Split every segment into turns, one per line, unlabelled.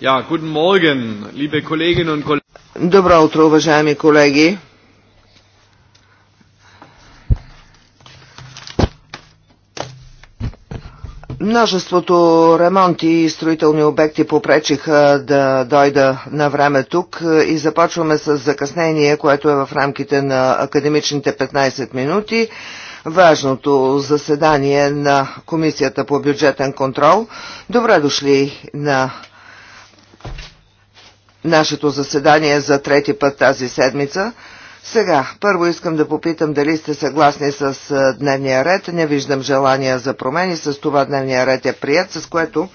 Ja, guten Morgen, liebe Kolleginnen und Kollegen.
Добро утро, уважаеми колеги. Множеството ремонти и строителни обекти попречиха да дойда на време тук и започваме с закъснение, което е в рамките на академичните 15 минути. Важното заседание на Комисията по бюджетен контрол. Добре дошли на нашето заседание за трети път тази седмица. Сега, първо искам да попитам дали сте съгласни с дневния ред. Не виждам желания за промени. С това дневния ред е прият, с което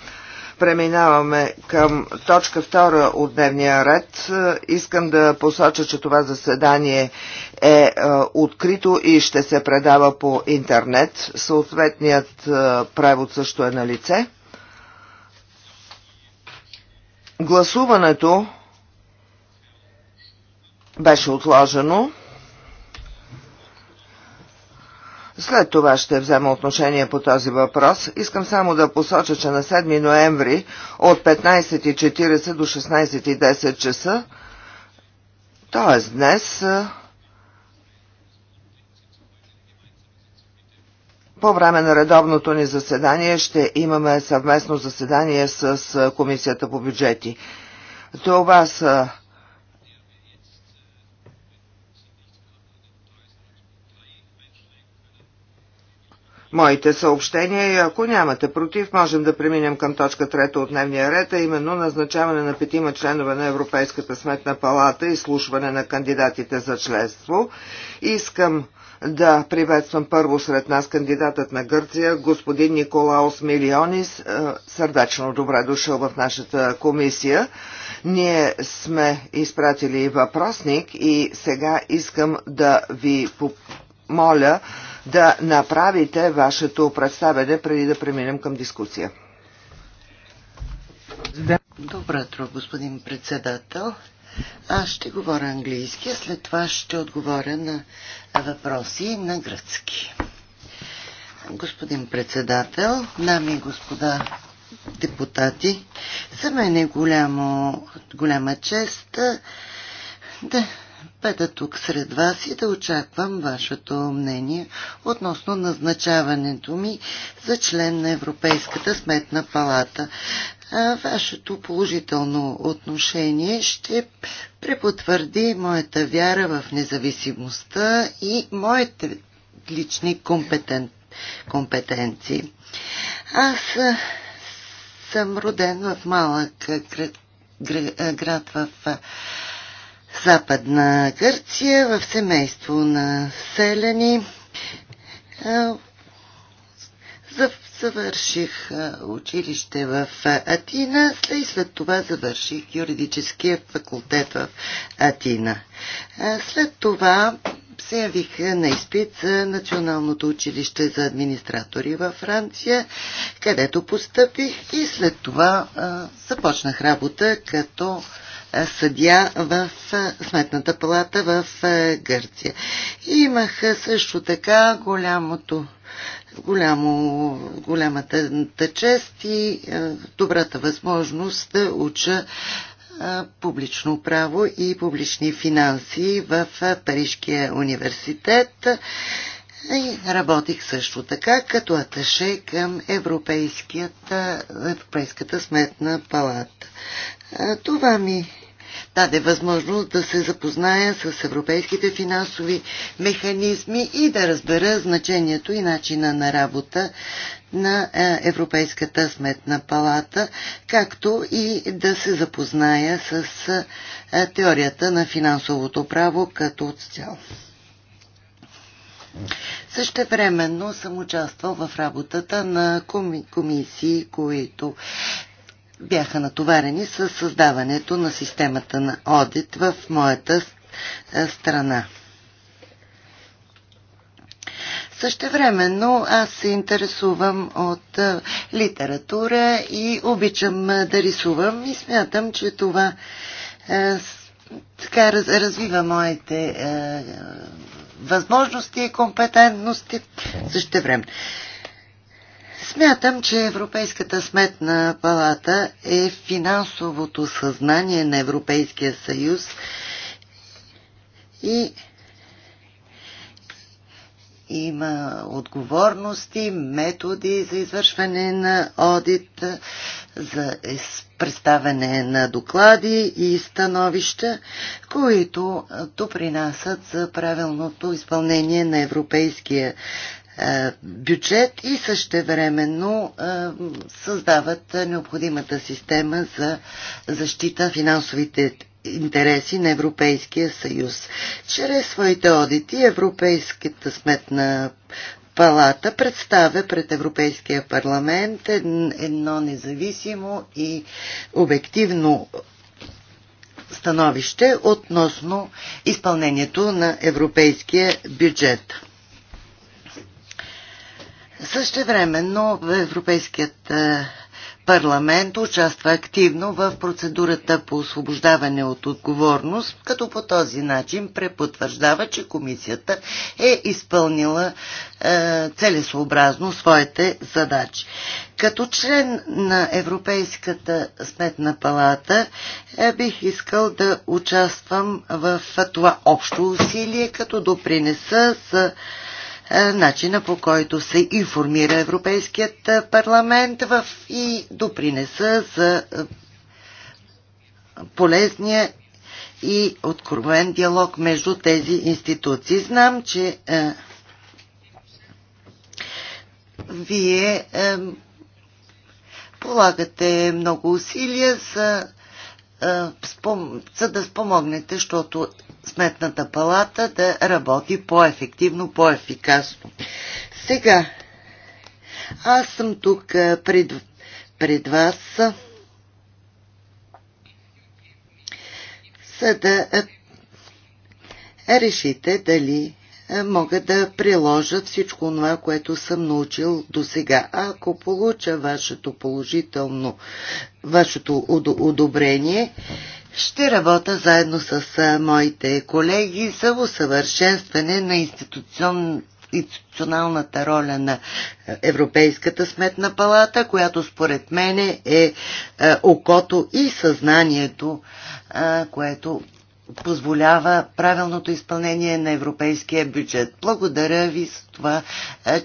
преминаваме към точка втора от дневния ред. Искам да посоча, че това заседание е открито и ще се предава по интернет. Съответният превод също е на лице. Гласуването беше отложено. След това ще взема отношение по този въпрос. Искам само да посоча, че на 7 ноември от 15.40 до 16.10 часа, т.е. днес, По време на редовното ни заседание ще имаме съвместно заседание с Комисията по бюджети. Това са моите съобщения и ако нямате против, можем да преминем към точка трета от дневния ред, а именно назначаване на петима членове на Европейската сметна палата и слушване на кандидатите за членство. Искам да приветствам първо сред нас кандидатът на Гърция, господин Николаос Милионис. Е, сърдечно добре дошъл в нашата комисия. Ние сме изпратили въпросник и сега искам да ви помоля да направите вашето представене преди да преминем към дискусия.
Добро утро, господин председател. Аз ще говоря английски, а след това ще отговоря на въпроси на гръцки. Господин председател, дами и господа депутати, за мен е голямо, голяма чест да бъда тук сред вас и да очаквам вашето мнение относно назначаването ми за член на Европейската сметна палата. Вашето положително отношение ще препотвърди моята вяра в независимостта и моите лични компетен... компетенции. Аз съм роден в малък град в Западна Гърция в семейство на селени. Завърших училище в Атина след това завърших юридическия факултет в Атина. След това се явих на изпит за Националното училище за администратори във Франция, където постъпих и след това започнах работа като съдя в Сметната палата в Гърция. И Имах също така голямото голямо, голямата чест и добрата възможност да уча публично право и публични финанси в Парижкия университет. И работих също така като аташе към Европейската сметна палата. Това ми даде възможност да се запозная с европейските финансови механизми и да разбера значението и начина на работа на е, Европейската сметна палата, както и да се запозная с е, теорията на финансовото право като цяло. Същевременно съм участвал в работата на комисии, които бяха натоварени с създаването на системата на одит в моята е, страна. Същевременно аз се интересувам от е, литература и обичам е, да рисувам и смятам, че това така развива моите възможности и компетентности същевременно. Смятам, че Европейската сметна палата е финансовото съзнание на Европейския съюз и има отговорности, методи за извършване на одит, за представяне на доклади и становища, които допринасят за правилното изпълнение на европейския е, бюджет и същевременно е, създават необходимата система за защита финансовите интереси на Европейския съюз. Чрез своите одити Европейската сметна палата представя пред Европейския парламент едно независимо и обективно становище относно изпълнението на европейския бюджет в Европейският е, парламент участва активно в процедурата по освобождаване от отговорност, като по този начин препотвърждава, че комисията е изпълнила е, целесообразно своите задачи. Като член на Европейската сметна палата е, бих искал да участвам в това общо усилие, като допринеса за е, начина по който се информира Европейският е, парламент в и допринеса за е, полезния и откровен диалог между тези институции. Знам, че е, вие е, полагате много усилия за, е, спом, за да спомогнете, защото Сметната палата да работи по-ефективно, по-ефикасно. Сега, аз съм тук пред, пред вас, за да решите дали мога да приложа всичко това, което съм научил до сега. Ако получа вашето положително, вашето одобрение, ще работя заедно с моите колеги за усъвършенстване на институцион... институционалната роля на Европейската сметна палата, която според мен е окото и съзнанието, което позволява правилното изпълнение на европейския бюджет. Благодаря ви за това,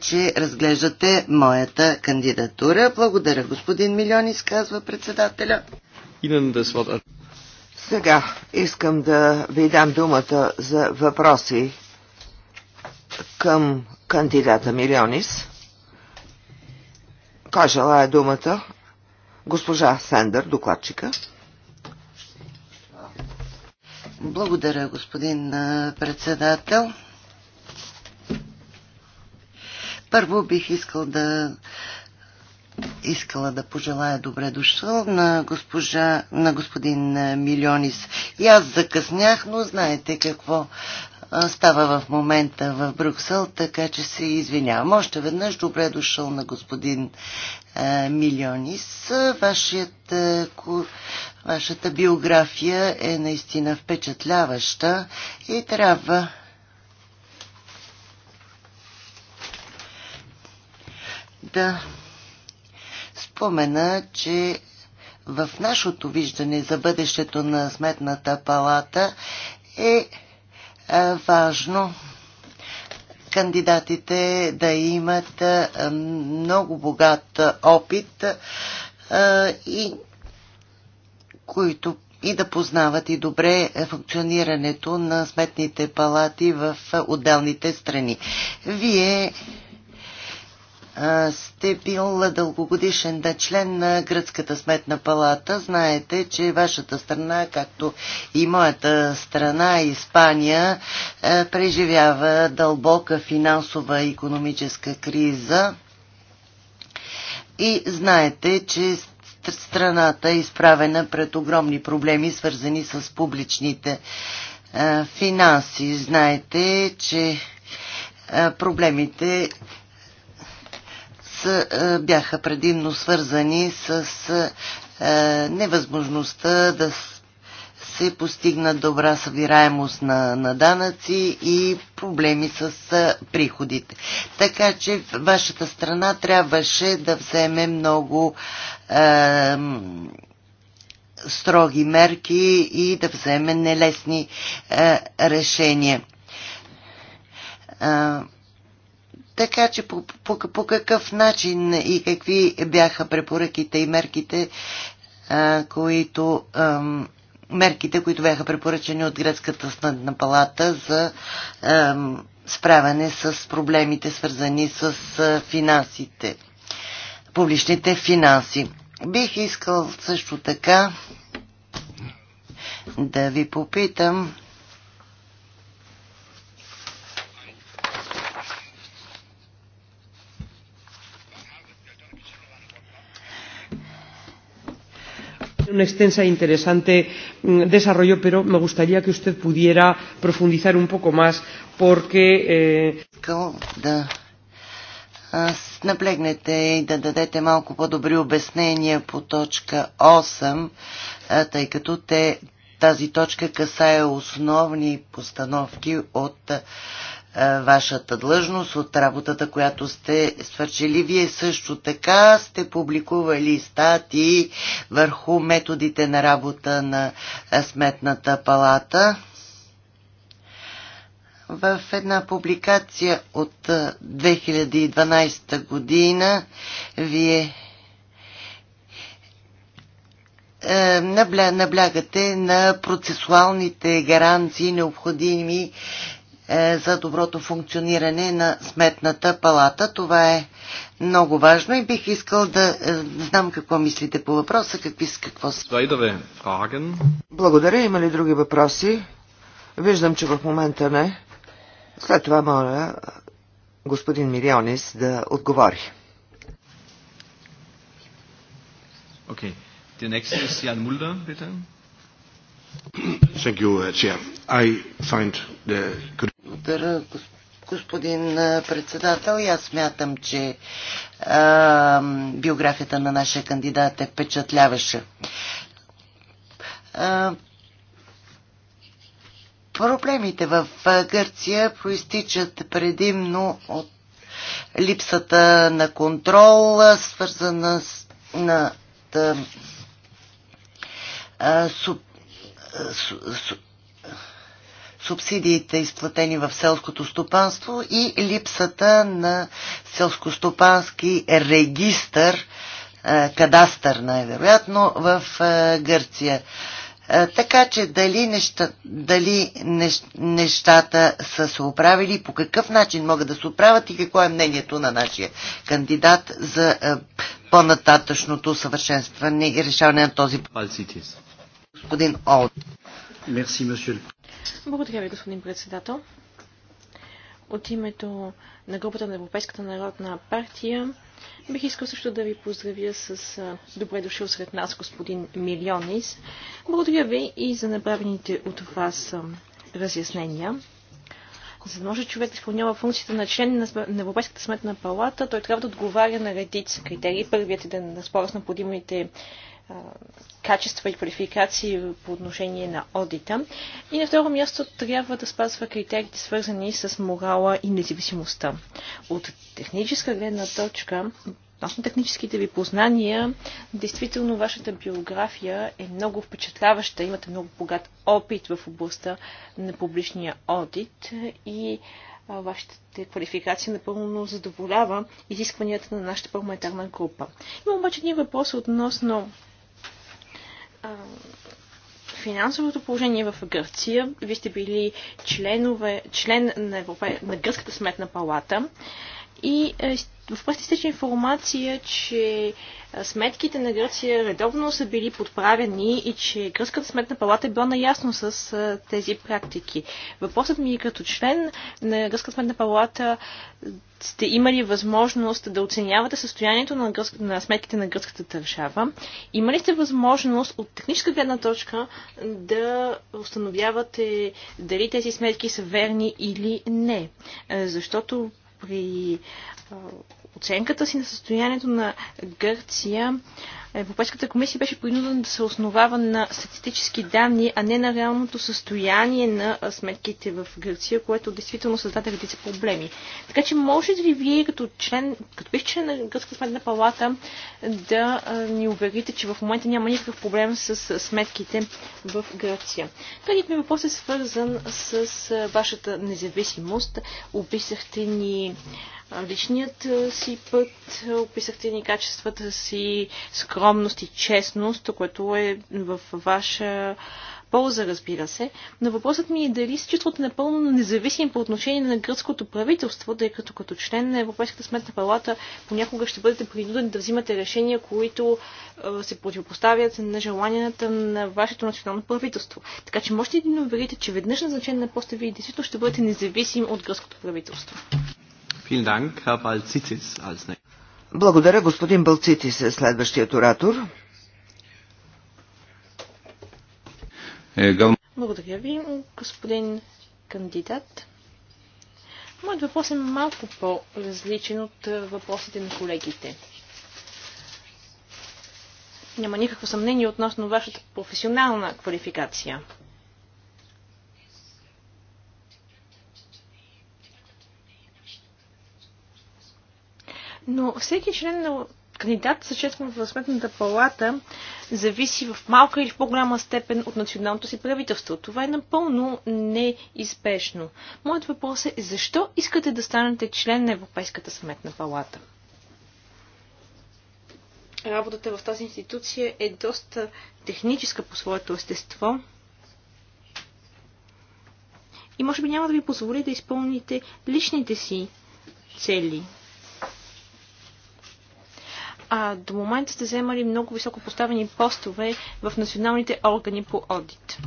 че разглеждате моята кандидатура. Благодаря, господин Милионис, казва председателя.
Сега искам да ви дам думата за въпроси към кандидата Милионис. Кой желая думата? Госпожа Сендър, докладчика. Благодаря, господин
председател. Първо бих искал да искала да пожелая добре дошъл на, госпожа, на господин Милионис. И аз закъснях, но знаете какво става в момента в Брюксел, така че се извинявам. Още веднъж добре дошъл на господин Милионис. Вашият, вашата биография е наистина впечатляваща и трябва да спомена, че в нашото виждане за бъдещето на Сметната палата е, е важно кандидатите да имат е, много богат опит е, и които и да познават и добре функционирането на сметните палати в отделните страни. Вие сте бил дългогодишен да член на Гръцката сметна палата. Знаете, че вашата страна, както и моята страна, Испания, преживява дълбока финансова и економическа криза. И знаете, че страната е изправена пред огромни проблеми, свързани с публичните финанси. Знаете, че проблемите е, бяха предимно свързани с е, невъзможността да се постигна добра събираемост на, на данъци и проблеми с е, приходите. Така че вашата страна трябваше да вземе много е, строги мерки и да вземе нелесни е, решения. Така че по, по, по какъв начин и какви бяха препоръките и мерките, а, които, а, мерките, които бяха препоръчени от Гръцката снъдна палата за а, справяне с проблемите, свързани с а, финансите, публичните финанси. Бих искал също така да ви попитам
un extensa e interesante mm, desarrollo, pero me gustaría que usted pudiera profundizar un poco más porque... Eh...
Наблегнете и да дадете малко по-добри обяснения по точка 8, тъй като те, тази точка касае основни постановки от е, вашата длъжност, от работата, която сте свършили. Вие също така сте публикували статии върху методите на работа на е, Сметната палата. В една публикация от 2012 е, година вие наблягате на процесуалните гаранции, необходими е, за доброто функциониране на сметната палата. Това е много важно и бих искал да е, знам какво мислите по въпроса, какви са какво
са.
Благодаря. Има ли други въпроси? Виждам, че в момента не. След това моля е, господин Милионис да отговори.
Okay. Der nächste ist
Jan Mulder, bitte.
Thank you, uh, Chair. I find
the good благодаря, господин председател. И аз смятам, че а, биографията на нашия кандидат е впечатляваща. проблемите в Гърция проистичат предимно от липсата на контрол, свързана с на, а, суб,
суб,
субсидиите, изплатени в селското стопанство и липсата на селскостопански регистър, е, кадастър най-вероятно в е, Гърция. Е, така че дали, неща, дали нещ, нещата са се оправили, по какъв начин могат да се оправят и какво е мнението на нашия кандидат за по-нататъчното съвършенстване и решаване на този
господин Олд. Мерси, месье.
Благодаря ви, господин председател. От името на групата на Европейската народна партия бих искал също да ви поздравя с добре дошъл сред нас господин Милионис. Благодаря ви и за направените от вас разяснения. За да може човек да изпълнява функцията на член на Европейската сметна палата, той трябва да отговаря на редица критерии. Първият е да разполага е на необходимите качества и квалификации по отношение на одита. И на второ място трябва да спазва критериите, свързани с морала и независимостта. От техническа гледна точка, относно техническите ви познания, действително вашата биография е много впечатляваща. Имате много богат опит в областта на публичния одит и вашите квалификации напълно задоволява изискванията на нашата парламентарна група. Има обаче един въпрос относно финансовото положение в Гърция. Вие сте били членове, член на, Европе, на Гръцката сметна палата и е, в пръсти информация, че е, сметките на Гърция редовно са били подправени и че Гръцката сметна палата е била наясно с е, тези практики. Въпросът ми е като член на Гръцката сметна палата сте имали възможност да оценявате състоянието на, гръц... на сметките на гръцката държава. Има ли сте възможност от техническа гледна точка да установявате дали тези сметки са верни или не? Защото при оценката си на състоянието на Гърция, Европейската комисия беше принудена да се основава на статистически данни, а не на реалното състояние на сметките в Гърция, което действително създаде редица проблеми. Така че може ли вие като, член, като бих член на Гръцка сметна палата да ни уверите, че в момента няма никакъв проблем с сметките в Гърция? Третият ми въпрос е свързан с вашата независимост. Описахте ни личният си път, описахте ни качествата си, скромност и честност, което е в ваша полза, разбира се. Но въпросът ми е дали се чувствате напълно независим по отношение на гръцкото правителство, тъй като като член на Европейската сметна палата понякога ще бъдете принудени да взимате решения, които се противопоставят на желанията на вашето национално правителство. Така че можете ли да ни уверите, че веднъж назначен на поста ви действително ще бъдете независим от гръцкото правителство?
Благодаря, господин Балцитис е следващият оратор. Е,
Благодаря ви, господин кандидат. Моят въпрос е малко по-различен от е, въпросите на колегите. Няма никакво съмнение относно вашата професионална квалификация. но всеки член на кандидат за чест в Сметната палата зависи в малка или в по-голяма степен от националното си правителство. Това е напълно неизбежно. Моят въпрос е защо искате да станете член на Европейската Сметна палата? Работата в тази институция е доста техническа по своето естество. И може би няма да ви позволи да изпълните личните си цели – а до момента сте вземали много високо поставени постове в националните органи по одит.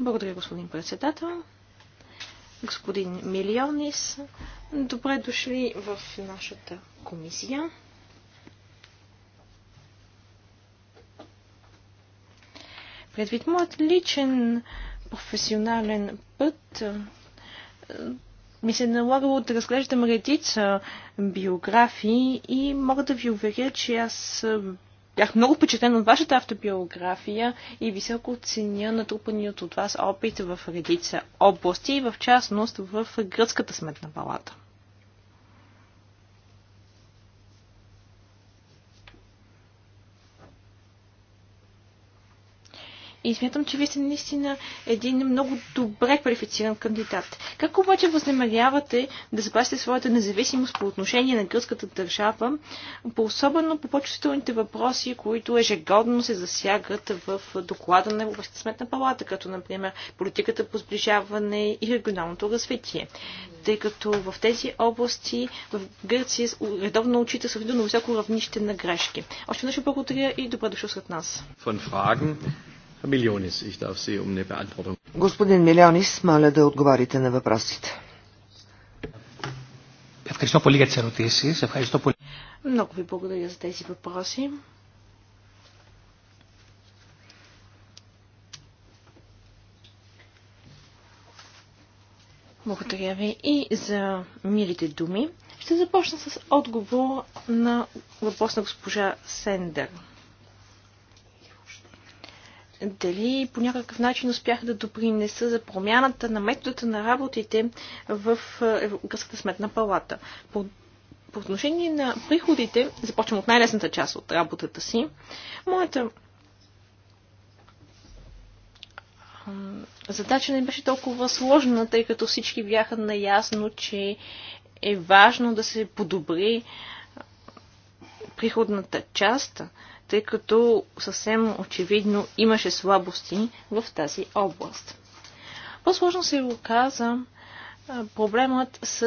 Благодаря, господин председател. Господин Милионис, добре дошли в нашата комисия. Предвид моят личен професионален път ми се е налагало да разглеждам редица биографии и мога да ви уверя, че аз бях много впечатлен от вашата автобиография и високо ценя натрупаният от вас опит в редица области и в частност в гръцката сметна палата. И смятам, че вие сте наистина един много добре квалифициран кандидат. Как обаче възнамерявате да запасите своята независимост по отношение на гръцката държава, по особено по почувствителните въпроси, които ежегодно се засягат в доклада на Европейската сметна палата, като например политиката по сближаване и регионалното развитие? Тъй като в тези области в Гърция редовно очите на високо равнище на грешки. Още веднъж благодаря и добре дошъл сред нас. Um
Господин Милионис, моля да отговарите на въпросите.
Много ви благодаря за тези въпроси. Благодаря ви и за милите думи. Ще започна с отговор на въпрос на госпожа Сендер дали по някакъв начин успяха да допринеса за промяната на методата на работите в Европейската сметна палата. По, по отношение на приходите, започвам от най-лесната част от работата си, моята задача не беше толкова сложна, тъй като всички бяха наясно, че е важно да се подобри приходната част, тъй като съвсем очевидно имаше слабости в тази област. По-сложно се оказа проблемът с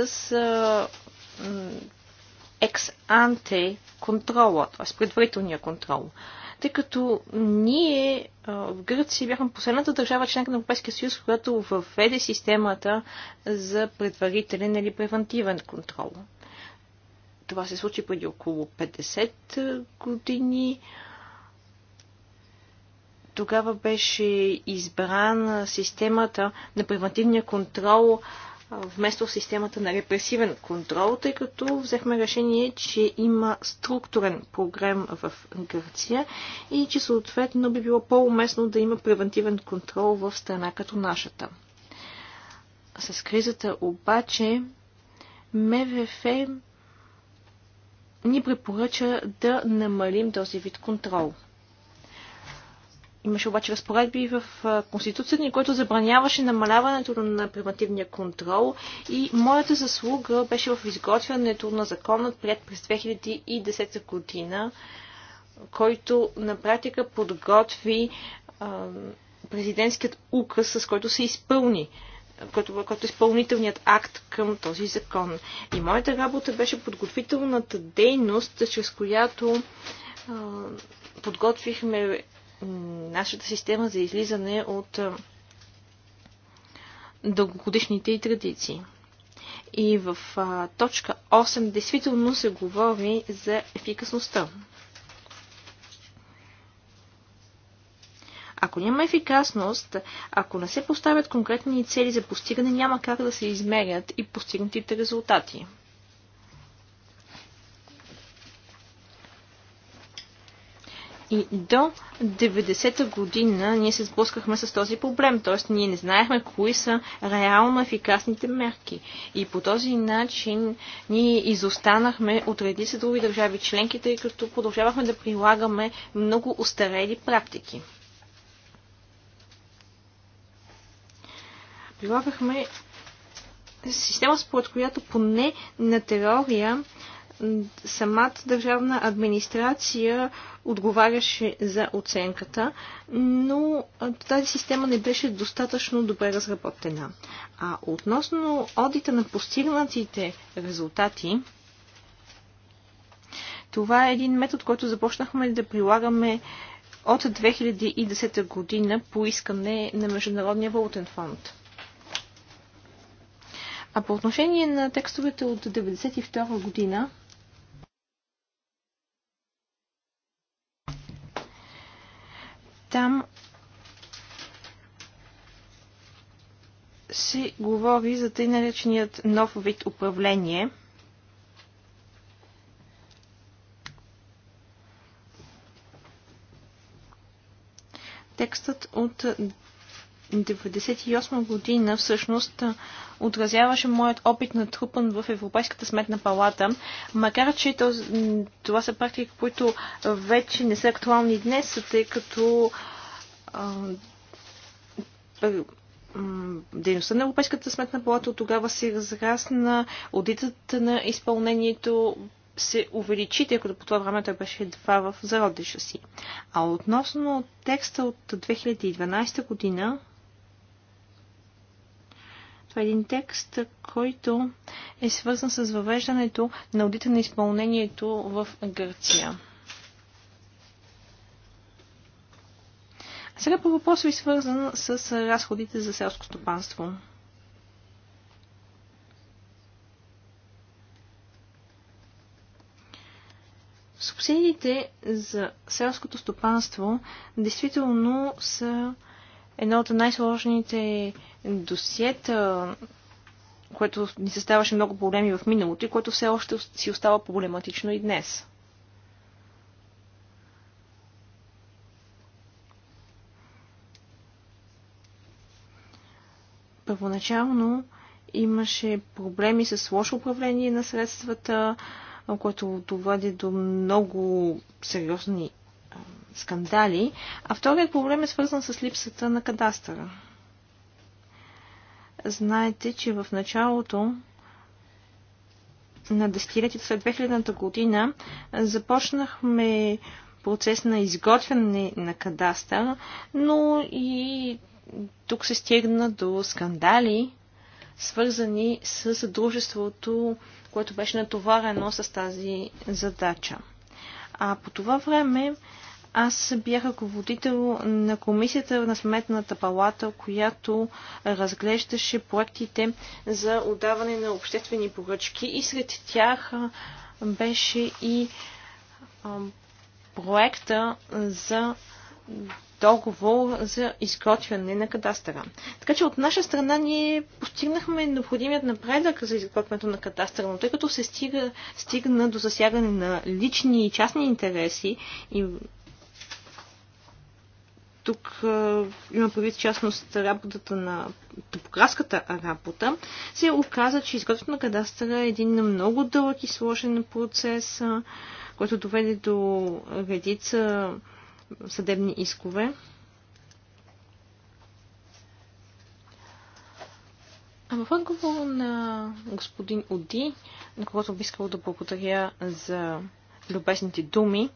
екс-анте контрола, т.е. предварителния контрол. Тъй като ние в Гърция бяхме последната държава, членка на Европейския съюз, която въведе системата за предварителен или превентивен контрол. Това се случи преди около 50 е, години. Тогава беше избрана системата на превентивния контрол е, вместо системата на репресивен контрол, тъй като взехме решение, че има структурен проблем в Гърция и че съответно би било по-уместно да има превентивен контрол в страна като нашата. С кризата обаче МВФ ни препоръча да намалим този вид контрол. Имаше обаче разпоредби в Конституцията ни, който забраняваше намаляването на превентивния контрол и моята заслуга беше в изготвянето на законът, пред през 2010 година, който на практика подготви президентският указ, с който се изпълни който, който е изпълнителният акт към този закон. И моята работа беше подготвителната дейност, чрез която а, подготвихме нашата система за излизане от а, дългогодишните и традиции. И в а, точка 8 действително се говори за ефикасността. Ако няма ефикасност, ако не се поставят конкретни цели за постигане, няма как да се измерят и постигнатите резултати. И до 90-та година ние се сблъскахме с този проблем, т.е. ние не знаехме кои са реално ефикасните мерки. И по този начин ние изостанахме от редица други държави членки, тъй като продължавахме да прилагаме много устарели практики. прилагахме система, според която поне на теория самата държавна администрация отговаряше за оценката, но тази система не беше достатъчно добре разработена. А относно одита на постигнатите резултати, това е един метод, който започнахме да прилагаме от 2010 година по искане на Международния валутен фонд. А по отношение на текстовете от 1992 година, там се говори за тъй нареченият нов вид управление. Текстът от 1998 година всъщност отразяваше моят опит на трупан в Европейската сметна палата, макар че това са практики, които вече не са актуални днес, тъй като а, дейността на Европейската сметна палата от тогава се разрасна, одитът на изпълнението се увеличи, тъй като по това време той беше едва в зародиша си. А относно текста от 2012 година, един текст, който е свързан с въвеждането на аудита на изпълнението в Гърция. А сега по въпрос ви свързан с разходите за селско стопанство. Субсидиите за селското стопанство действително са едно от най-сложните досиета, което ни съставаше много проблеми в миналото и което все още си остава проблематично и днес. Първоначално имаше проблеми с лошо управление на средствата, което доведе до много сериозни скандали, а вторият проблем е свързан с липсата на кадастъра. Знаете, че в началото на десетилетието след 2000-та година започнахме процес на изготвяне на кадастър, но и тук се стигна до скандали, свързани с дружеството, което беше натоварено с тази задача. А по това време аз бях ръководител на комисията на Сметната палата, която разглеждаше проектите за отдаване на обществени поръчки и сред тях беше и проекта за договор за изготвяне на кадастъра. Така че от наша страна ние постигнахме необходимият напредък за изготвянето на кадастъра, но тъй като се стига, стигна до засягане на лични и частни интереси и тук има предвид частност работата на топографската работа, се оказа, че изготвянето на кадастъра е един много дълъг и сложен процес, който доведе до редица съдебни искове. А в отговор на господин Оди, на когото би искал да благодаря за любезните думи,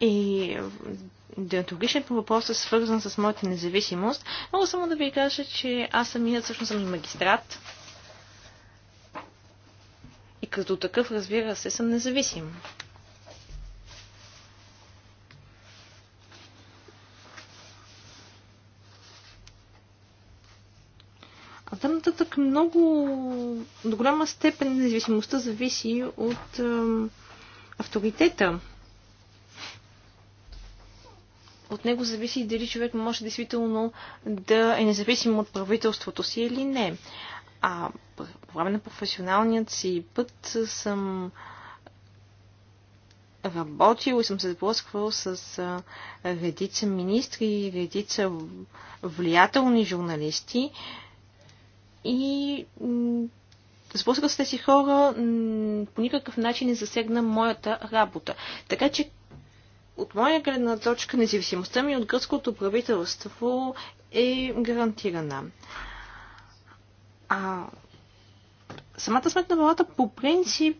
и деонтологичен по е свързан с моята независимост. Мога само да ви кажа, че аз самият всъщност съм и магистрат. И като такъв, разбира се, съм независим. А там нататък много, до голяма степен независимостта зависи от авторитета от него зависи дали човек може действително да е независим от правителството си или не. А по време на професионалният си път съм работил и съм се сблъсквал с а, редица министри, редица влиятелни журналисти и сблъскал с тези хора по никакъв начин не засегна моята работа. Така че от моя гледна точка, независимостта ми от гръцкото правителство е гарантирана. А самата сметна палата по принцип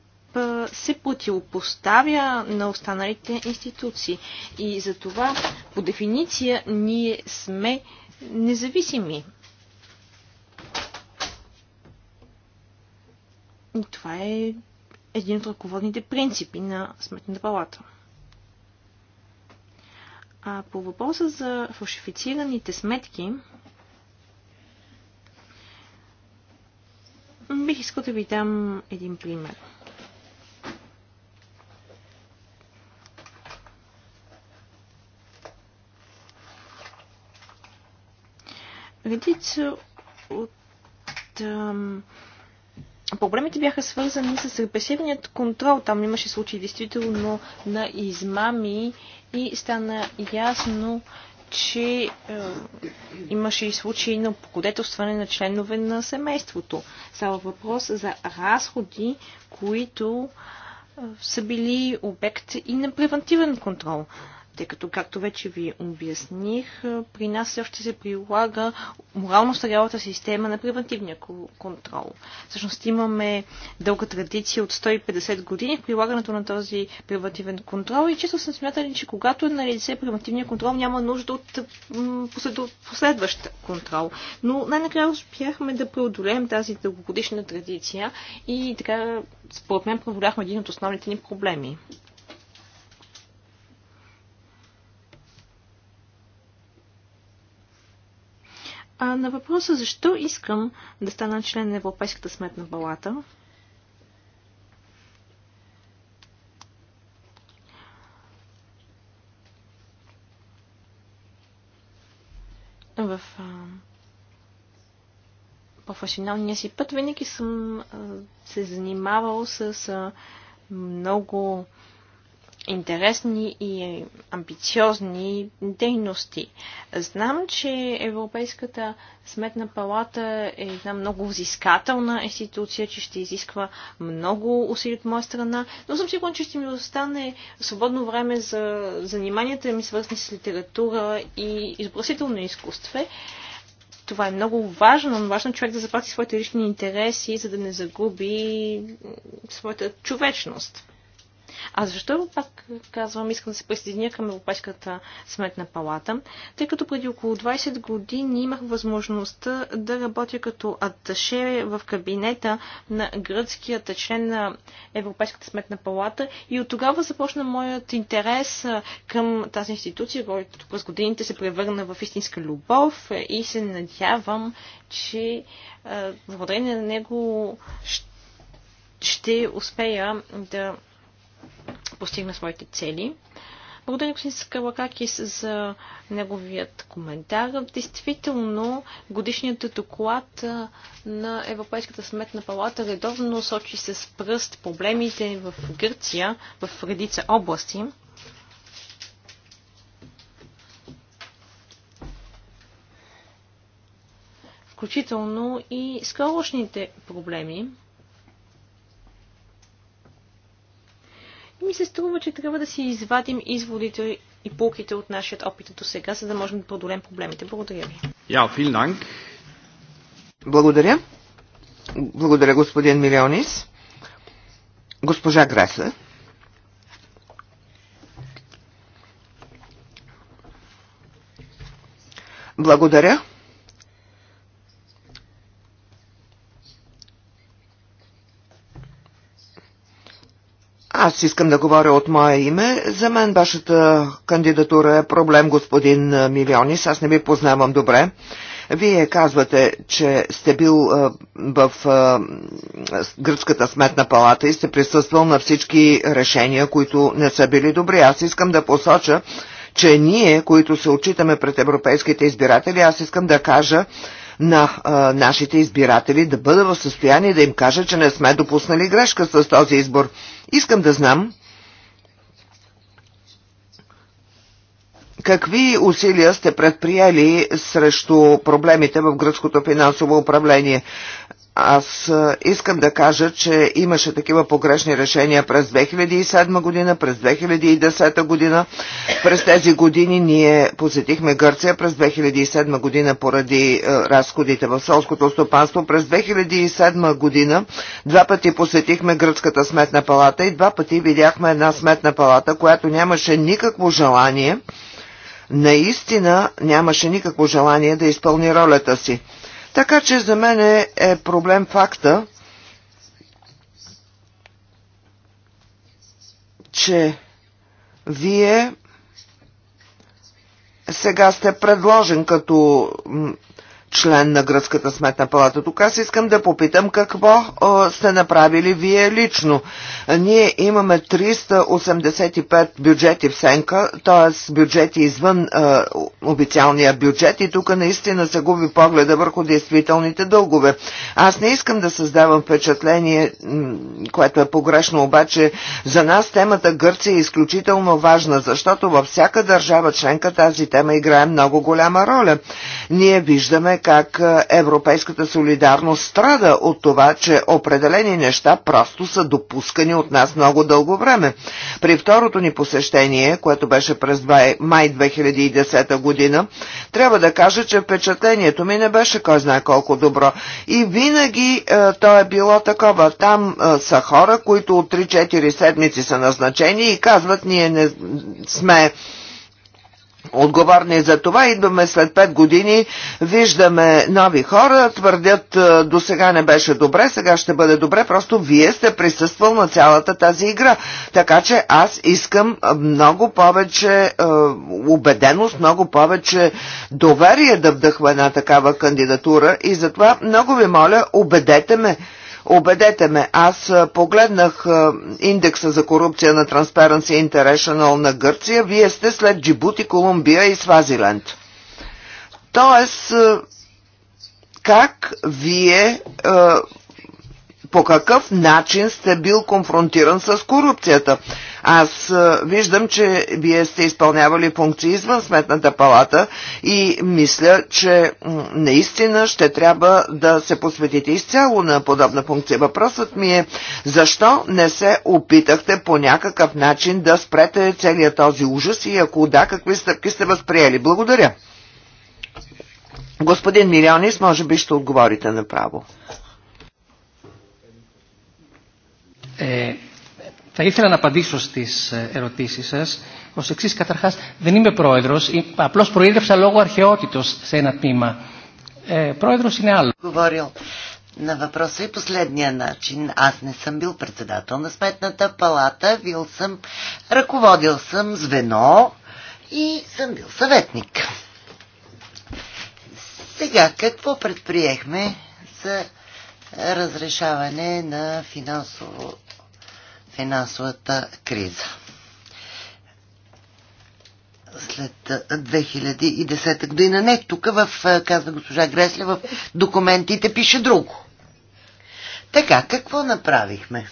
се противопоставя на останалите институции. И за това, по дефиниция, ние сме независими. И това е един от ръководните принципи на Сметната палата. А по въпроса за фалшифицираните сметки, бих искал да ви дам един пример. Редица от ам, Проблемите бяха свързани с репресивният контрол. Там имаше случаи действително на измами и стана ясно, че е, имаше и случаи на покодетелстване на членове на семейството. Става въпрос за разходи, които е, са били обект и на превентивен контрол тъй като, както вече ви обясних, при нас все още се прилага морално старялата система на превентивния контрол. Всъщност имаме дълга традиция от 150 години в прилагането на този превентивен контрол и често съм смятали, че когато е на лице превентивния контрол, няма нужда от последващ контрол. Но най-накрая успяхме да преодолеем тази дългогодишна традиция и така, според мен, преодоляхме един от основните ни проблеми. А на въпроса защо искам да стана член на Европейската сметна палата, в а, професионалния си път винаги съм а, се занимавал с а, много а, интересни и амбициозни дейности. Знам, че Европейската сметна палата е една много взискателна институция, че ще изисква много усилия от моя страна, но съм сигурен, че ще ми остане свободно време за заниманията ми, свързани с литература и изобразително изкуство това е много важно, но важно е човек да запази своите лични интереси, за да не загуби своята човечност. А защо е пак казвам, искам да се присъединя към Европейската сметна палата, тъй като преди около 20 години имах възможността да работя като аташе в кабинета на гръцкият член на Европейската сметна палата и от тогава започна моят интерес към тази институция, който през годините се превърна в истинска любов и се надявам, че благодарение на него ще успея да постигна своите цели. Благодаря, господин Скалакакис, за неговият коментар. Действително, годишният доклад на Европейската сметна палата редовно сочи се с пръст проблемите в Гърция, в редица области. Включително и скорошните проблеми. ми се струва, че трябва да си извадим изводите и полките от нашия опит до сега, за да можем да продолем проблемите. Благодаря ви.
Я, yeah, Благодаря. Благодаря, господин Милионис. Госпожа Грасле. Благодаря. Аз искам да говоря от мое име. За мен вашата кандидатура е проблем, господин Милионис. Аз не ви познавам добре. Вие казвате, че сте бил а, в а, Гръцката сметна палата и сте присъствал на всички решения, които не са били добри. Аз искам да посоча, че ние, които се отчитаме пред европейските избиратели, аз искам да кажа, на а, нашите избиратели, да бъда в състояние да им кажа, че не сме допуснали грешка с този избор. Искам да знам какви усилия сте предприели срещу проблемите в гръцкото финансово управление? Аз искам да кажа, че имаше такива погрешни решения през 2007 година, през 2010 година. През тези години ние посетихме Гърция през 2007 година поради разходите в селското стопанство. През 2007 година два пъти посетихме Гръцката сметна палата и два пъти видяхме една сметна палата, която нямаше никакво желание наистина нямаше никакво желание да изпълни ролята си. Така че за мен е, е проблем факта, че вие сега сте предложен като член на Гръцката сметна палата. Тук аз искам да попитам какво сте направили вие лично. Ние имаме 385 бюджети в сенка, т.е. бюджети извън е, официалния бюджет и тук наистина се губи погледа върху действителните дългове. Аз не искам да създавам впечатление, което е погрешно, обаче за нас темата Гърция е изключително важна, защото във всяка държава членка тази тема играе много голяма роля. Ние виждаме как е, европейската солидарност страда от това, че определени неща просто са допускани от нас много дълго време. При второто ни посещение, което беше през май 2010 година, трябва да кажа, че впечатлението ми не беше кой знае колко добро. И винаги е, то е било такова. Там е, са хора, които от 3-4 седмици са назначени и казват, ние не сме отговорни за това. Идваме след 5 години, виждаме нови хора, твърдят е, до сега не беше добре, сега ще бъде добре, просто вие сте присъствал на цялата тази игра. Така че аз искам е, много повече е, убеденост, много повече доверие да вдъхва една такава кандидатура и затова много ви моля, убедете ме. Обедете ме, аз погледнах индекса за корупция на Transparency International на Гърция. Вие сте след Джибути, Колумбия и Свазиленд. Тоест, как вие по какъв начин сте бил конфронтиран с корупцията. Аз виждам, че вие сте изпълнявали функции извън Сметната палата и мисля, че наистина ще трябва да се посветите изцяло на подобна функция. Въпросът ми е, защо не се опитахте по някакъв начин да спрете целият този ужас и ако да, какви стъпки сте възприели? Благодаря. Господин Милионис, може би ще отговорите направо.
Е, Θα ήθελα να απαντήσω στι ερωτήσει σα. Ω εξή, καταρχά, δεν είμαι πρόεδρο. Απλώ προείδευσα λόγω αρχαιότητο σε ένα τμήμα. Ε, πρόεδρο είναι άλλο. Говорил на въпроса и последния начин. Аз не съм бил председател на сметната палата, бил съм, ръководил съм звено и съм бил съветник. Сега, какво предприехме за разрешаване на финансово финансовата криза. След 2010 година. Не, тук в, казва госпожа Гресле, в документите пише друго. Така, какво направихме?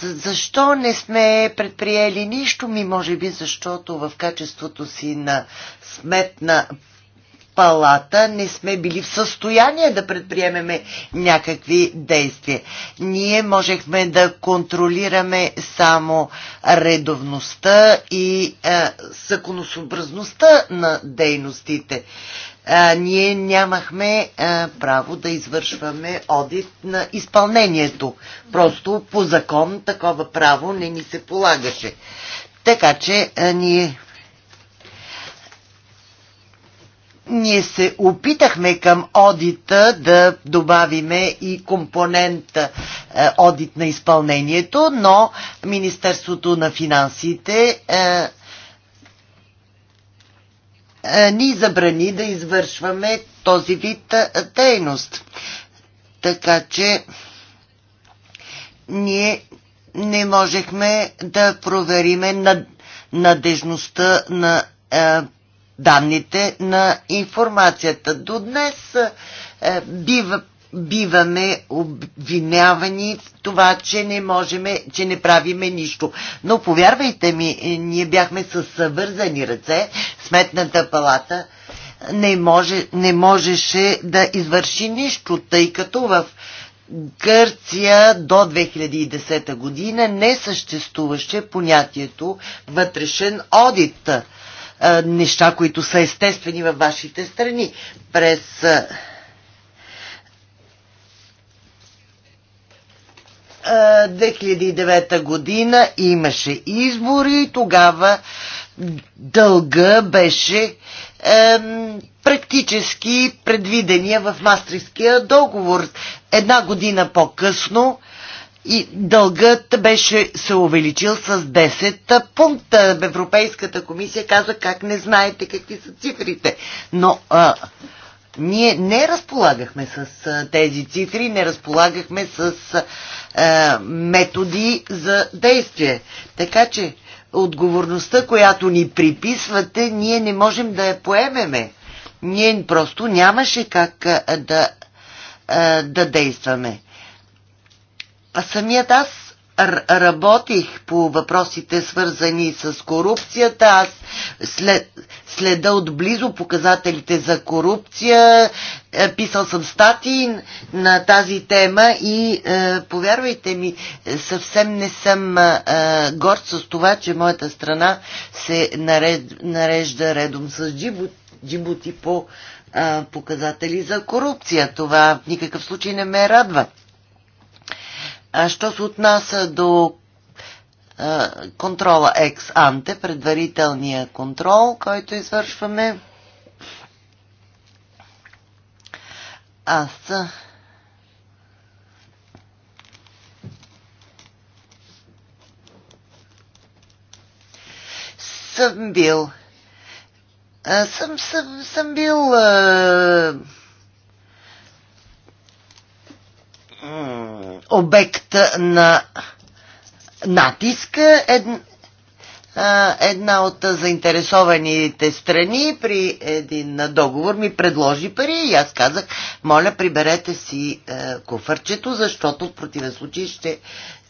Защо не сме предприели нищо ми, може би, защото в качеството си на сметна палата не сме били в състояние да предприемеме някакви действия. Ние можехме да контролираме само редовността и е, законосъобразността на дейностите. Е, ние нямахме е, право да извършваме одит на изпълнението. Просто по закон такова право не ни се полагаше. Така че е, ние ние се опитахме към одита да добавиме и компонент е, одит на изпълнението, но Министерството на финансите е, е, ни забрани да извършваме този вид дейност. Така че ние не можехме да провериме над, надежността на данните на информацията. До днес е, бива, биваме обвинявани в това, че не можеме, че не правиме нищо. Но повярвайте ми, е, ние бяхме с съвързани ръце, сметната палата не, може, не можеше да извърши нищо, тъй като в Гърция до 2010 година не съществуваше понятието вътрешен одит а, неща, които са естествени във вашите страни. През а, а 2009 година имаше избори и тогава дълга беше а, практически предвидения в Мастриския договор. Една година по-късно а, и дългът беше се увеличил с 10 пункта. Европейската комисия каза как не знаете какви са цифрите. Но а, ние не разполагахме с а, тези цифри, не разполагахме с а, методи за действие. Така че отговорността, която ни приписвате, ние не можем да я поемеме. Ние просто нямаше как а, да, а, да действаме. А самият аз работих по въпросите свързани с корупцията. Аз след, следа отблизо показателите за корупция. Е, писал съм статии на тази тема и е, повярвайте ми, съвсем не съм е, горд с това, че моята страна се наред, нарежда редом с Джибути, Джибути по е, показатели за корупция. Това в никакъв случай не ме радва. А що се отнася до а, контрола ex-ante, предварителния контрол, който извършваме, аз съм бил. Съм, съм, съм бил. А обект на натиска Една, една от заинтересованите страни при един договор ми предложи пари и аз казах, моля, приберете си е, куфърчето, защото в противен случай ще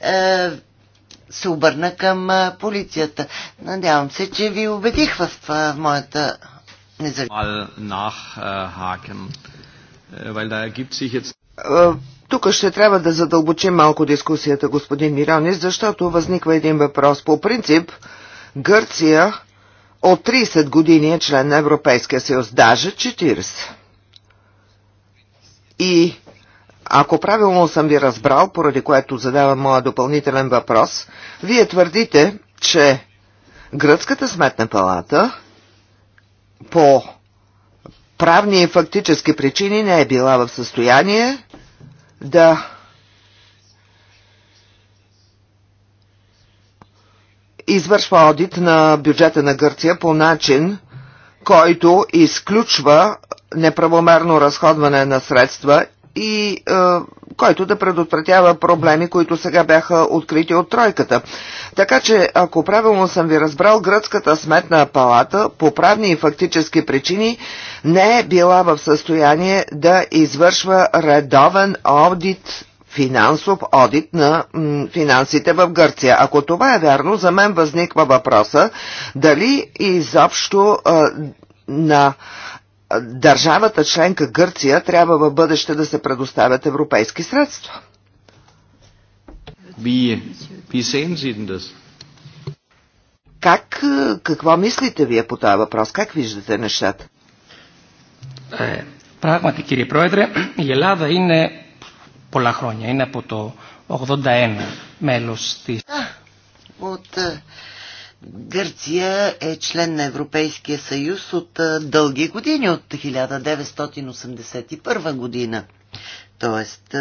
е, се обърна към е, полицията. Надявам се, че ви убедих в моята
независимост тук ще трябва да задълбочим малко дискусията, господин Миронис, защото възниква един въпрос. По принцип, Гърция от 30 години е член на Европейския съюз, даже 40. И ако правилно съм ви разбрал, поради което задавам моя допълнителен въпрос, вие твърдите, че Гръцката сметна палата по правни и фактически причини не е била в състояние да извършва одит на бюджета на Гърция по начин, който изключва неправомерно разходване на средства и е, който да предотвратява проблеми, които сега бяха открити от тройката. Така че, ако правилно съм ви разбрал, гръцката сметна палата по правни и фактически причини не е била в състояние да извършва редовен аудит финансов одит на финансите в Гърция. Ако това е вярно, за мен възниква въпроса дали изобщо а, е, на държавата членка Гърция трябва в бъдеще да се предоставят европейски средства. Wie, wie sehen Sie denn das? Как, е, какво мислите вие по този въпрос? Как виждате нещата? Е, Прагмати, πράγματι, проедре, Елада η Ελλάδα είναι πολλά χρόνια. Είναι από
το 81 μέλος της... От е, Гърция е член на Европейския съюз от дълги години, от 1981 година. Тоест,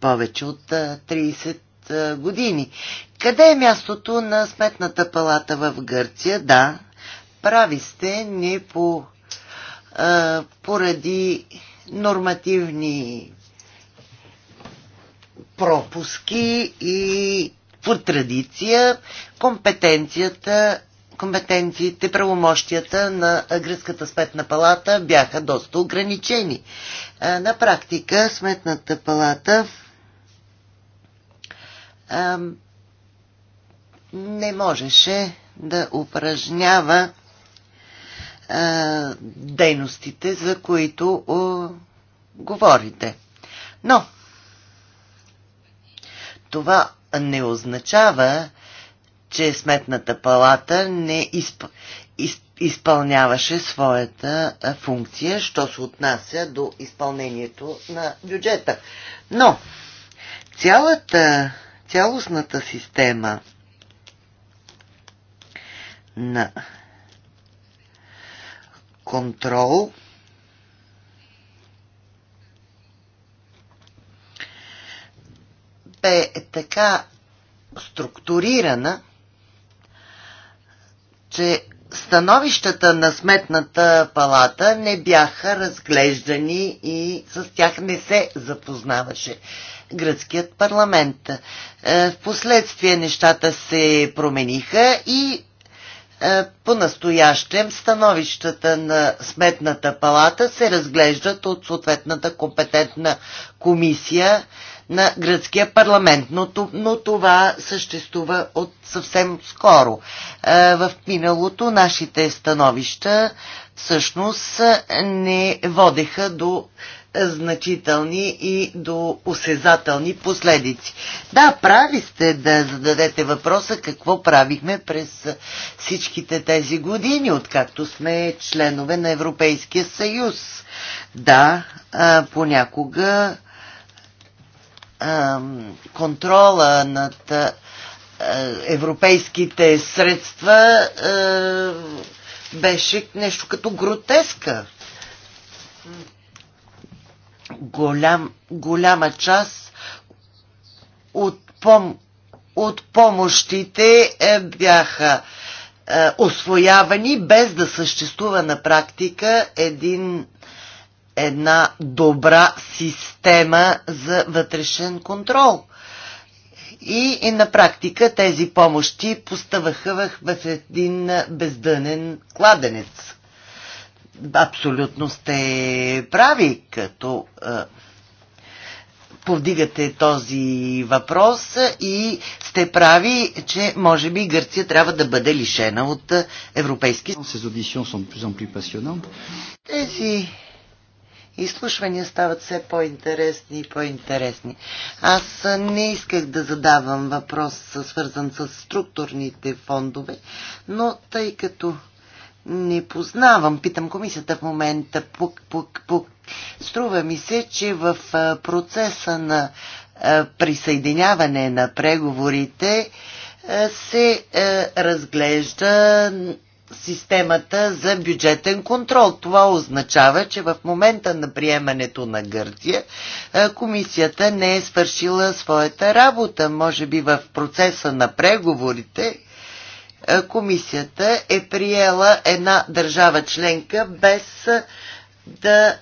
повече от 30 години. Къде е мястото на Сметната палата в Гърция? Да, прави сте не по, а, поради нормативни пропуски и по традиция компетенцията компетенциите, правомощията на Гръцката сметна палата бяха доста ограничени. На практика сметната палата не можеше да упражнява дейностите, за които говорите. Но това не означава, че Сметната палата не изп... из... изпълняваше своята функция, що се отнася до изпълнението на бюджета. Но цялата, цялостната система на контрол – е така структурирана, че становищата на сметната палата не бяха разглеждани и с тях не се запознаваше гръцкият парламент. Е, Впоследствие нещата се промениха и е, по-настоящем становищата на Сметната палата се разглеждат от съответната компетентна комисия на гръцкия парламент. Но, но това съществува от съвсем скоро. Е, в миналото нашите становища всъщност не водеха до значителни и до осезателни последици. Да, прави сте да зададете въпроса какво правихме през всичките тези години, откакто сме членове на Европейския съюз. Да, понякога контрола над европейските средства беше нещо като гротеска. Голям, голяма част от, пом, от помощите е, бяха е, освоявани без да съществува на практика един една добра система за вътрешен контрол. И, и на практика тези помощи поставаха в един бездънен кладенец. Абсолютно сте прави, като повдигате този въпрос и сте прави, че може би Гърция трябва да бъде лишена от европейски. Тези изслушвания стават все по-интересни и по-интересни. Аз не исках да задавам въпрос, свързан с структурните фондове, но тъй като не познавам, питам комисията в момента, пук, пук, пук. струва ми се, че в процеса на присъединяване на преговорите се разглежда системата за бюджетен контрол. Това означава, че в момента на приемането на Гърция комисията не е свършила своята работа. Може би в процеса на преговорите комисията е приела една държава членка без да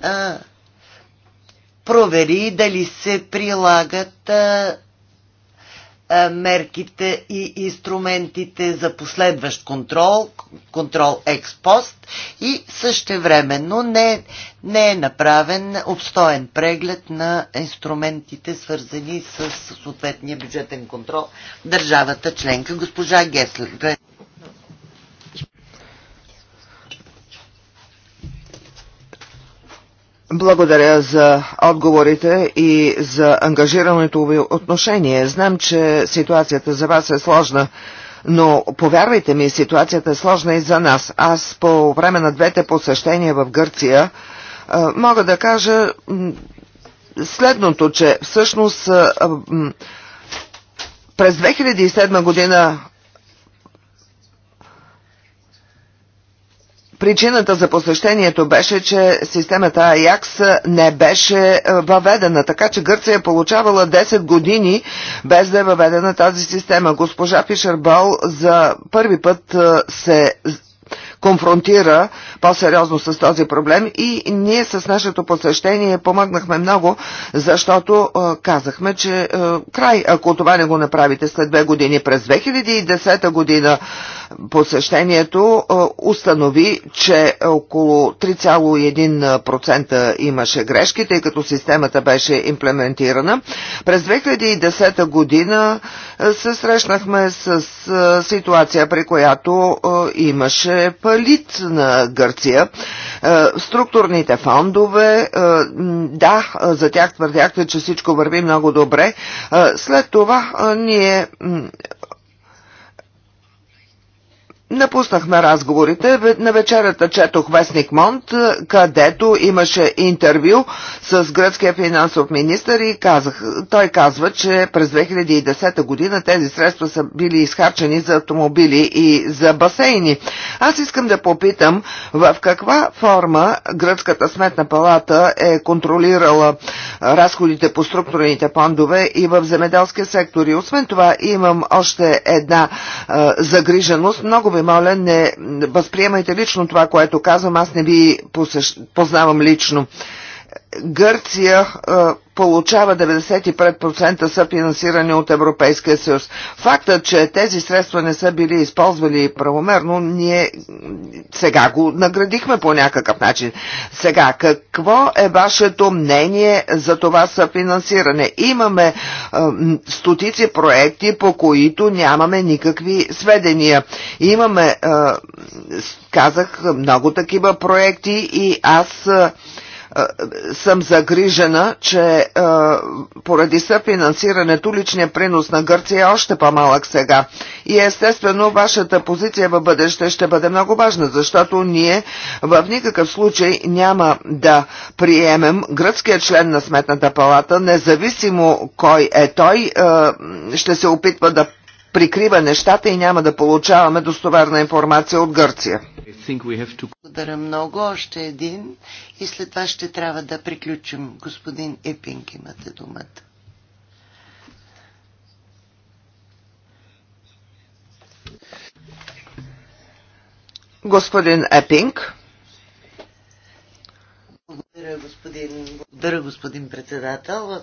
провери дали се прилагат е, мерките и инструментите за последващ контрол, контрол експост и същевременно не, не е направен обстоен преглед на инструментите, свързани с съответния бюджетен контрол държавата членка. Госпожа
Геслер. Благодаря за отговорите и за ангажираното ви отношение. Знам, че ситуацията за вас е сложна. Но повярвайте ми, ситуацията е сложна и за нас. Аз по време на двете посещения в Гърция мога да кажа следното, че всъщност през 2007 година Причината за посещението беше, че системата Аякс не беше е, въведена, така че Гърция е получавала 10 години без да е въведена тази система. Госпожа Фишербол за първи път е, се конфронтира по-сериозно с този проблем и ние с нашето посещение помогнахме много, защото е, казахме, че е, край, ако това не го направите след две години, през 2010 година посещението е, установи, че около 3,1% имаше грешки, тъй като системата беше имплементирана. През 2010 година е, се срещнахме с е, ситуация, при която имаше палит на Гърция. Структурните фондове, да, за тях твърдяхте, че всичко върви много добре. След това ние Напуснахме разговорите. На вечерата четох Вестник Монт, е, където имаше интервю с гръцкия финансов министр и казах, той казва, че през 2010 година тези средства са били изхарчени за автомобили и за басейни. Аз искам да попитам в каква форма гръцката сметна палата е контролирала е, разходите по структурните фондове и в земеделския сектор. И освен това имам още една е, загриженост. Много ви моля, не възприемайте лично това, което казвам. Аз не ви познавам лично. Гърция а, получава 95% съфинансиране от Европейския съюз. Фактът, че тези средства не са били използвали правомерно, ние сега го наградихме по някакъв начин. Сега, какво е вашето мнение за това съфинансиране? Имаме е, стотици проекти, по които нямаме никакви сведения. Имаме, е, казах, много такива проекти и аз е, съм загрижена, че поради съфинансирането личния принос на Гърция е още по-малък сега. И естествено, вашата позиция във бъдеще ще бъде много важна, защото ние в никакъв случай няма да приемем гръцкия член на Сметната палата, независимо кой е той, ще се опитва да прикрива нещата и няма да получаваме достоверна информация от Гърция. To...
Благодаря много. Още един и след това ще трябва да приключим. Господин Епинг, имате думата.
Господин Епинг.
Благодаря, господин. Благодаря, господин председател. В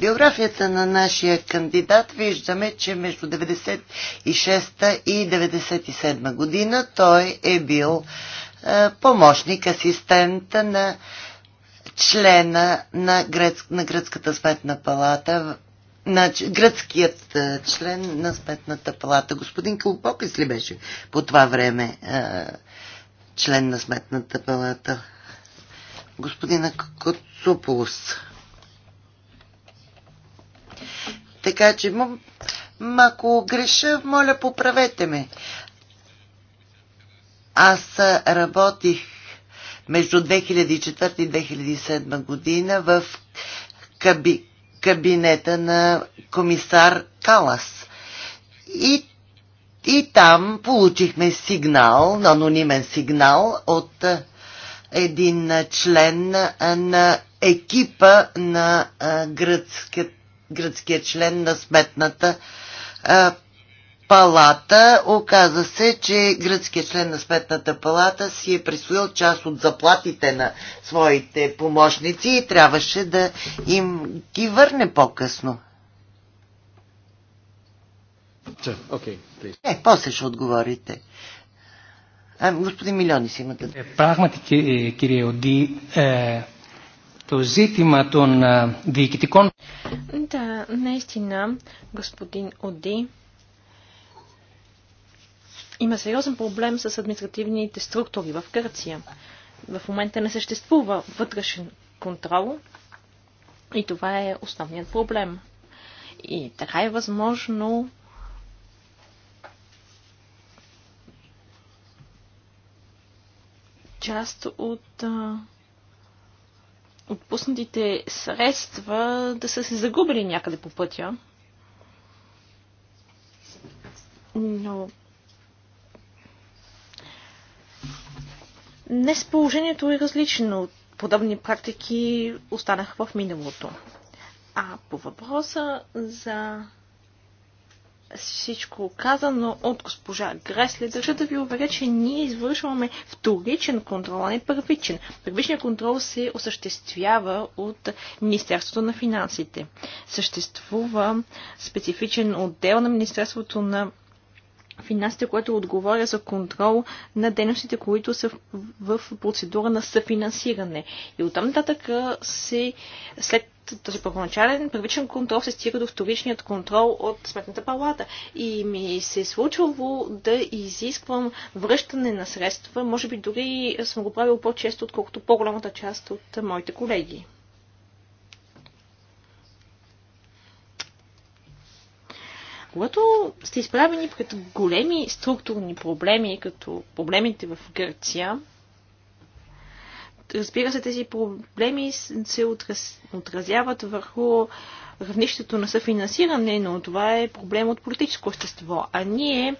биографията на нашия кандидат виждаме, че между 96 и 97 година той е бил е, помощник, асистент на члена на, грец, на Гръцката сметна палата, на гръцкият е, член на сметната палата. Господин Кълпопис ли беше по това време е, член на сметната палата? господина Коцуполус. Така че, ако греша, моля, поправете ме. Аз работих между 2004 и 2007 година в каби, кабинета на комисар Калас. И, и там получихме сигнал, анонимен сигнал от един член на екипа на гръцкият, гръцкият член на сметната палата. Оказа се, че гръцкият член на сметната палата си е присвоил част от заплатите на своите помощници и трябваше да им ги върне по-късно. Okay, не, после ще отговорите. А, господин Милиони си имате. Πράγματι, κύριε Οντή, το ζήτημα των διοικητικών...
Да, наистина, господин Оди, има сериозен проблем с административните структури в Гърция. В момента не съществува вътрешен контрол и това е основният проблем. И така е възможно част от а, отпуснатите средства да са се загубили някъде по пътя. Но днес положението е различно. Подобни практики останаха в миналото. А по въпроса за всичко казано от госпожа Гресле, държа да ви уверя, че ние извършваме вторичен контрол, а не първичен. Първичният контрол се осъществява от Министерството на финансите. Съществува специфичен отдел на Министерството на финансите, което отговоря за контрол на дейностите, които са в процедура на съфинансиране. И оттам нататък се, след този първоначален първичен контрол се стига до вторичният контрол от Сметната палата. И ми се е случвало да изисквам връщане на средства, може би дори съм го правил по-често, отколкото по-голямата част от моите колеги. Когато сте изправени пред големи структурни проблеми, като проблемите в Гърция, разбира се, тези проблеми се отразяват върху равнището на съфинансиране, но това е проблем от политическо общество, А ние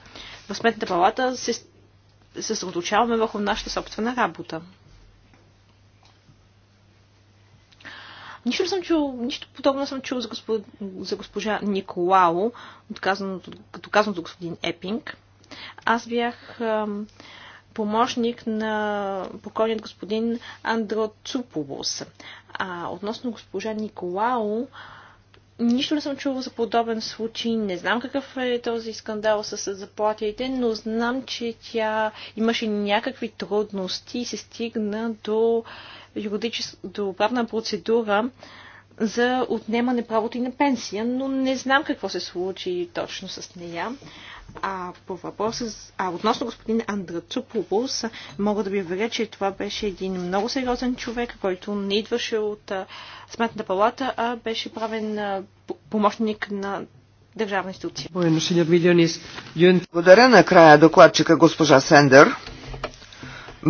в Сметната палата се съсредоточаваме върху нашата собствена работа. Нищо съм чул, нищо подобно съм чул за, госпо, за госпожа Николао, отказаното, като казаното господин Епинг. Аз бях ам, помощник на покойният господин Андро Цуполос. А относно госпожа Николао, Нищо не съм чувала за подобен случай. Не знам какъв е този скандал с заплатите, но знам, че тя имаше някакви трудности и се стигна до, юридичес... до правна процедура за отнемане правото и на пенсия, но не знам какво се случи точно с нея. А по въпроса, а относно господин Андрацуполус, мога да ви уверя, че това беше един много сериозен човек, който не идваше от Сметната палата, а беше правен помощник на държавна
институция. Благодаря накрая докладчика госпожа Сендер.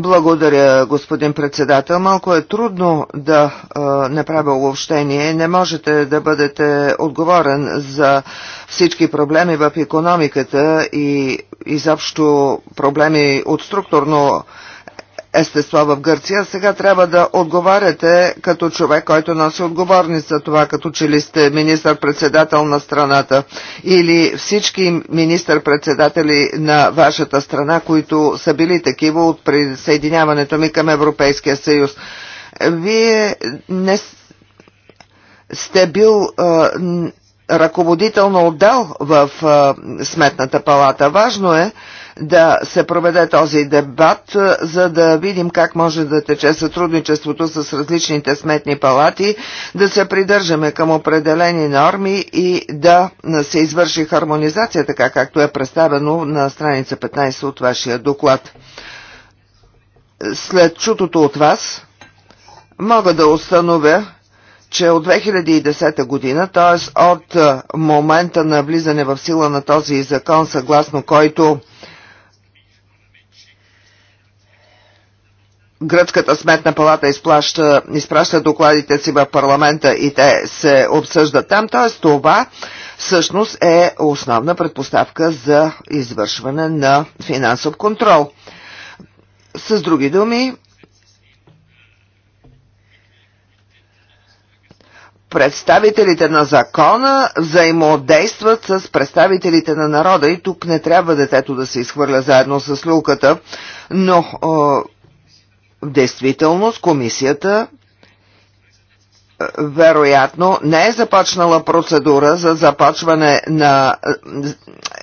Благодаря, господин председател. Малко е трудно да а, направя обобщение. Не можете да бъдете отговорен за всички проблеми в економиката и изобщо проблеми от структурно естество в Гърция. Сега трябва да отговаряте като човек, който носи отговорност за това, като че ли сте министър-председател на страната или всички министър-председатели на вашата страна, които са били такива от присъединяването ми към Европейския съюз. Вие не сте бил а, ръководител на отдел в Сметната палата. Важно е да се проведе този дебат, за да видим как може да тече сътрудничеството с различните сметни палати, да се придържаме към определени норми и да се извърши хармонизация, така както е представено на страница 15 от вашия доклад. След чутото от вас мога да установя, че от 2010 година, т.е. от момента на влизане в сила на този закон, съгласно който Гръцката сметна палата изплаща, изпраща докладите си в парламента и те се обсъждат там. Т.е. това всъщност е основна предпоставка за извършване на финансов контрол. С други думи, представителите на закона взаимодействат с представителите на народа и тук не трябва детето да се изхвърля заедно с люлката, но в действителност комисията вероятно не е започнала процедура за започване на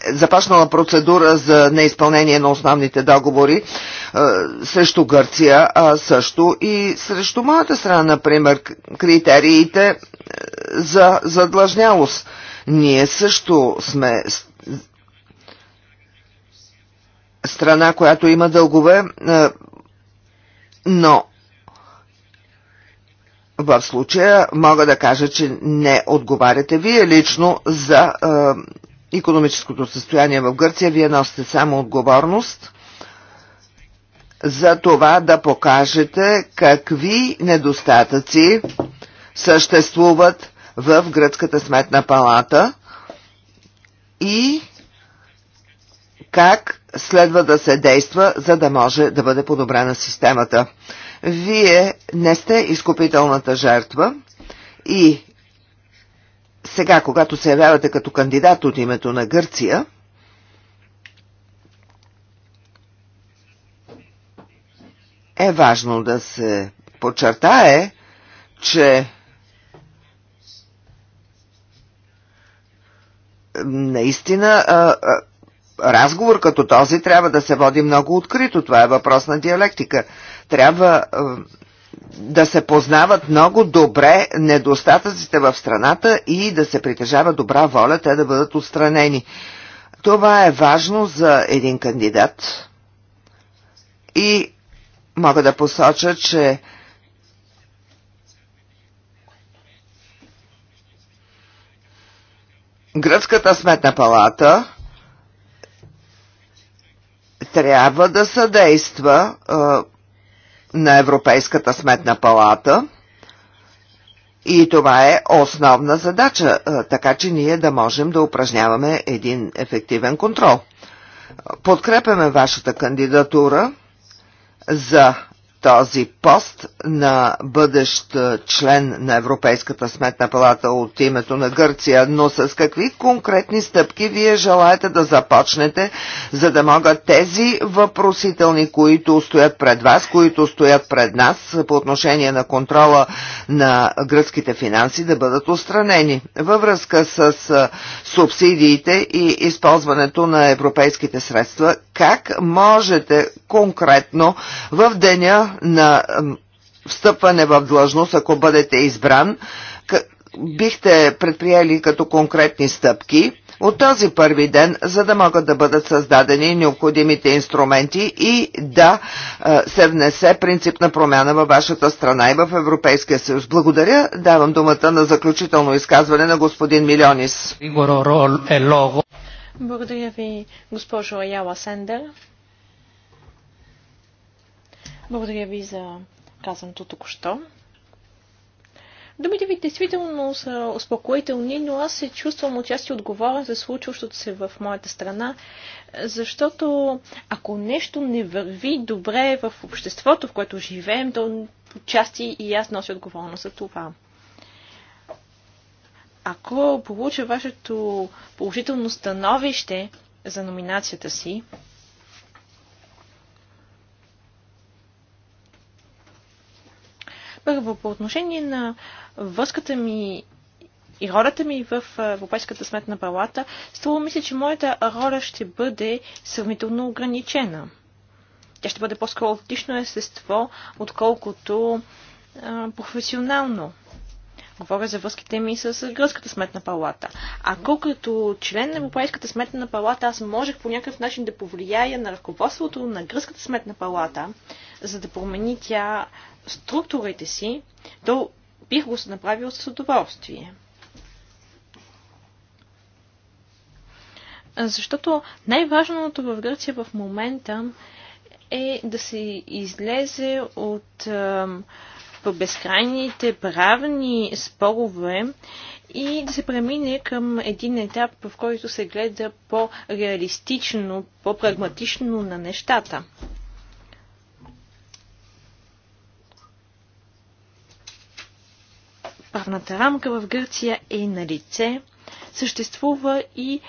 започнала процедура за неизпълнение на основните договори е, срещу Гърция, а също и срещу моята страна, например, критериите е, за задлъжнялост. Ние също сме страна, която има дългове, е, но в случая мога да кажа, че не отговаряте вие лично за економическото състояние в Гърция, вие носите само отговорност за това да покажете какви недостатъци съществуват в Гръцката сметна палата и как следва да се действа, за да може да бъде подобрена системата. Вие не сте изкупителната жертва и сега, когато се явявате като кандидат от името на Гърция, е важно да се подчертае, че наистина разговор като този трябва да се води много открито. Това е въпрос на диалектика. Трябва да се познават много добре недостатъците в страната и да се притежава добра воля те да бъдат отстранени. Това е важно за един кандидат и мога да посоча, че Гръцката сметна палата трябва да съдейства на Европейската сметна палата. И това е основна задача, така че ние да можем да упражняваме един ефективен контрол. Подкрепяме вашата кандидатура за този пост на бъдещ член на Европейската сметна палата от името на Гърция, но с какви конкретни стъпки вие желаете да започнете, за да могат тези въпросителни, които стоят пред вас, които стоят пред нас по отношение на контрола на гръцките финанси да бъдат устранени във връзка с субсидиите и използването на европейските средства, как можете конкретно в деня на встъпване в длъжност, ако бъдете избран, бихте предприели като конкретни стъпки от този първи ден, за да могат да бъдат създадени необходимите инструменти и да се внесе принципна промяна във вашата страна и в Европейския съюз. Благодаря. Давам думата на заключително изказване на господин Милионис. E
Благодаря ви, госпожо Аяла Сендер. Благодаря ви за казаното току-що. Думите ви действително са успокоителни, но аз се чувствам отчасти отговорен за случващото се в моята страна, защото ако нещо не върви добре в обществото, в което живеем, то отчасти и аз нося отговорност за това. Ако получа вашето положително становище за номинацията си, Първо, по отношение на връзката ми и ролята ми в Европейската сметна палата, струва мисля, че моята роля ще бъде сравнително ограничена. Тя ще бъде по-скоро оптично естество, отколкото а, професионално. Говоря за връзките ми с Гръцката сметна палата. Ако като член на Европейската сметна палата аз можех по някакъв начин да повлияя на ръководството на Гръцката сметна палата, за да промени тя структурите си, то бих го направил с удоволствие. Защото най-важното в Гърция в момента е да се излезе от е, безкрайните правни спорове и да се премине към един етап, в който се гледа по-реалистично, по-прагматично на нещата. правната рамка в Гърция е на лице, съществува и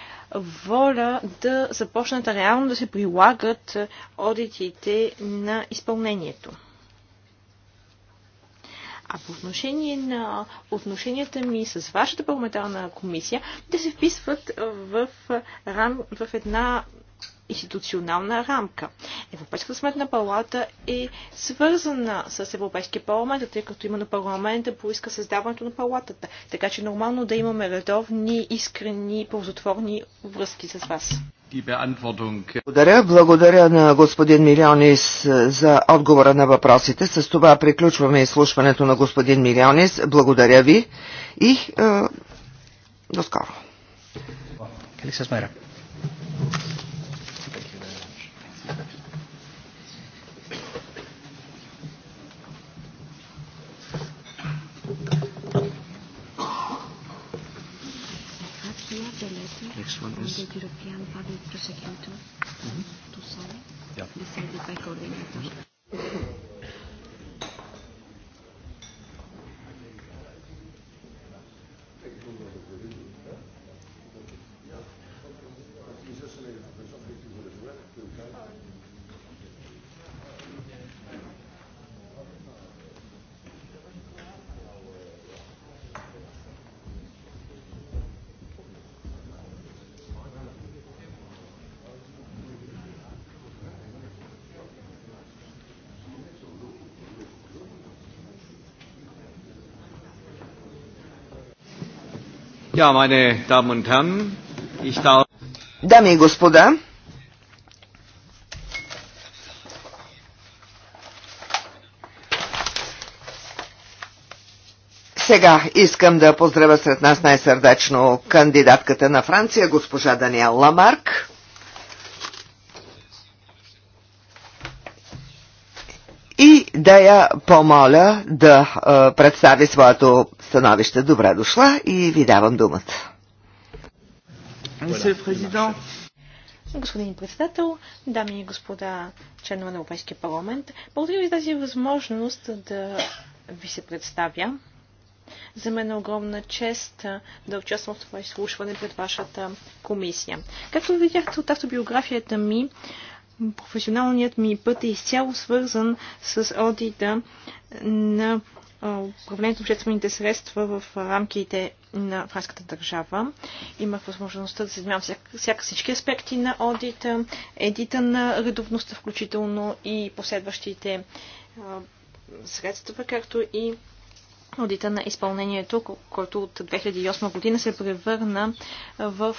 воля да започнат реално да се прилагат одитите на изпълнението. А по отношение на отношенията ми с вашата парламентарна комисия, те се вписват в, рам, в една институционална рамка. Европейската сметна палата е свързана с Европейския парламент, тъй като именно парламента поиска създаването на палатата. Така че нормално да имаме редовни, искрени, ползотворни връзки с вас.
Благодаря, благодаря на господин Милионис е, за отговора на въпросите. С това приключваме изслушването на господин Милионис. Благодаря ви и е, до скоро.
Καλή σας Next one is the European Public Prosecutor. Mm-hmm. To sign, yeah. decided by coordinator.
Дами и господа, сега искам да поздравя сред нас най-сърдечно кандидатката на Франция, госпожа Даниел Ламарк. и да я помоля да представи своето становище. Добре дошла и ви давам думата.
Господин председател, дами и господа членове на Европейския парламент, благодаря ви за тази възможност да ви се представя. За мен е огромна чест да участвам в това изслушване пред вашата комисия. Както видяхте от автобиографията ми, професионалният ми път е изцяло свързан с одита на управлението на обществените средства в рамките на франската държава. Имах възможността да се занимавам всяка всички аспекти на одита, едита на редовността, включително и последващите средства, както и одита на изпълнението, който от 2008 година се превърна в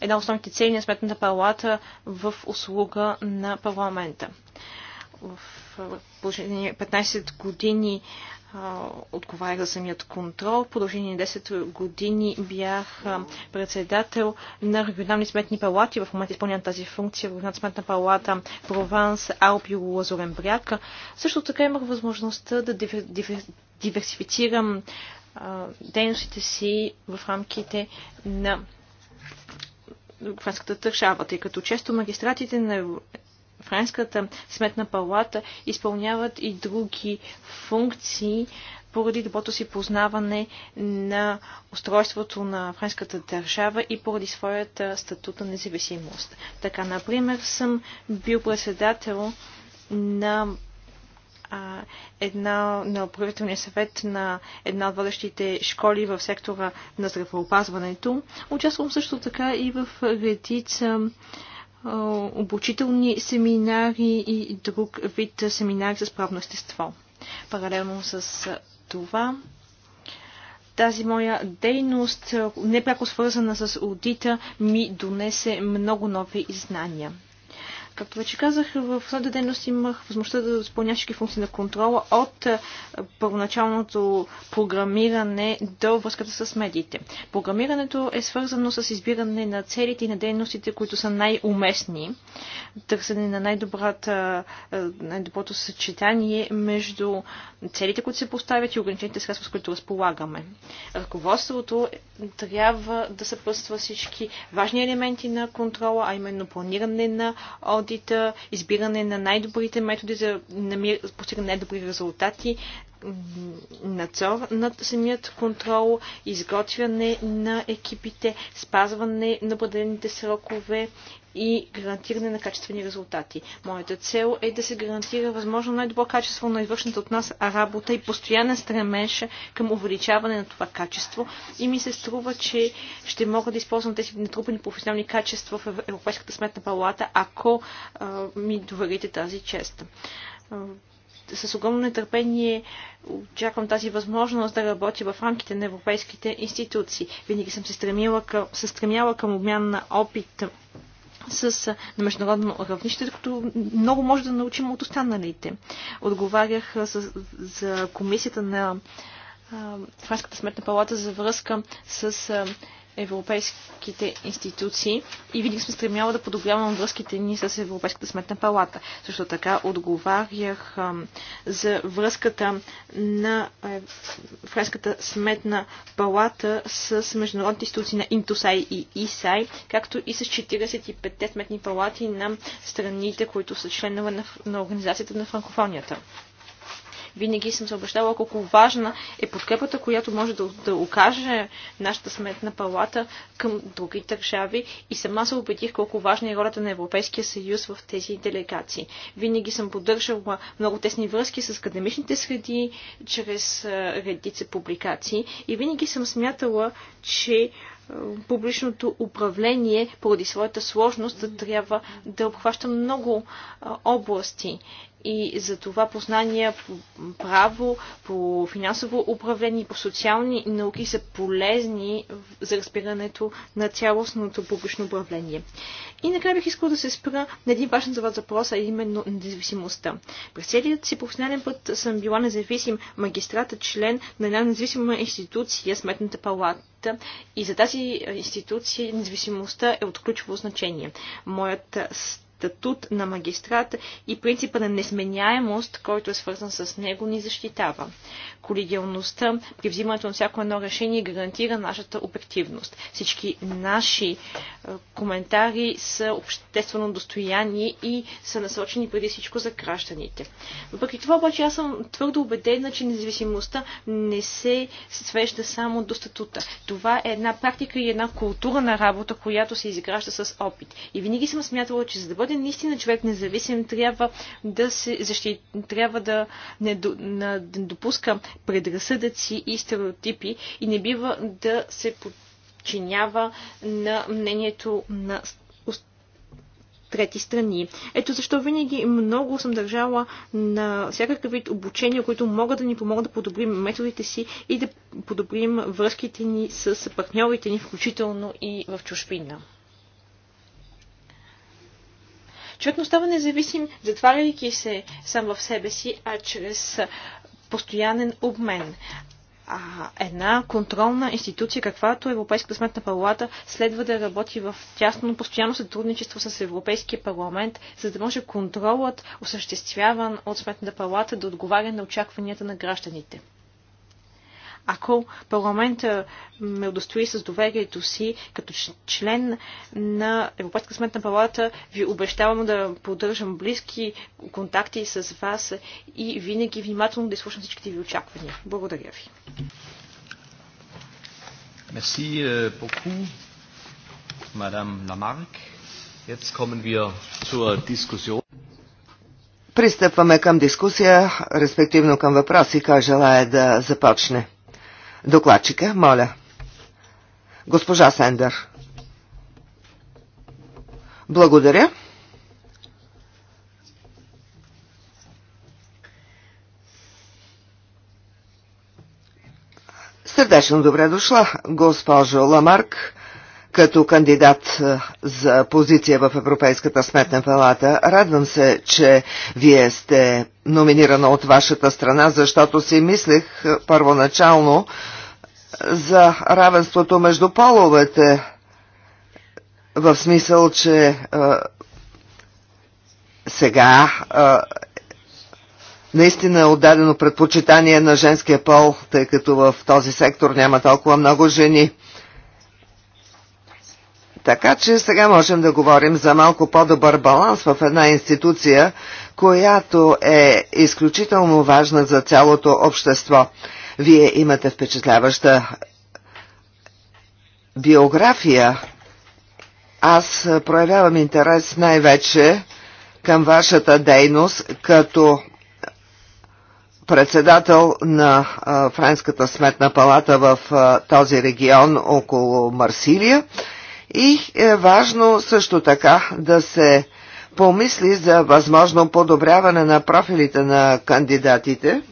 една от основните цели на Сметната палата в услуга на парламента в продължение 15 години отговарях за самият контрол. В продължение 10 години бях председател на регионални сметни палати. В момента изпълнявам тази функция в регионална сметна палата Прованс, Алпи, Лазурен бряг. Също така имах възможността да диверсифицирам дейностите си в рамките на франската държава, тъй като често магистратите на Френската сметна палата изпълняват и други функции поради доброто си познаване на устройството на френската държава и поради своята статут на независимост. Така, например, съм бил председател на а, една на управителния съвет на една от водещите школи в сектора на здравеопазването. Участвам също така и в редица обучителни семинари и друг вид семинари с правно естество. Паралелно с това, тази моя дейност, непряко свързана с аудита, ми донесе много нови знания. Както вече казах, в следната дейност имах възможността да изпълня всички функции на контрола от първоначалното програмиране до връзката с медиите. Програмирането е свързано с избиране на целите и на дейностите, които са най-уместни, търсене на най-доброто най съчетание между целите, които се поставят и ограничените средства, с които разполагаме. Ръководството трябва да съпътства всички важни елементи на контрола, а именно планиране на одит, одита, избиране на най-добрите методи за намир... постигане на най-добри резултати, надзор над самият контрол, изготвяне на екипите, спазване на определените срокове и гарантиране на качествени резултати. Моята цел е да се гарантира възможно най-добро качество на извършната от нас работа и постоянен стремеж към увеличаване на това качество. И ми се струва, че ще мога да използвам тези натрупани професионални качества в Европейската сметна палата, ако а, ми доверите тази чест с огромно нетърпение очаквам тази възможност да работя в рамките на европейските институции. Винаги съм се стремила към, се стремяла към обмян на опит с на международно равнище, тъй като много може да научим от останалите. Отговарях с, за комисията на Франската сметна палата за връзка с европейските институции и винаги сме стремяла да подобрявам връзките ни с Европейската сметна палата. Също така отговарях за връзката на е, Френската сметна палата с международните институции на Интусай и ИСАЙ, както и с 45-те сметни палати на страните, които са членове на, на Организацията на франкофонията. Винаги съм съобщала колко важна е подкрепата, която може да, да окаже нашата сметна палата към други държави и сама се убедих колко важна е ролята на Европейския съюз в тези делегации. Винаги съм поддържала много тесни връзки с академичните среди, чрез редица публикации и винаги съм смятала, че публичното управление, поради своята сложност, трябва да обхваща много области и за това познания по право, по финансово управление, по социални науки са полезни за разбирането на цялостното публично управление. И накрая бих искал да се спра на един важен за вас въпрос, а именно независимостта. През целият си професионален път съм била независим магистрата, член на една независима институция, Сметната палата и за тази институция независимостта е от ключово значение. Моят статут на магистрат и принципа на несменяемост, който е свързан с него, ни защитава. Колегиалността при взимането на всяко едно решение гарантира нашата обективност. Всички наши е, коментари са обществено достояние и са насочени преди всичко за гражданите. Въпреки това обаче аз съм твърдо убедена, че независимостта не се свежда само до статута. Това е една практика и една култура на работа, която се изгражда с опит. И винаги съм смятала, че за да бъде бъде наистина човек независим, трябва да се защити, трябва да не, до, не допуска предразсъдъци и стереотипи и не бива да се подчинява на мнението на трети страни. Ето защо винаги много съм държала на всякакъв вид обучения, които могат да ни помогнат да подобрим методите си и да подобрим връзките ни с партньорите ни, включително и в чужбина. Човек не остава независим, затваряйки се сам в себе си, а чрез постоянен обмен. А една контролна институция, каквато Европейската сметна палата, следва да работи в тясно, постоянно сътрудничество с Европейския парламент, за да може контролът, осъществяван от сметната палата, да отговаря на очакванията на гражданите ако парламент ме удостои с доверието си, като член на Европейска сметна палата, ви обещавам да поддържам близки контакти с вас и винаги внимателно да изслушам всичките ви очаквания. Благодаря ви. Merci euh, beaucoup,
Madame Lamarck. Jetzt kommen wir zur Diskussion. Пристъпваме към дискусия, респективно към въпроси, кой желая да започне. Докладчика, моля. Госпожа Сендър. Благодаря. Сърдечно добре дошла, госпожо Ламарк като кандидат за позиция в Европейската сметна палата. Радвам се, че вие сте номинирана от вашата страна, защото си мислех първоначално за равенството между половете, в смисъл, че а, сега а, наистина е отдадено предпочитание на женския пол, тъй като в този сектор няма толкова много жени. Така че сега можем да говорим за малко по-добър баланс в една институция, която е изключително важна за цялото общество. Вие имате впечатляваща биография. Аз проявявам интерес най-вече към вашата дейност като председател на Френската сметна палата в този регион около Марсилия. И е важно също така да се помисли за възможно подобряване на профилите на кандидатите.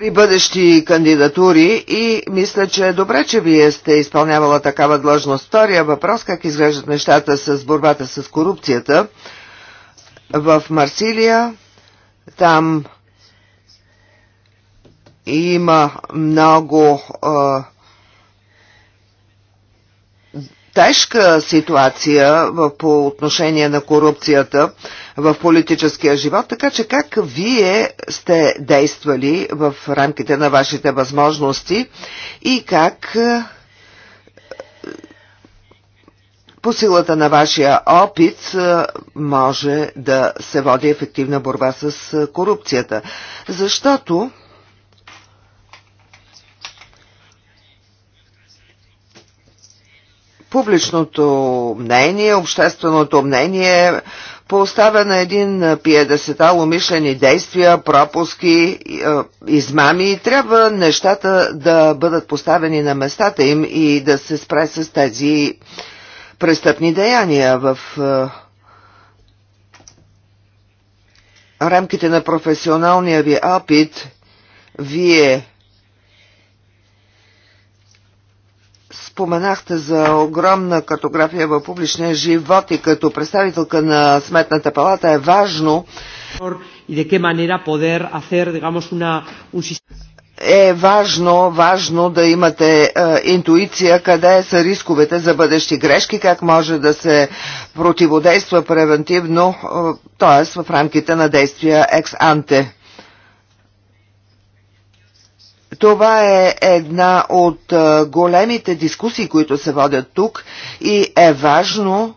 При бъдещи кандидатури и мисля, че е добре, че вие сте изпълнявала такава длъжност. Втория въпрос, как изглеждат нещата с борбата с корупцията в Марсилия. Там има много а, тежка ситуация по отношение на корупцията в политическия живот, така че как вие сте действали в рамките на вашите възможности и как по силата на вашия опит може да се води ефективна борба с корупцията. Защото публичното мнение, общественото мнение поставя на един пиедесетал умишлени действия, пропуски, измами и трябва нещата да бъдат поставени на местата им и да се спре с тези престъпни деяния в рамките на професионалния ви опит. Вие споменахте за огромна картография в публичния живот и като представителка на Сметната палата е важно е важно, важно да имате е, интуиция къде са рисковете за бъдещи грешки, как може да се противодейства превентивно, е, т.е. в рамките на действия екс-анте. Това е една от е, големите дискусии, които се водят тук и е важно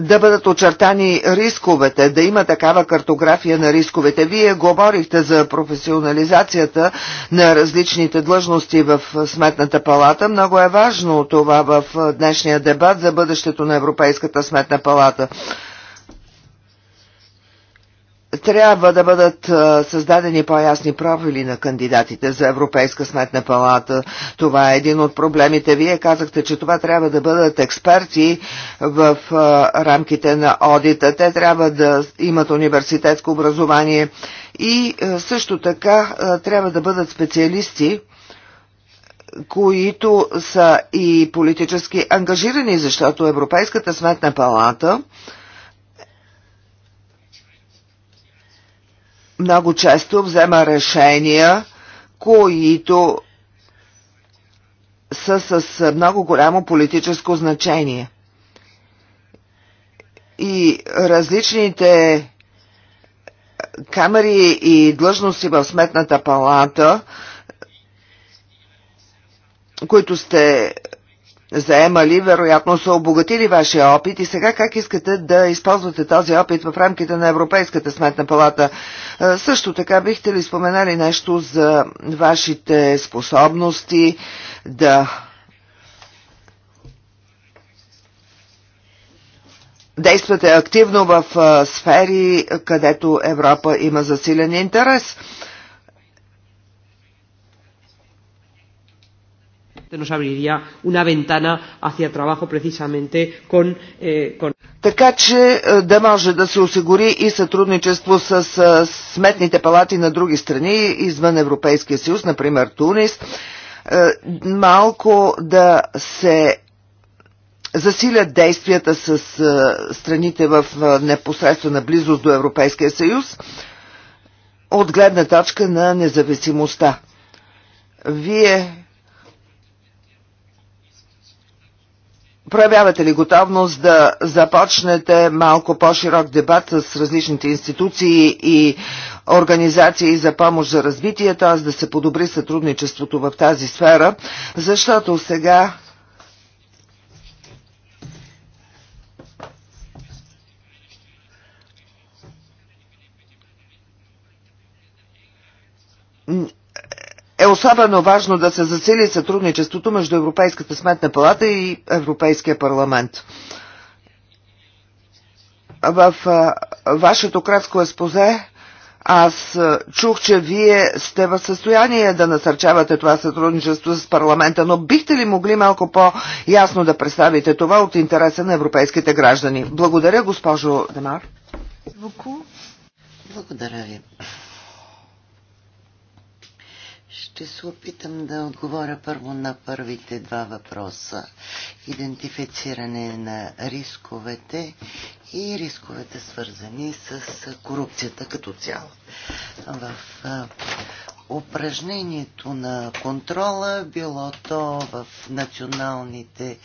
да бъдат очертани рисковете, да има такава картография на рисковете. Вие говорихте за професионализацията на различните длъжности в Сметната палата. Много е важно това в е, днешния дебат за бъдещето на Европейската Сметна палата трябва да бъдат създадени по-ясни профили на кандидатите за Европейска сметна палата. Това е един от проблемите. Вие казахте, че това трябва да бъдат експерти в рамките на одита. Те трябва да имат университетско образование и също така трябва да бъдат специалисти които са и политически ангажирани, защото Европейската сметна палата много често взема решения, които са с много голямо политическо значение. И различните камери и длъжности в Сметната палата, които сте заемали, вероятно са обогатили вашия опит и сега как искате да използвате този опит в рамките на Европейската сметна палата? Също така бихте ли споменали нещо за вашите способности да действате активно в сфери, където Европа има засилен интерес? Nos abriría una ventana hacia trabajo precisamente con, eh, con... Така че е, да може да се осигури и сътрудничество с, с е, сметните палати на други страни извън Европейския съюз, например Тунис, е, малко да се засилят действията с страните в непосредствена близост до Европейския съюз от гледна точка на независимостта. Вие Проявявате ли готовност да започнете малко по-широк дебат с различните институции и организации за помощ за развитие, т.е. да се подобри сътрудничеството в тази сфера, защото сега е особено важно да се засили сътрудничеството между Европейската сметна палата и Европейския парламент. В вашето кратко експозе аз чух, че вие сте в състояние да насърчавате това сътрудничество с парламента, но бихте ли могли малко по-ясно да представите това от интереса на европейските граждани? Благодаря, госпожо Демар. Благодаря ви
ще се опитам да отговоря първо на първите два въпроса. Идентифициране на рисковете и рисковете свързани с корупцията като цяло. В упражнението на контрола, било то в националните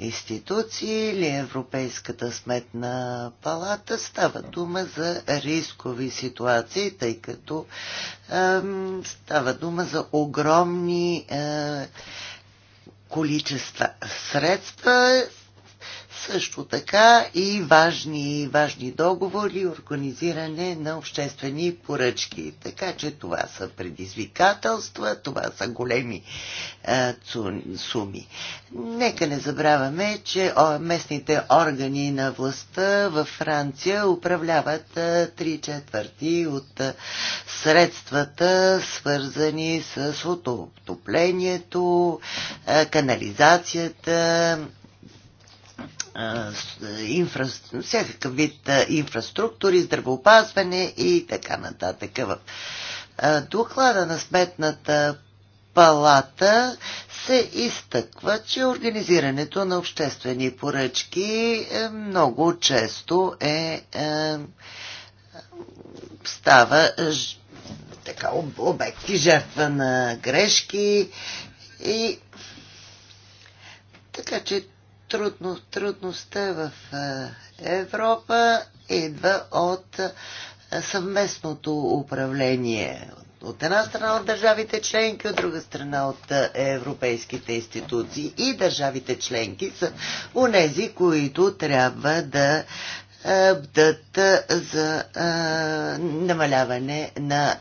институции или Европейската сметна палата, става дума за рискови ситуации, тъй като ем, става дума за огромни е, количества средства също така и важни, важни договори, организиране на обществени поръчки. Така че това са предизвикателства, това са големи цу, суми. Нека не забравяме, че о, местните органи на властта във Франция управляват три четвърти от а, средствата, свързани с отоплението, канализацията, инфра... всякакъв вид инфраструктури, здравеопазване и така нататък. В доклада на сметната палата се изтъква, че организирането на обществени поръчки е, много често е, е става е, така, обекти, жертва на грешки и така че трудно, трудността в Европа идва от съвместното управление. От една страна от държавите членки, от друга страна от европейските институции. И държавите членки са унези, които трябва да бдат е, е, за е, намаляване на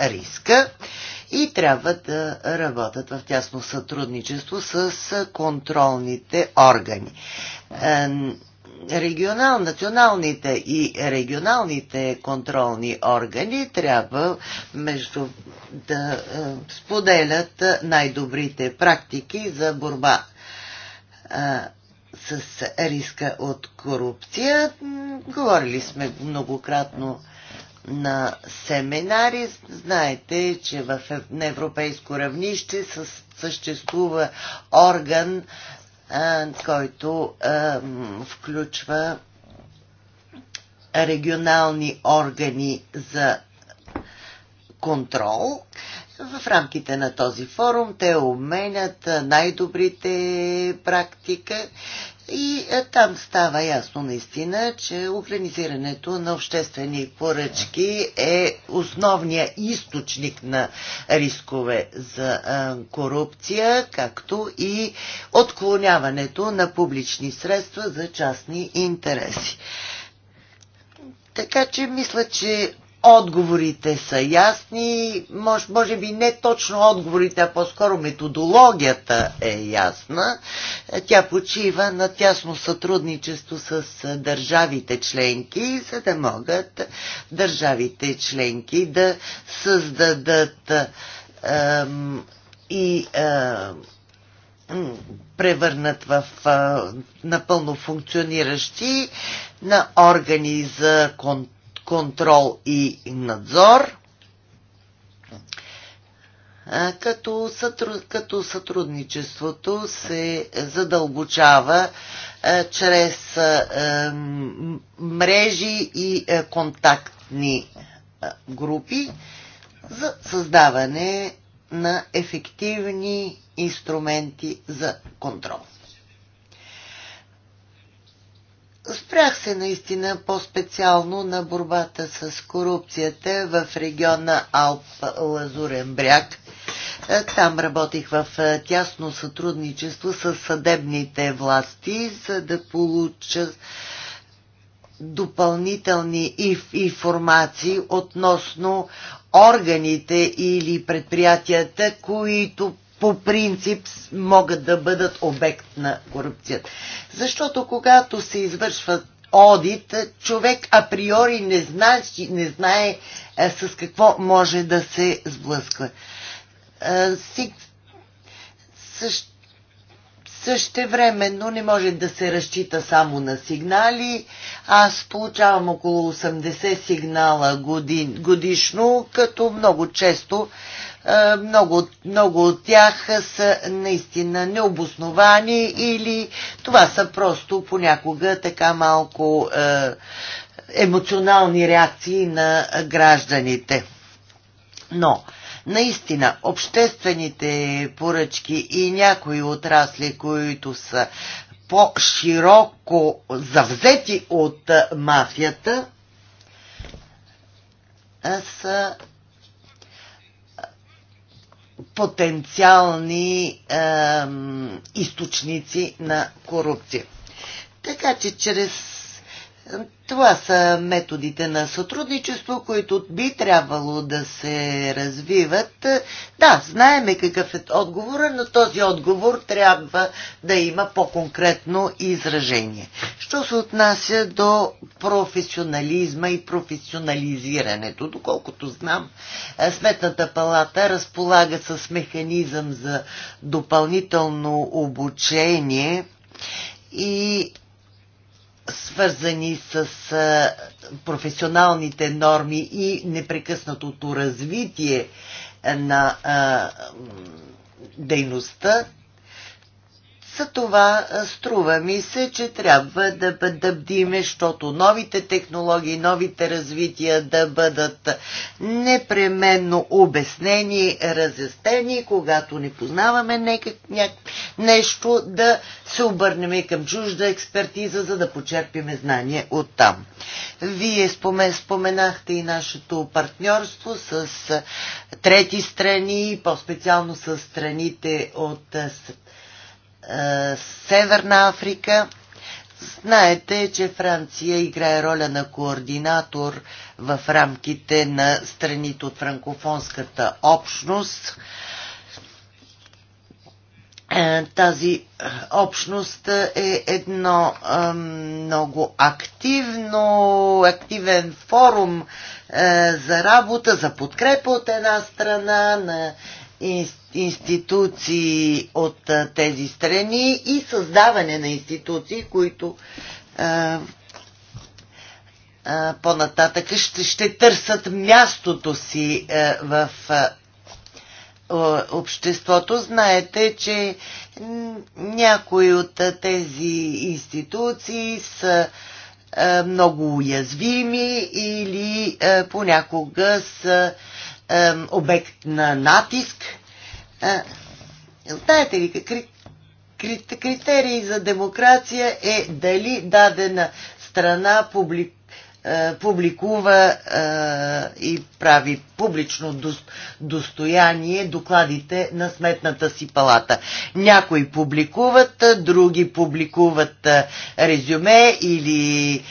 риска и трябва да работят в тясно сътрудничество с контролните органи. Регионал, националните и регионалните контролни органи трябва между да споделят най-добрите практики за борба с риска от корупция. Говорили сме многократно на семинари. Знаете, че в, на европейско равнище съществува орган, а, който а, включва регионални органи за контрол. В рамките на този форум те обменят най-добрите практика и там става ясно наистина, че организирането на обществени поръчки е основният източник на рискове за корупция, както и отклоняването на публични средства за частни интереси. Така че мисля, че Отговорите са ясни, може, може би не точно отговорите, а по-скоро методологията е ясна. Тя почива на тясно сътрудничество с държавите членки, за да могат държавите членки да създадат ем, и ем, превърнат в напълно функциониращи на органи за контакт контрол и надзор, като, като сътрудничеството се задълбочава чрез мрежи и контактни групи за създаване на ефективни инструменти за контрол. Спрях се наистина по-специално на борбата с корупцията в региона Алп-Лазурен бряг. Е, там работих в е, тясно сътрудничество с съдебните власти, за да получа допълнителни информации относно органите или предприятията, които по принцип могат да бъдат обект на корупцията. Защото когато се извършват одит, човек априори не знае, не знае е, с какво може да се сблъсква. Е, си, същ, същевременно не може да се разчита само на сигнали. Аз получавам около 80 сигнала годин, годишно, като много често е, много, много от тях са наистина необосновани или това са просто понякога така малко е, емоционални реакции на гражданите. Но, наистина, обществените поръчки и някои отрасли, които са по-широко завзети от мафията, е, са потенциални е, източници на корупция. Така че чрез това са методите на сътрудничество, които би трябвало да се развиват. Да, знаеме какъв е отговор, но този отговор трябва да има по-конкретно изражение. Що се отнася до професионализма и професионализирането? Доколкото знам, Сметната палата разполага с механизъм за допълнително обучение и свързани с професионалните норми и непрекъснатото развитие на дейността, за това струва ми се, че трябва да, да бдиме, защото новите технологии, новите развития да бъдат непременно обяснени, разяснени. Когато не познаваме някак, няк, нещо, да се обърнем към чужда експертиза, за да почерпиме знание от там. Вие спомен, споменахте и нашето партньорство с трети страни, по-специално с страните от е, Северна Африка. Знаете, че Франция играе роля на координатор в рамките на страните от франкофонската общност. Е, тази общност е едно е, много активно, активен форум за работа, за подкрепа от една страна на институции от тези страни и създаване на институции, които по-нататък ще, ще търсят мястото си а, в а, обществото. Знаете, че някои от тези институции са а, много уязвими или а, понякога са а, обект на натиск. Е, знаете ли, критерии за демокрация е дали дадена страна е, публикува публикува е, и прави публично достояние докладите на сметната си палата. Някои публикуват, други публикуват резюме или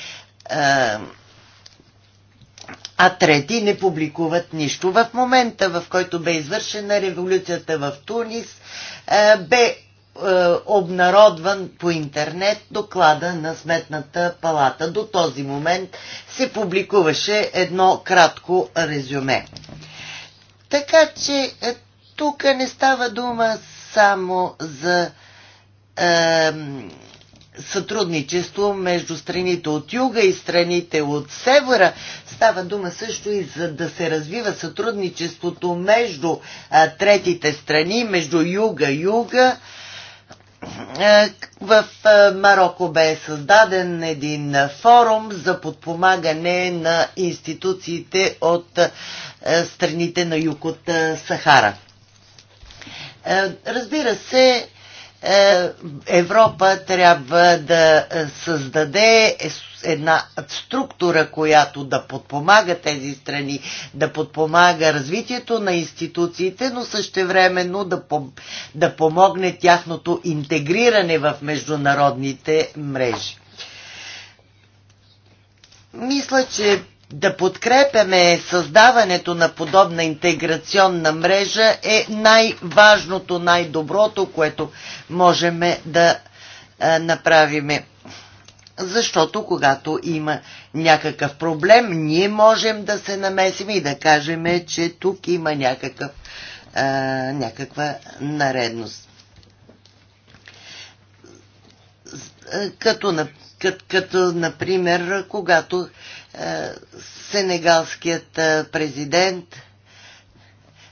а трети не публикуват нищо. В момента, в който бе извършена революцията в Тунис, е, бе е, обнародван по интернет доклада на Сметната палата. До този момент се публикуваше едно кратко резюме. Така че е, тук не става дума само за е, сътрудничество между страните от юга и страните от севера. Става дума също и за да се развива сътрудничеството между а, третите страни, между юга-юга. В Марокко бе създаден един форум за подпомагане на институциите от страните на юг от Сахара. Разбира се, е, Европа трябва да създаде една структура, която да подпомага тези страни, да подпомага развитието на институциите, но същевременно да, пом- да помогне тяхното интегриране в международните мрежи. Мисля, че да подкрепяме създаването на подобна интеграционна мрежа е най-важното, най-доброто, което можем да направиме. Защото когато има някакъв проблем, ние можем да се намесим и да кажем, че тук има някакъв, а, някаква наредност. Като, като, като например, когато е, сенегалският е, президент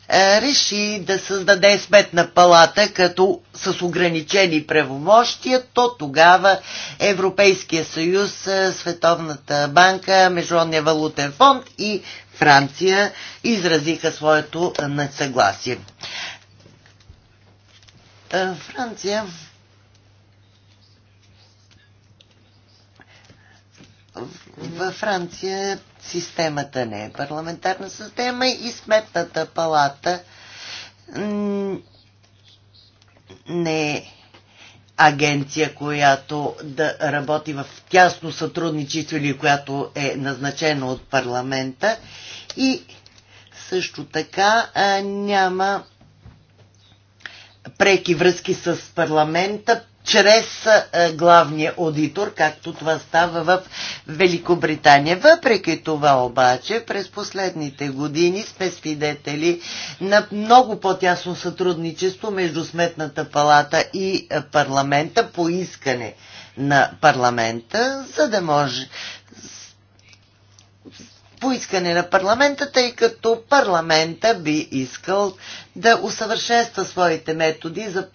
е, реши да създаде сметна палата като с ограничени правомощия, то тогава Европейския съюз, Световната банка, Международния валутен фонд и Франция изразиха своето несъгласие. Франция във Франция системата не е парламентарна система и сметната палата не е агенция, която да работи в тясно сътрудничество или която е назначена от парламента и също така няма преки връзки с парламента чрез главния аудитор, както това става в Великобритания. Въпреки това обаче, през последните години сме свидетели на много по-тясно сътрудничество между Сметната палата и парламента по искане на парламента, за да може поискане на парламента, тъй като парламента би искал да усъвършенства своите методи за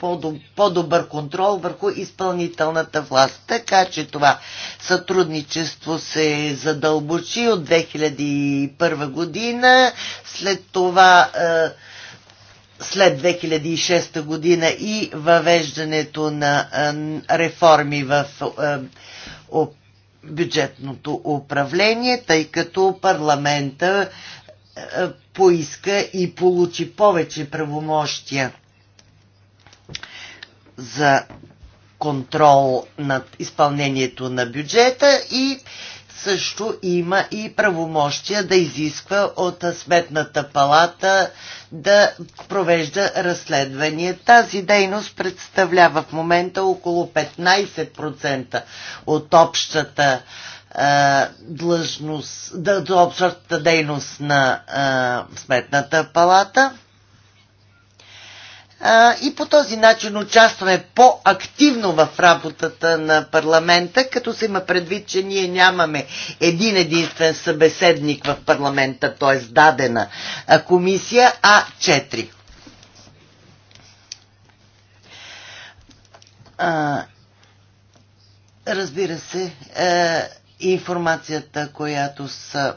по-добър контрол върху изпълнителната власт. Така че това сътрудничество се задълбочи от 2001 година, след това е, след 2006 година и въвеждането на е, реформи в е, бюджетното управление, тъй като парламента е, поиска и получи повече правомощия за контрол над изпълнението на бюджета и също има и правомощия да изисква от Сметната палата да провежда разследвания. Тази дейност представлява в момента около 15% от общата длъжност, да, до общата дейност на а, Сметната палата и по този начин участваме по-активно в работата на парламента, като се има предвид, че ние нямаме един единствен събеседник в парламента, т.е. дадена комисия, а четири. Разбира се, информацията, която са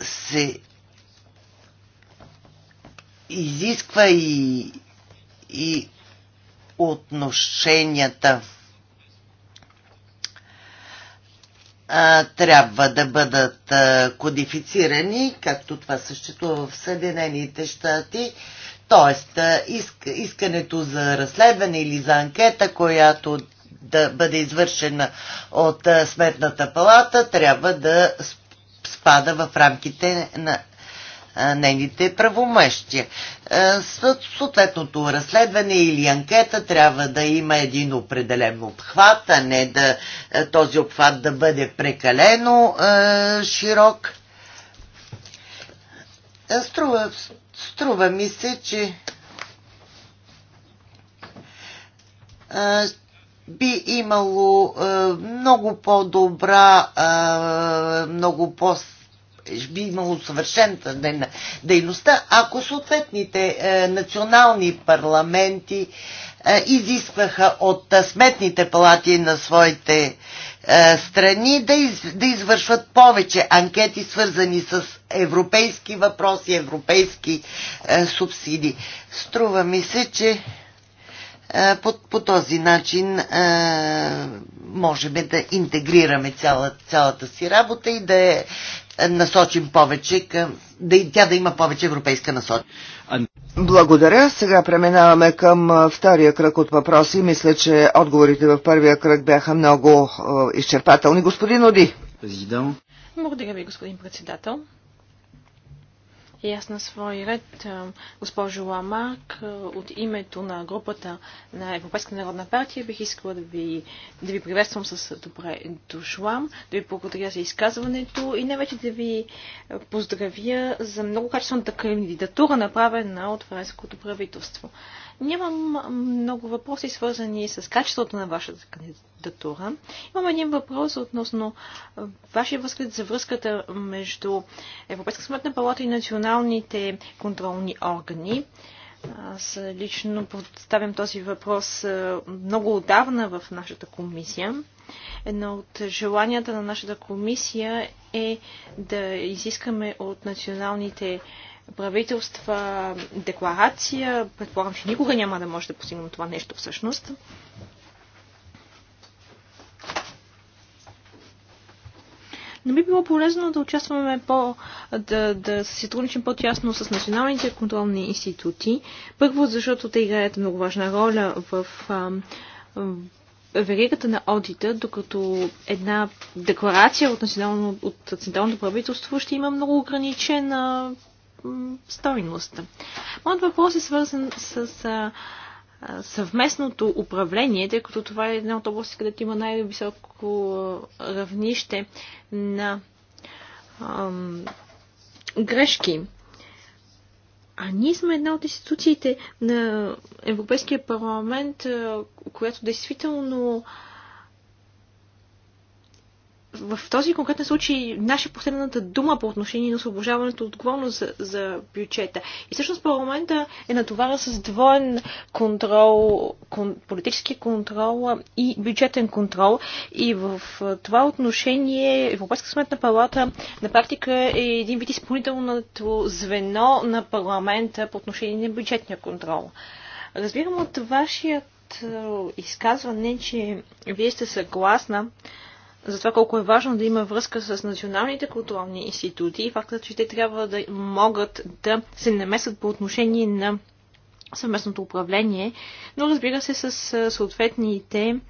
се изисква и, и отношенията а, трябва да бъдат а, кодифицирани, както това съществува в Съединените щати. Тоест, иск, искането за разследване или за анкета, която да бъде извършена от Сметната палата, трябва да спада в рамките на нейните правомещия. Съответното разследване или анкета трябва да има един определен обхват, а не да този обхват да бъде прекалено широк. Струва, струва ми се, че би имало много по-добра, много по с би имало съвършенстване на дейността, ако съответните е, национални парламенти е, изискваха от е, сметните палати на своите е, страни да, из, да извършват повече анкети, свързани с европейски въпроси, европейски е, субсидии. Струва ми се, че е, по, по този начин е, можем да интегрираме цяла, цялата си работа и да е насочим повече към, да, тя да има повече европейска насочка.
Благодаря. Сега преминаваме към втория кръг от въпроси. Мисля, че отговорите в първия кръг бяха много изчерпателни. Господин Оди. Президент.
Благодаря ви, господин председател. И аз на свой ред, госпожо Ламарк, от името на групата на Европейска народна партия бих искала да ви, да ви приветствам с добре дошла, да ви благодаря за изказването и не вече да ви поздравя за много качествената кандидатура, направена от френското правителство. Нямам много въпроси, свързани с качеството на вашата кандидатура. Имам един въпрос относно вашия възглед за връзката между Европейска сметна палата и националните контролни органи. Аз лично поставям този въпрос много отдавна в нашата комисия. Едно от желанията на нашата комисия е да изискаме от националните правителства декларация. Предполагам, че никога няма да може да постигнем това нещо всъщност. Но би било полезно да участваме по, да, да се сътрудничим по-тясно с националните контролни институти. Първо, защото те играят много важна роля в ам, веригата на одита, докато една декларация от, национално, от централното правителство ще има много ограничена стойност. Моят въпрос е свързан с а, съвместното управление, тъй като това е една от области, където има най-високо равнище на а, грешки. А ние сме една от институциите на Европейския парламент, която действително а, в този конкретен случай наша последната дума по отношение на освобождаването е отговорност за, за бюджета. И всъщност парламента е натоварен с двоен контрол, кон, политически контрол и бюджетен контрол. И в това отношение Европейска сметна палата на практика е един вид изпълнителното звено на парламента по отношение на бюджетния контрол. Разбирам от вашият е, изказване, че вие сте съгласна, за това колко е важно да има връзка с националните културни институти и факта, че те трябва да могат да се намесат по отношение на съвместното управление, но разбира се с съответните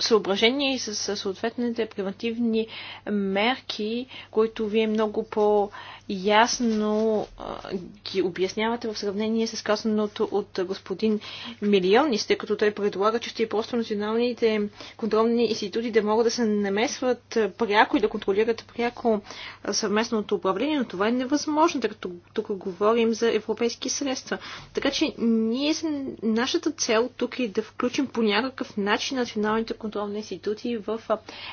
съображение и с съответните превентивни мерки, които вие много по-ясно ги обяснявате в сравнение с казаното от господин Милионис, тъй като той предлага, че ще и е просто националните контролни институти да могат да се намесват пряко и да контролират пряко съвместното управление, но това е невъзможно, тъй като тук говорим за европейски средства. Така че ние, нашата цел тук е да включим по някакъв начин националните контролни контролни институции в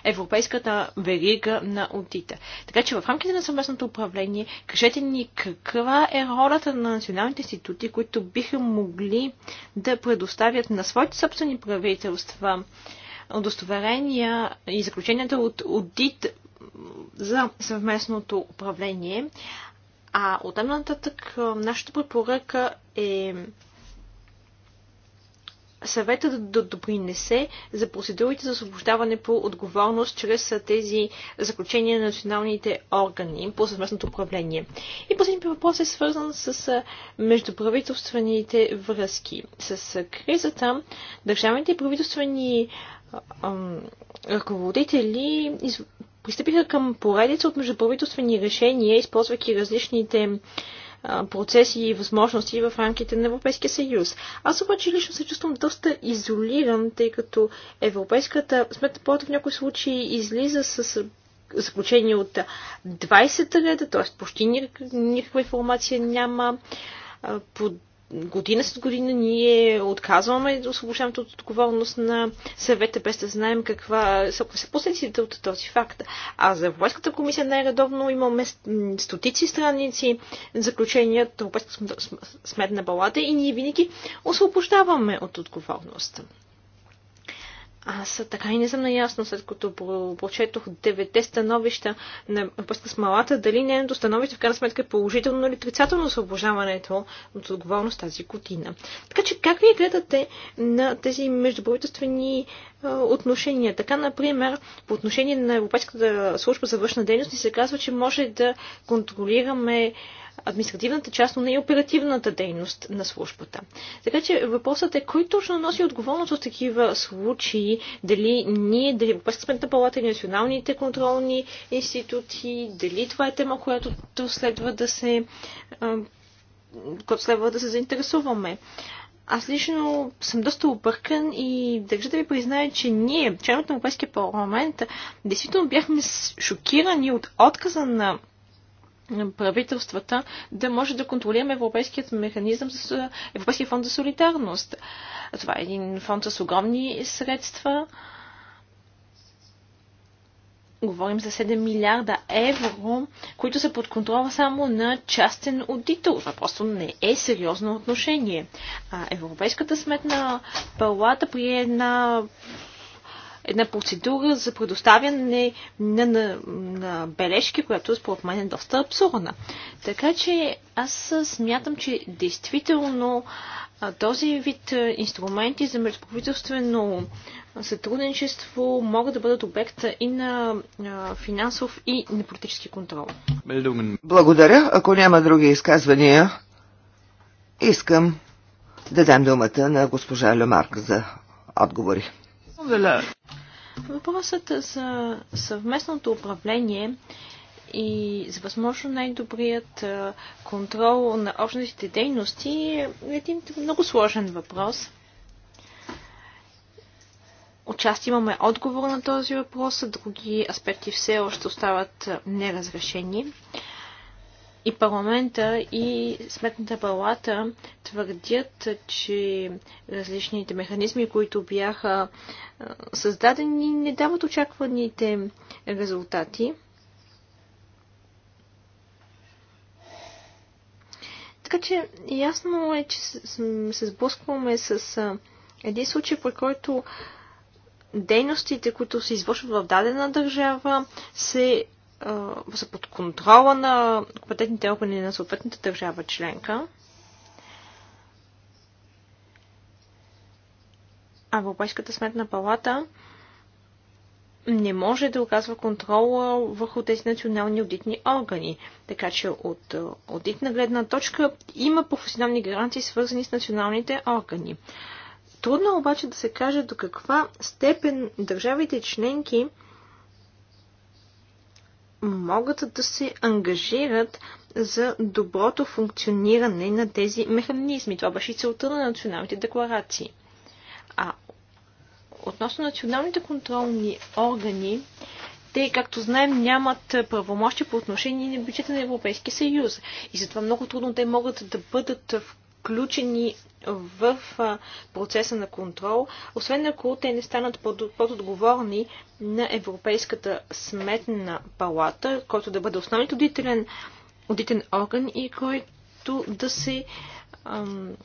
европейската верига на аудита. Така че в рамките на съвместното управление, кажете ни каква е ролята на националните институти, които биха могли да предоставят на своите собствени правителства удостоверения и заключенията от аудит за съвместното управление. А от нататък нашата препоръка е съветът да допринесе за процедурите за освобождаване по отговорност чрез тези заключения на националните органи по съвместното управление. И последният въпрос е свързан с междуправителствените връзки. С кризата държавните правителствени ръководители пристъпиха към поредица от междуправителствени решения, използвайки различните процеси и възможности в рамките на Европейския съюз. Аз обаче лично се чувствам доста изолиран, тъй като Европейската сметна палата в някои случаи излиза с заключение от 20 та леда, т.е. почти никаква информация няма. Под година след година ние отказваме да освобождаването от отговорност на съвета, без да знаем каква са последиците от този факт. А за Европейската комисия най-редовно имаме стотици страници заключения от Европейската сметна балата и ние винаги освобождаваме от отговорност. Аз така и не съм наясно, след като прочетох девете становища на връзка с малата, дали нейното становище в крайна сметка е положително или отрицателно освобождаването от отговорност тази година. Така че как вие гледате на тези междуправителствени отношения? Така, например, по отношение на Европейската служба за външна дейност ни се казва, че може да контролираме административната част, но не и оперативната дейност на службата. Така че въпросът е кой точно носи отговорност в такива случаи, дали ние, дали Европейската сметна палата или националните контролни институти, дали това е тема, която следва да се която следва да се заинтересуваме. Аз лично съм доста объркан и държа да ви призная, че ние, членовете на Европейския парламент, действително бяхме шокирани от отказа на правителствата да може да контролираме европейският механизъм с Европейския фонд за солидарност. Това е един фонд с огромни средства. Говорим за 7 милиарда евро, които са под контрола само на частен аудитор. Това просто не е сериозно отношение. А Европейската сметна палата прие една една процедура за предоставяне на, на, на бележки, която според мен е доста абсурдна. Така че аз смятам, че действително този вид инструменти за междуправителствено сътрудничество могат да бъдат обект и на финансов и на политически контрол.
Благодаря. Ако няма други изказвания, искам да дам думата на госпожа Лемарк за отговори.
Въпросът за съвместното управление и за възможно най-добрият контрол на общностите дейности е един много сложен въпрос. Отчасти имаме отговор на този въпрос, а други аспекти все още остават неразрешени и парламента, и сметната палата твърдят, че различните механизми, които бяха създадени, не дават очакваните резултати. Така че ясно е, че се сблъскваме с един случай, при който дейностите, които се извършват в дадена държава, се са под контрола на компетентните органи на съответната държава членка. А Европейската сметна палата не може да оказва контрола върху тези национални аудитни органи. Така че от аудитна гледна точка има професионални гаранции, свързани с националните органи. Трудно е обаче да се каже до каква степен държавите членки могат да се ангажират за доброто функциониране на тези механизми. Това беше и целта на националните декларации. А относно националните контролни органи, те, както знаем, нямат правомощи по отношение на бюджета на Европейския съюз. И затова много трудно те могат да бъдат включени в процеса на контрол, освен ако те не станат подотговорни на Европейската сметна палата, който да бъде основният одитен орган и който да се ам,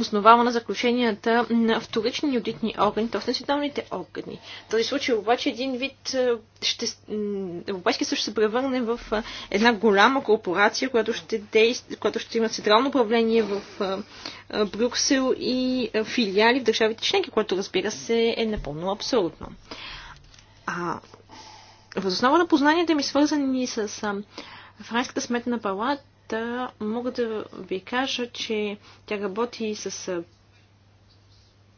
основава на заключенията на вторични аудитни органи, т.е. националните органи. В този случай обаче един вид е, ще, Европейски съюз ще се превърне в е, една голяма корпорация, която ще, действ, която ще има централно управление в е, Брюксел и филиали в държавите членки, което разбира се е напълно абсурдно. А, възоснова на познанията ми свързани с Франската сметна палата, Та мога да ви кажа, че тя работи с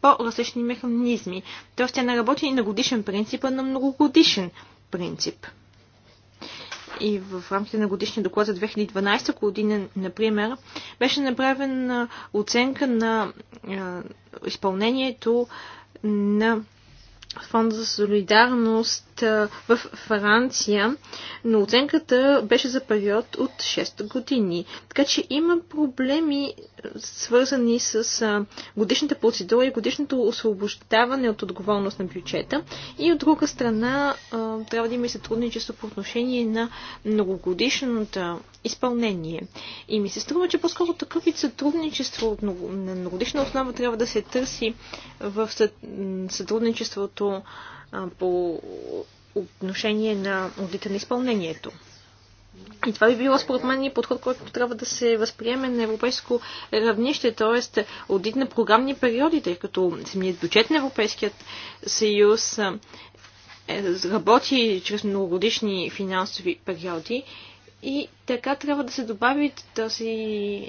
по-различни механизми. Тоест тя не работи и на годишен принцип, а на многогодишен принцип. И в рамките на годишния доклад за 2012 година, например, беше направена оценка на изпълнението на Фонда за солидарност в Франция, но оценката беше за период от 6 години. Така че има проблеми свързани с годишната процедура и годишното освобождаване от отговорност на бюджета. И от друга страна трябва да има и сътрудничество по отношение на многогодишната изпълнение. И ми се струва, че по-скоро такъв вид сътрудничество на многодишна основа трябва да се търси в сътрудничеството по отношение на одита на изпълнението. И това би било според мен и подход, който трябва да се възприеме на европейско равнище, т.е. одит на програмни периоди, тъй като самият бюджет на Европейският съюз е, работи чрез многогодишни финансови периоди и така трябва да се добави този,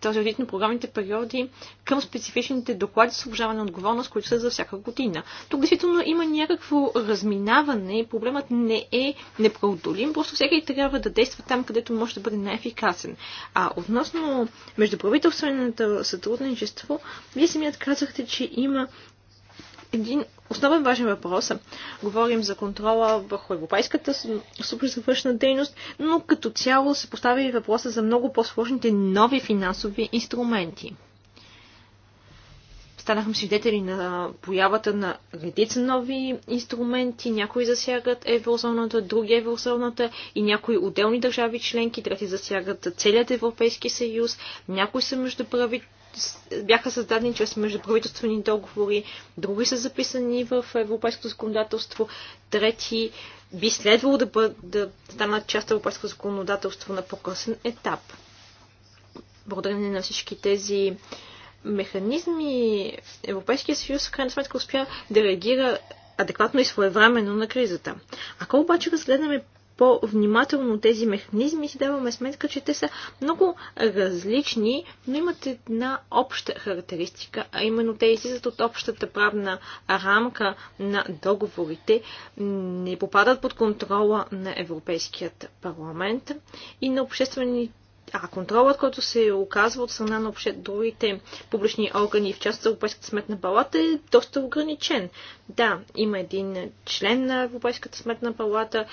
този одит на програмните периоди към специфичните доклади с обжаване на отговорност, които са за всяка година. Тук действително има някакво разминаване. и Проблемът не е непреодолим, просто всеки трябва да действа там, където може да бъде най-ефикасен. А относно междуправителственото сътрудничество, вие самият казахте, че има един основен важен въпрос. Е, говорим за контрола върху Европейската служба дейност, но като цяло се поставя и въпроса за много по-сложните нови финансови инструменти. Станахме свидетели на появата на редица нови инструменти. Някои засягат еврозоната, други еврозоната и някои отделни държави членки, трети засягат целият Европейски съюз. Някои са между правителствени бяха създадени чрез междуправителствени договори, други са записани в европейското законодателство, трети би следвало да, бъд, да станат част от европейското законодателство на по-късен етап. Благодарение на всички тези механизми, Европейския съюз в крайна сметка успя да реагира адекватно и своевременно на кризата. Ако обаче разгледаме по-внимателно тези механизми, си даваме сметка, че те са много различни, но имат една обща характеристика, а именно те излизат от общата правна рамка на договорите, не попадат под контрола на Европейският парламент и на обществените а контролът, който се оказва от страна на обще другите публични органи, в част за Европейската сметна палата, е доста ограничен. Да, има един член на Европейската сметна палата,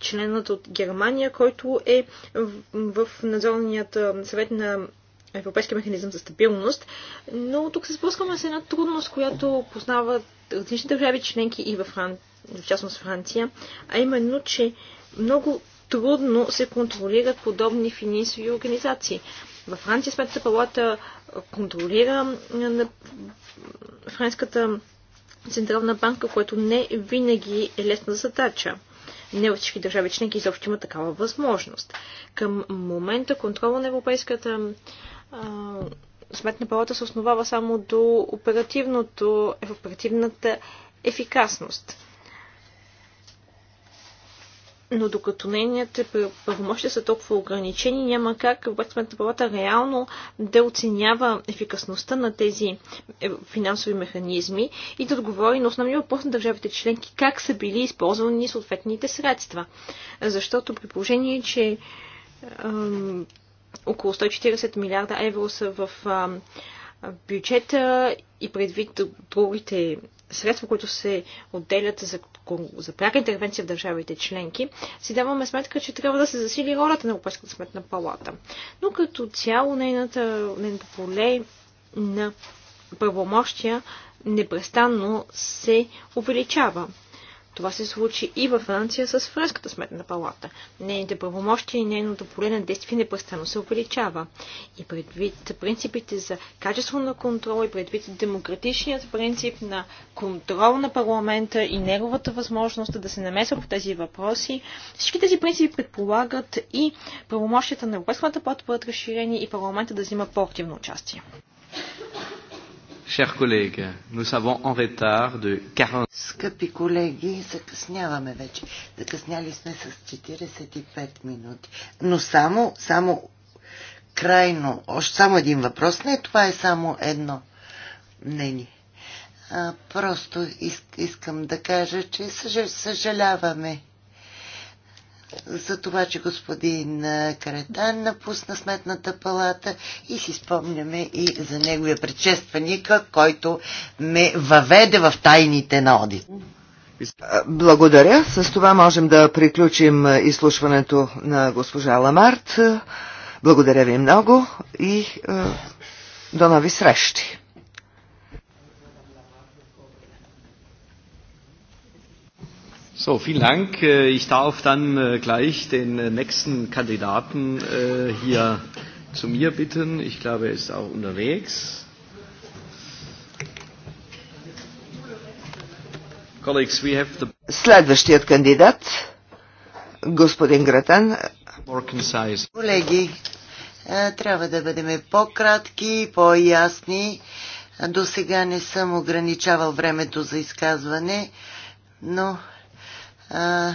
членът от Германия, който е в, в надзорният съвет на Европейския механизъм за стабилност, но тук се сблъскваме с една трудност, която познават различни държави членки и във Фран... в частност Франция, а именно, че много трудно се контролират подобни финансови организации. Във Франция Сметната палата контролира на Френската Централна банка, което не винаги е лесна задача. Не от всички държави членки изобщо има такава възможност. Към момента контрола на Европейската а, сметна палата се основава само до оперативното, оперативната ефикасност но докато нейните правомощия са толкова ограничени, няма как Сметната палата реално да оценява ефикасността на тези е, финансови механизми и да отговори на основния въпрос на държавите членки как са били използвани съответните средства. Защото при положение, че около 140 милиарда евро са в бюджета и предвид другите средства, които се отделят за, за пряка интервенция в държавите членки, си даваме сметка, че трябва да се засили ролята на Европейската сметна палата. Но като цяло нейната, нейната поле на правомощия непрестанно се увеличава. Това се случи и във Франция с Френската сметна палата. Нейните правомощия и нейното поле на действие непрестанно се увеличава. И предвид принципите за качество на контрол и предвид демократичният принцип на контрол на парламента и неговата възможност да се намесва по тези въпроси, всички тези принципи предполагат и правомощията на Европейската палата бъдат разширени и парламента да взима по-активно участие. Chers collègues, nous savons en retard de 40...
Скъпи колеги, закъсняваме вече. Закъсняли сме с 45 минути. Но само, само крайно, още само един въпрос. Не, това е само едно мнение. А, просто иск, искам да кажа, че съжаляваме за това, че господин Каретан напусна сметната палата и си спомняме и за неговия предшественик, който
ме въведе в тайните на одит. Благодаря. С това можем да приключим изслушването на госпожа Ламарт. Благодаря ви много и до нови срещи.
So, vielen Dank. Äh,
ich darf dann äh, gleich den äh, nächsten Kandidaten hier
zu mir bitten. Ich glaube, er ist auch unterwegs. Следващият кандидат, господин Гратан.
Колеги, е, трябва да бъдем по-кратки, по-ясни. До сега не съм ограничавал времето за изказване, но а,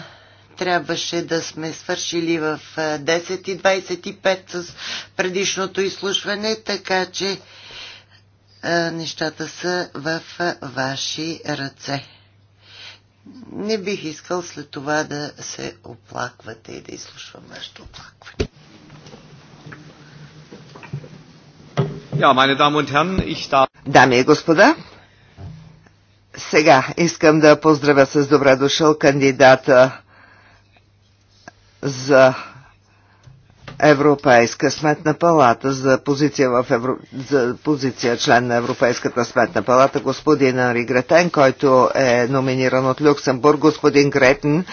трябваше да сме свършили в 10.25 с предишното изслушване, така че а, нещата са в ваши ръце. Не бих искал след това да се оплаквате и да изслушвам вашето оплакване.
Ja, meine Damen und Herren, ich darf... Dame и господа, сега искам да поздравя с добре дошъл кандидата за Европейска сметна палата за позиция, в Евро... за позиция член на Европейската сметна палата господин Анри Гретен, който е номиниран от Люксембург, господин Гретен,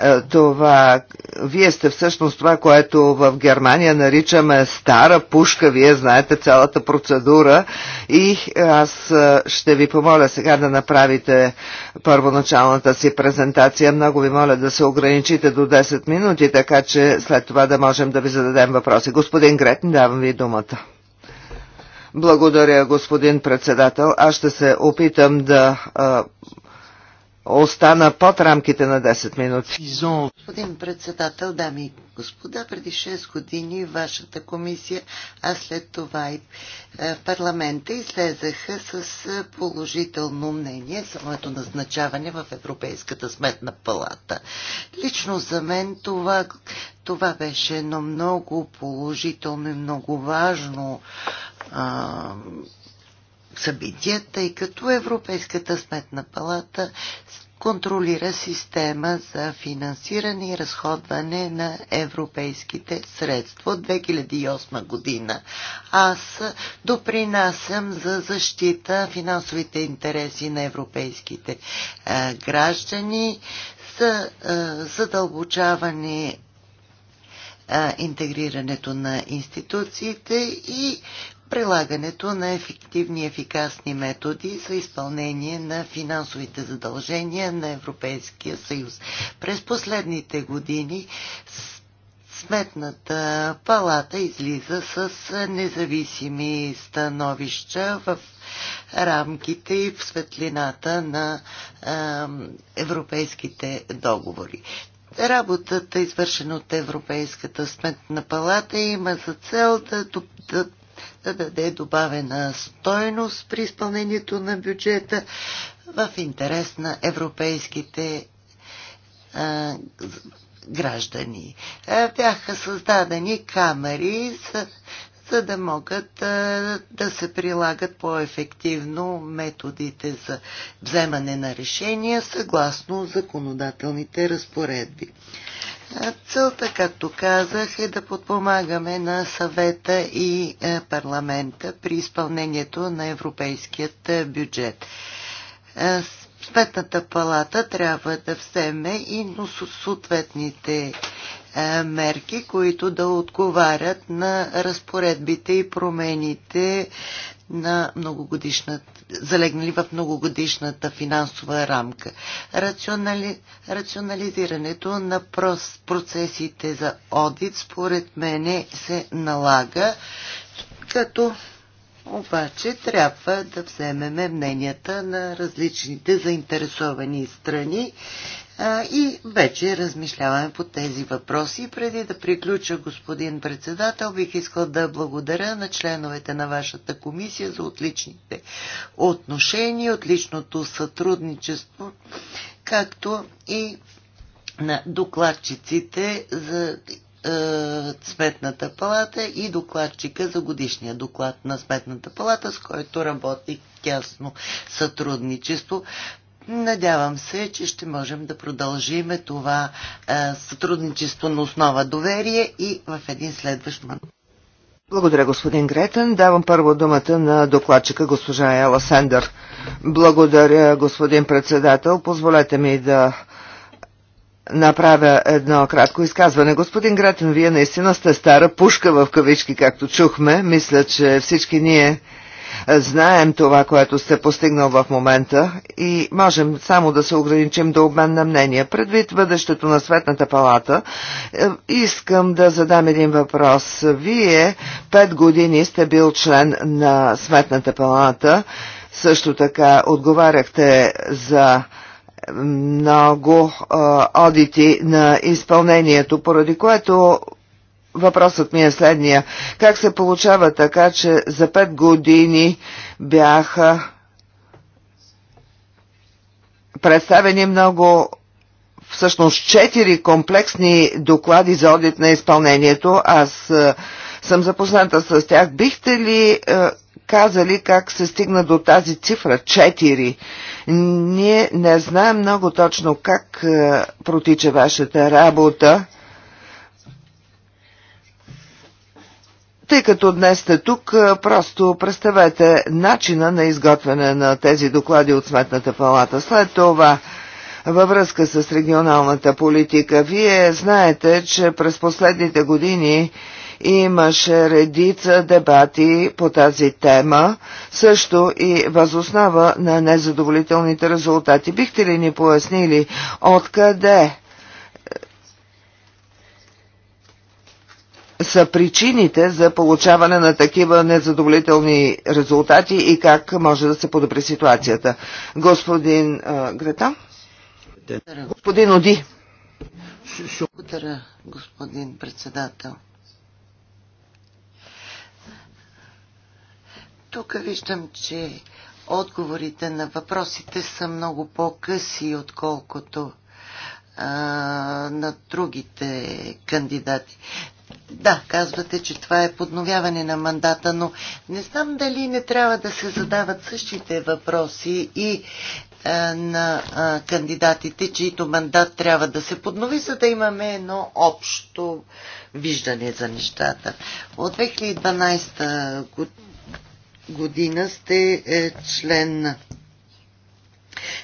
е, това, вие сте всъщност това, което в Германия наричаме стара пушка, вие знаете цялата процедура и аз е, ще ви помоля сега да направите първоначалната си презентация. Много ви моля да се ограничите до 10 минути, така че след това да можем да ви зададем въпроси. Господин Грет, давам ви думата. Благодаря, господин председател. Аз ще се опитам да а, е, остана под рамките на 10 минути.
Господин председател, дами и господа, преди 6 години вашата комисия, а след това и е, парламента излезаха с е, положително мнение самото назначаване в Европейската сметна палата. Лично за мен това, това беше едно много положително и много важно а, събития, тъй като Европейската сметна палата контролира система за финансиране и разходване на европейските средства от 2008 година. Аз допринасям за защита финансовите интереси на европейските е, граждани, за е, задълбочаване е, интегрирането на институциите и прилагането на ефективни и ефикасни методи за изпълнение на финансовите задължения на Европейския съюз. През последните години Сметната палата излиза с независими становища в рамките и в светлината на е, европейските договори. Работата, извършена от Европейската сметна палата, има за цел да, да да даде добавена стойност при изпълнението на бюджета в интерес на европейските а, граждани. Бяха създадени камери, за, за да могат а, да се прилагат по-ефективно методите за вземане на решения съгласно законодателните разпоредби. Целта, както казах, е да подпомагаме на съвета и е, парламента при изпълнението на европейският е, бюджет. Е, Сметната палата трябва да вземе и съответните мерки, които да отговарят на разпоредбите и промените на многогодишната залегнали в многогодишната финансова рамка. Рационали, рационализирането на прос, процесите за одит според мене се налага, като обаче трябва да вземеме мненията на различните заинтересовани страни и вече размишляваме по тези въпроси. Преди да приключа, господин председател, бих искал да благодаря на членовете на вашата комисия за отличните отношения, отличното сътрудничество, както и на докладчиците за Сметната палата и докладчика за годишния доклад на Сметната палата, с който работи тясно сътрудничество. Надявам се, че ще можем да продължиме това е, сътрудничество на основа доверие и в един следващ момент.
Благодаря, господин Гретен. Давам първо думата на докладчика госпожа Ела Сендър. Благодаря, господин председател. Позволете ми да направя едно кратко изказване. Господин Гретен, вие наистина сте стара пушка в кавички, както чухме. Мисля, че всички ние знаем това, което сте постигнал в момента и можем само да се ограничим до обмен на мнения. Предвид бъдещето на Светната палата, е, искам да задам един въпрос. Вие пет години сте бил член на Светната палата, също така отговаряхте за много а, е, одити на изпълнението, поради което Въпросът ми е следния. Как се получава така, че за пет години бяха представени много всъщност четири комплексни доклади за одит на изпълнението. Аз е, съм запозната с тях. Бихте ли е, казали как се стигна до тази цифра Четири. Ние не знаем много точно как е, протича вашата работа. Тъй като днес сте тук, просто представете начина на изготвяне на тези доклади от Сметната палата. След това, във връзка с регионалната политика, вие знаете, че през последните години имаше редица дебати по тази тема, също и възоснова на незадоволителните резултати. Бихте ли ни пояснили откъде са причините за получаване на такива незадоволителни резултати и как може да се подобри ситуацията. Господин а, Грета? Господин Оди.
Благодаря, господин председател. Тук виждам, че отговорите на въпросите са много по-къси, отколкото а, на другите кандидати. Да, казвате, че това е подновяване на мандата, но не знам дали не трябва да се задават същите въпроси и на кандидатите, чието мандат трябва да се поднови, за да имаме едно общо виждане за нещата. От 2012 година сте е, член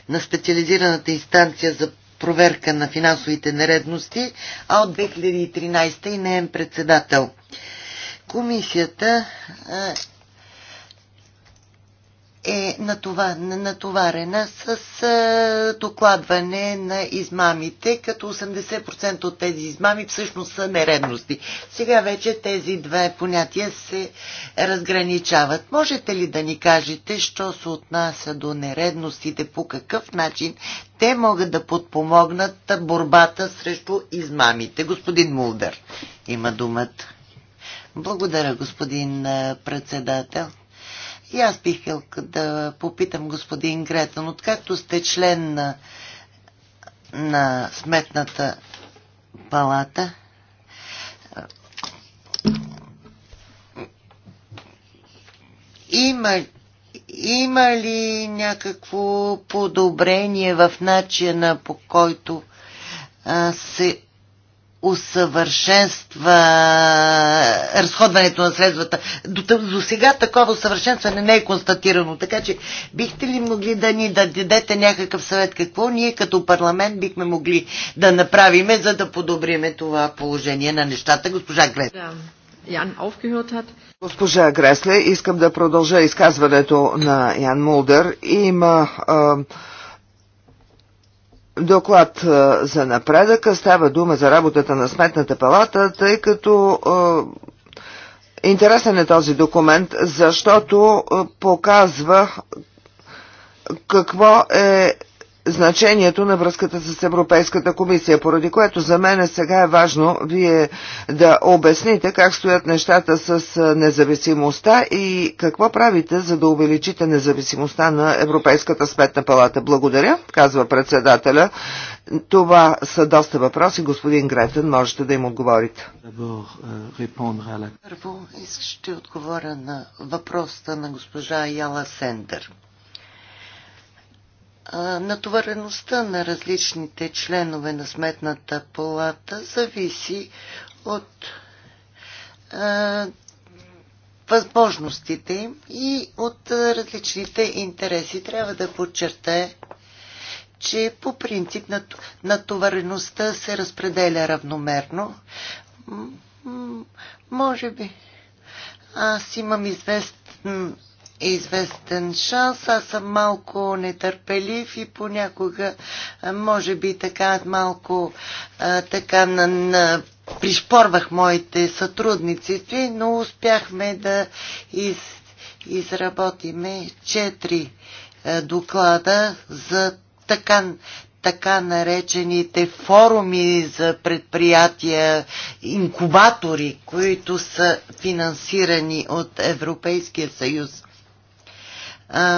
на специализираната инстанция за проверка на финансовите нередности, а от 2013 и не е председател. Комисията е натоварена с докладване на измамите, като 80% от тези измами всъщност са нередности. Сега вече тези две понятия се разграничават. Можете ли да ни кажете, що се отнася до нередностите, по какъв начин те могат да подпомогнат борбата срещу измамите? Господин Мулдър има думата. Благодаря, господин председател. И аз бих да попитам господин Гретан, откакто сте член на, на Сметната палата, има, има ли някакво подобрение в начина по който а, се усъвършенства разходването на средствата. До, до сега такова усъвършенстване не е констатирано, така че бихте ли могли да ни да дадете някакъв съвет какво ние като парламент бихме могли да направиме, за да подобриме това положение на нещата, госпожа Глед?
Ян
Госпожа Гресле, искам да продължа изказването на Ян Мулдър. Има а, доклад за напредъка става дума за работата на Сметната палата, тъй като интересен е този документ, защото показва какво е значението на връзката с Европейската комисия, поради което за мен сега е важно вие да обясните как стоят нещата с независимостта и какво правите, за да увеличите независимостта на Европейската сметна палата. Благодаря, казва председателя. Това са доста въпроси. Господин Гретен, можете да им отговорите. Euh, Първо ще
отговоря на въпроса на госпожа Яла Сендер. Натовареността на различните членове на сметната палата зависи от възможностите им и от различните интереси. Трябва да подчертая, че по принцип натовареността се разпределя равномерно. Може би аз имам известен известен шанс. Аз съм малко нетърпелив и понякога, може би така малко а, така на, на пришпорвах моите сътрудници, но успяхме да из, изработиме четири доклада за така, така наречените форуми за предприятия, инкубатори, които са финансирани от Европейския съюз.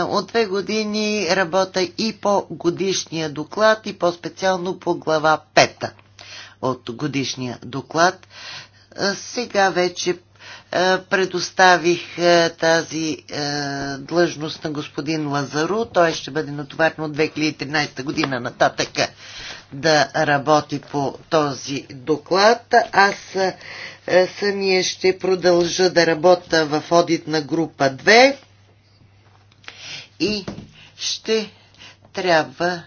От две години работя и по годишния доклад, и по-специално по глава 5 от годишния доклад. Сега вече предоставих тази длъжност на господин Лазару. Той ще бъде натоварен от 2013 година нататъка да работи по този доклад. Аз самия ще продължа да работя в одитна група 2 и ще трябва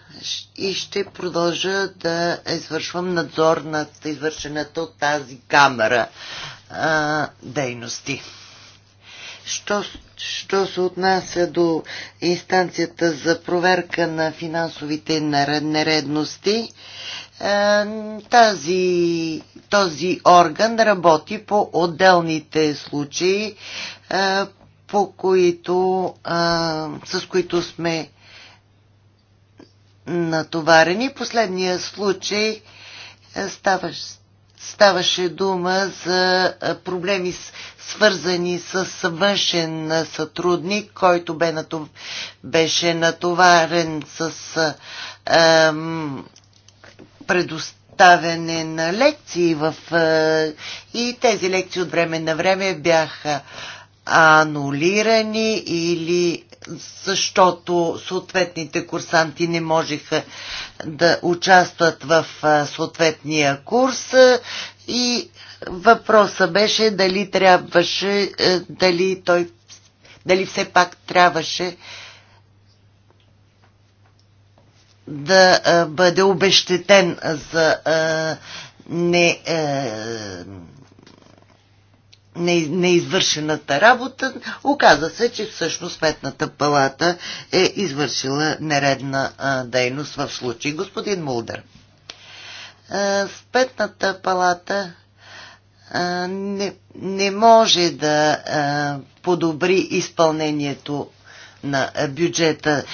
и ще продължа да извършвам надзор над извършената от тази камера а, дейности. Що, що се отнася до инстанцията за проверка на финансовите нередности, тази, този орган работи по отделните случаи по които, а, с които сме натоварени. Последния случай ставаше, ставаше дума за проблеми свързани с външен сътрудник, който бе натов... беше натоварен с ам, предоставяне на лекции в... и тези лекции от време на време бяха анулирани или защото съответните курсанти не можеха да участват в съответния курс и въпроса беше дали трябваше, е, дали той, дали все пак трябваше да е, бъде обещетен за е, не неизвършената работа. Оказа се, че всъщност Сметната палата е извършила нередна дейност в случай. Господин Мулдър, Сметната палата не, не може да подобри изпълнението на бюджета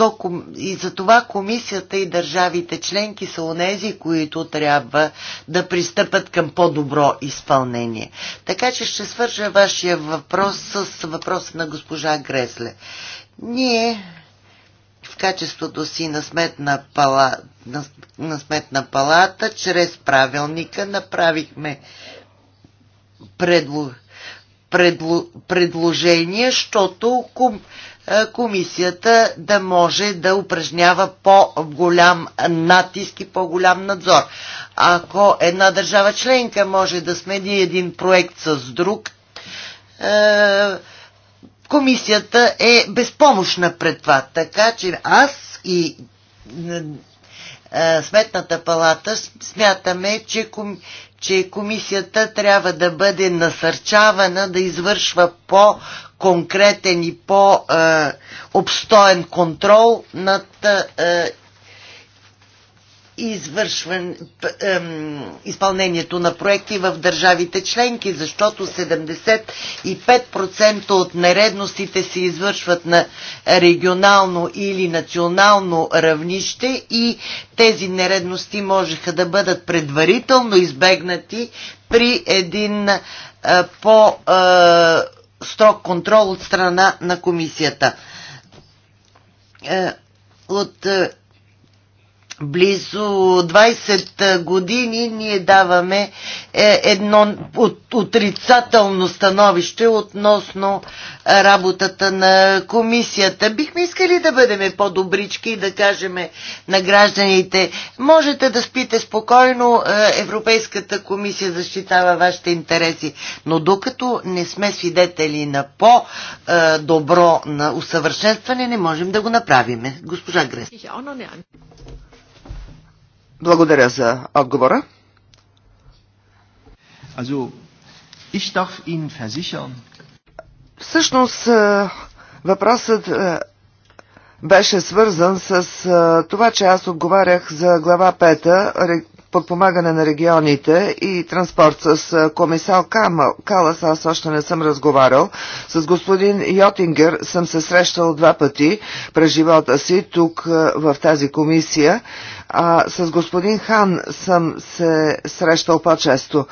то, и за това комисията и държавите членки са онези, които трябва да пристъпат към по-добро изпълнение. Така че ще свържа вашия въпрос с въпроса на госпожа Гресле. Ние в качеството си на сметна, пала, на, на сметна палата, чрез правилника, направихме предло, предло, предложение, защото комисията да може да упражнява по-голям натиск и по-голям надзор. Ако една държава членка може да смени един проект с друг, е, комисията е безпомощна пред това. Така че аз и е, е, Сметната палата смятаме, че, че комисията трябва да бъде насърчавана да извършва по конкретен и по-обстоен контрол над извършвен, изпълнението на проекти в държавите членки, защото 75% от нередностите се извършват на регионално или национално равнище и тези нередности можеха да бъдат предварително избегнати при един по- строг контрол от страна на комисията. Е, от е, близо 20 години ние даваме е, едно отрицателно становище относно работата на комисията. Бихме искали да бъдем по-добрички и да кажем на гражданите, можете да спите спокойно, Европейската комисия защитава вашите интереси, но докато не сме свидетели на по-добро на усъвършенстване, не можем да го направим.
Госпожа Грес. Благодаря за отговора. Also, ich darf Ihnen versichern. Всъщност, е, въпросът е, беше свързан с е, това, че аз отговарях за глава 5 подпомагане на регионите и транспорт с комисал Калас, аз още не съм разговарял. С господин Йотингер съм се срещал два пъти през живота си тук в тази комисия, а с господин Хан съм се срещал по-често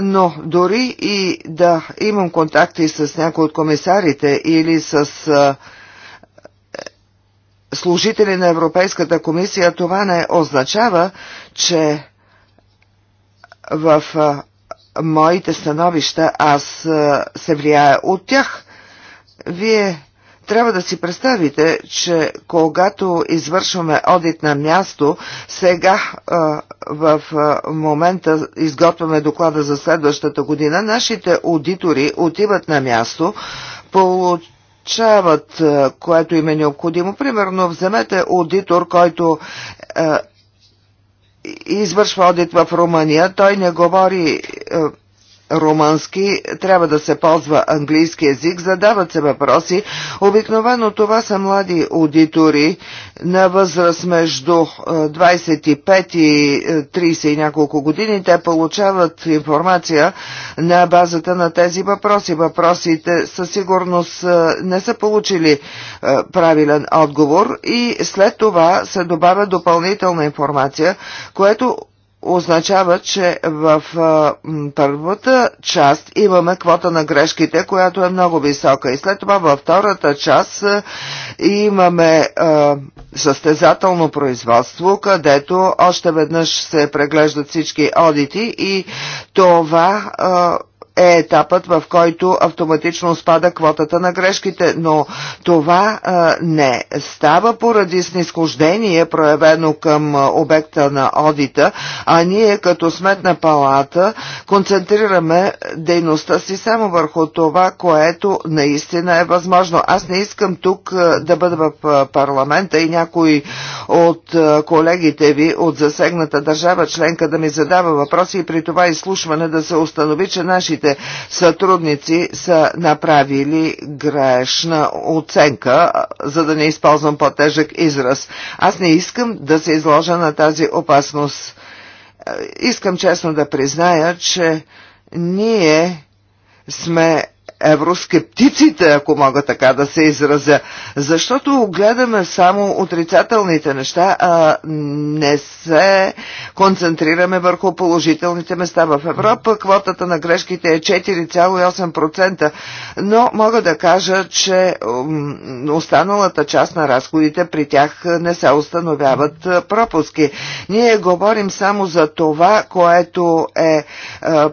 но дори и да имам контакти с някой от комисарите или с а, служители на Европейската комисия, това не означава, че в моите становища аз се влияя от тях. Вие трябва да си представите, че когато извършваме одит на място, сега в момента изготвяме доклада за следващата година, нашите аудитори отиват на място, получават получават, което им е необходимо. Примерно, вземете аудитор, който извършва одит в Румъния. Той не говори е, румънски, трябва да се ползва английски язик, задават се въпроси. Обикновено това са млади аудитори на възраст между 25 е, и 30 е, и няколко години. Те получават информация на базата на тези въпроси. Въпросите със сигурност е, не са получили правилен отговор и след това се добавя допълнителна информация, което означава, че в първата част имаме квота на грешките, която е много висока. И след това във втората част имаме състезателно производство, където още веднъж се преглеждат всички одити и това е етапът, в който автоматично спада квотата на грешките, но това а, не става поради снисхождение, проявено към обекта на одита, а ние като сметна палата концентрираме дейността си само върху това, което наистина е възможно. Аз не искам тук а, да бъда в парламента и някой от а, колегите ви от засегната държава членка да ми задава въпроси и при това изслушване да се установи, че нашите техните сътрудници са направили грешна оценка, за да не използвам по-тежък израз. Аз не искам да се изложа на тази опасност. Е, искам честно да призная, че ние сме евроскептиците, ако мога така да се изразя, защото гледаме само отрицателните неща, а не се концентрираме върху положителните места. В Европа квотата на грешките е 4,8%, но мога да кажа, че останалата част на разходите при тях не се установяват пропуски. Ние говорим само за това, което е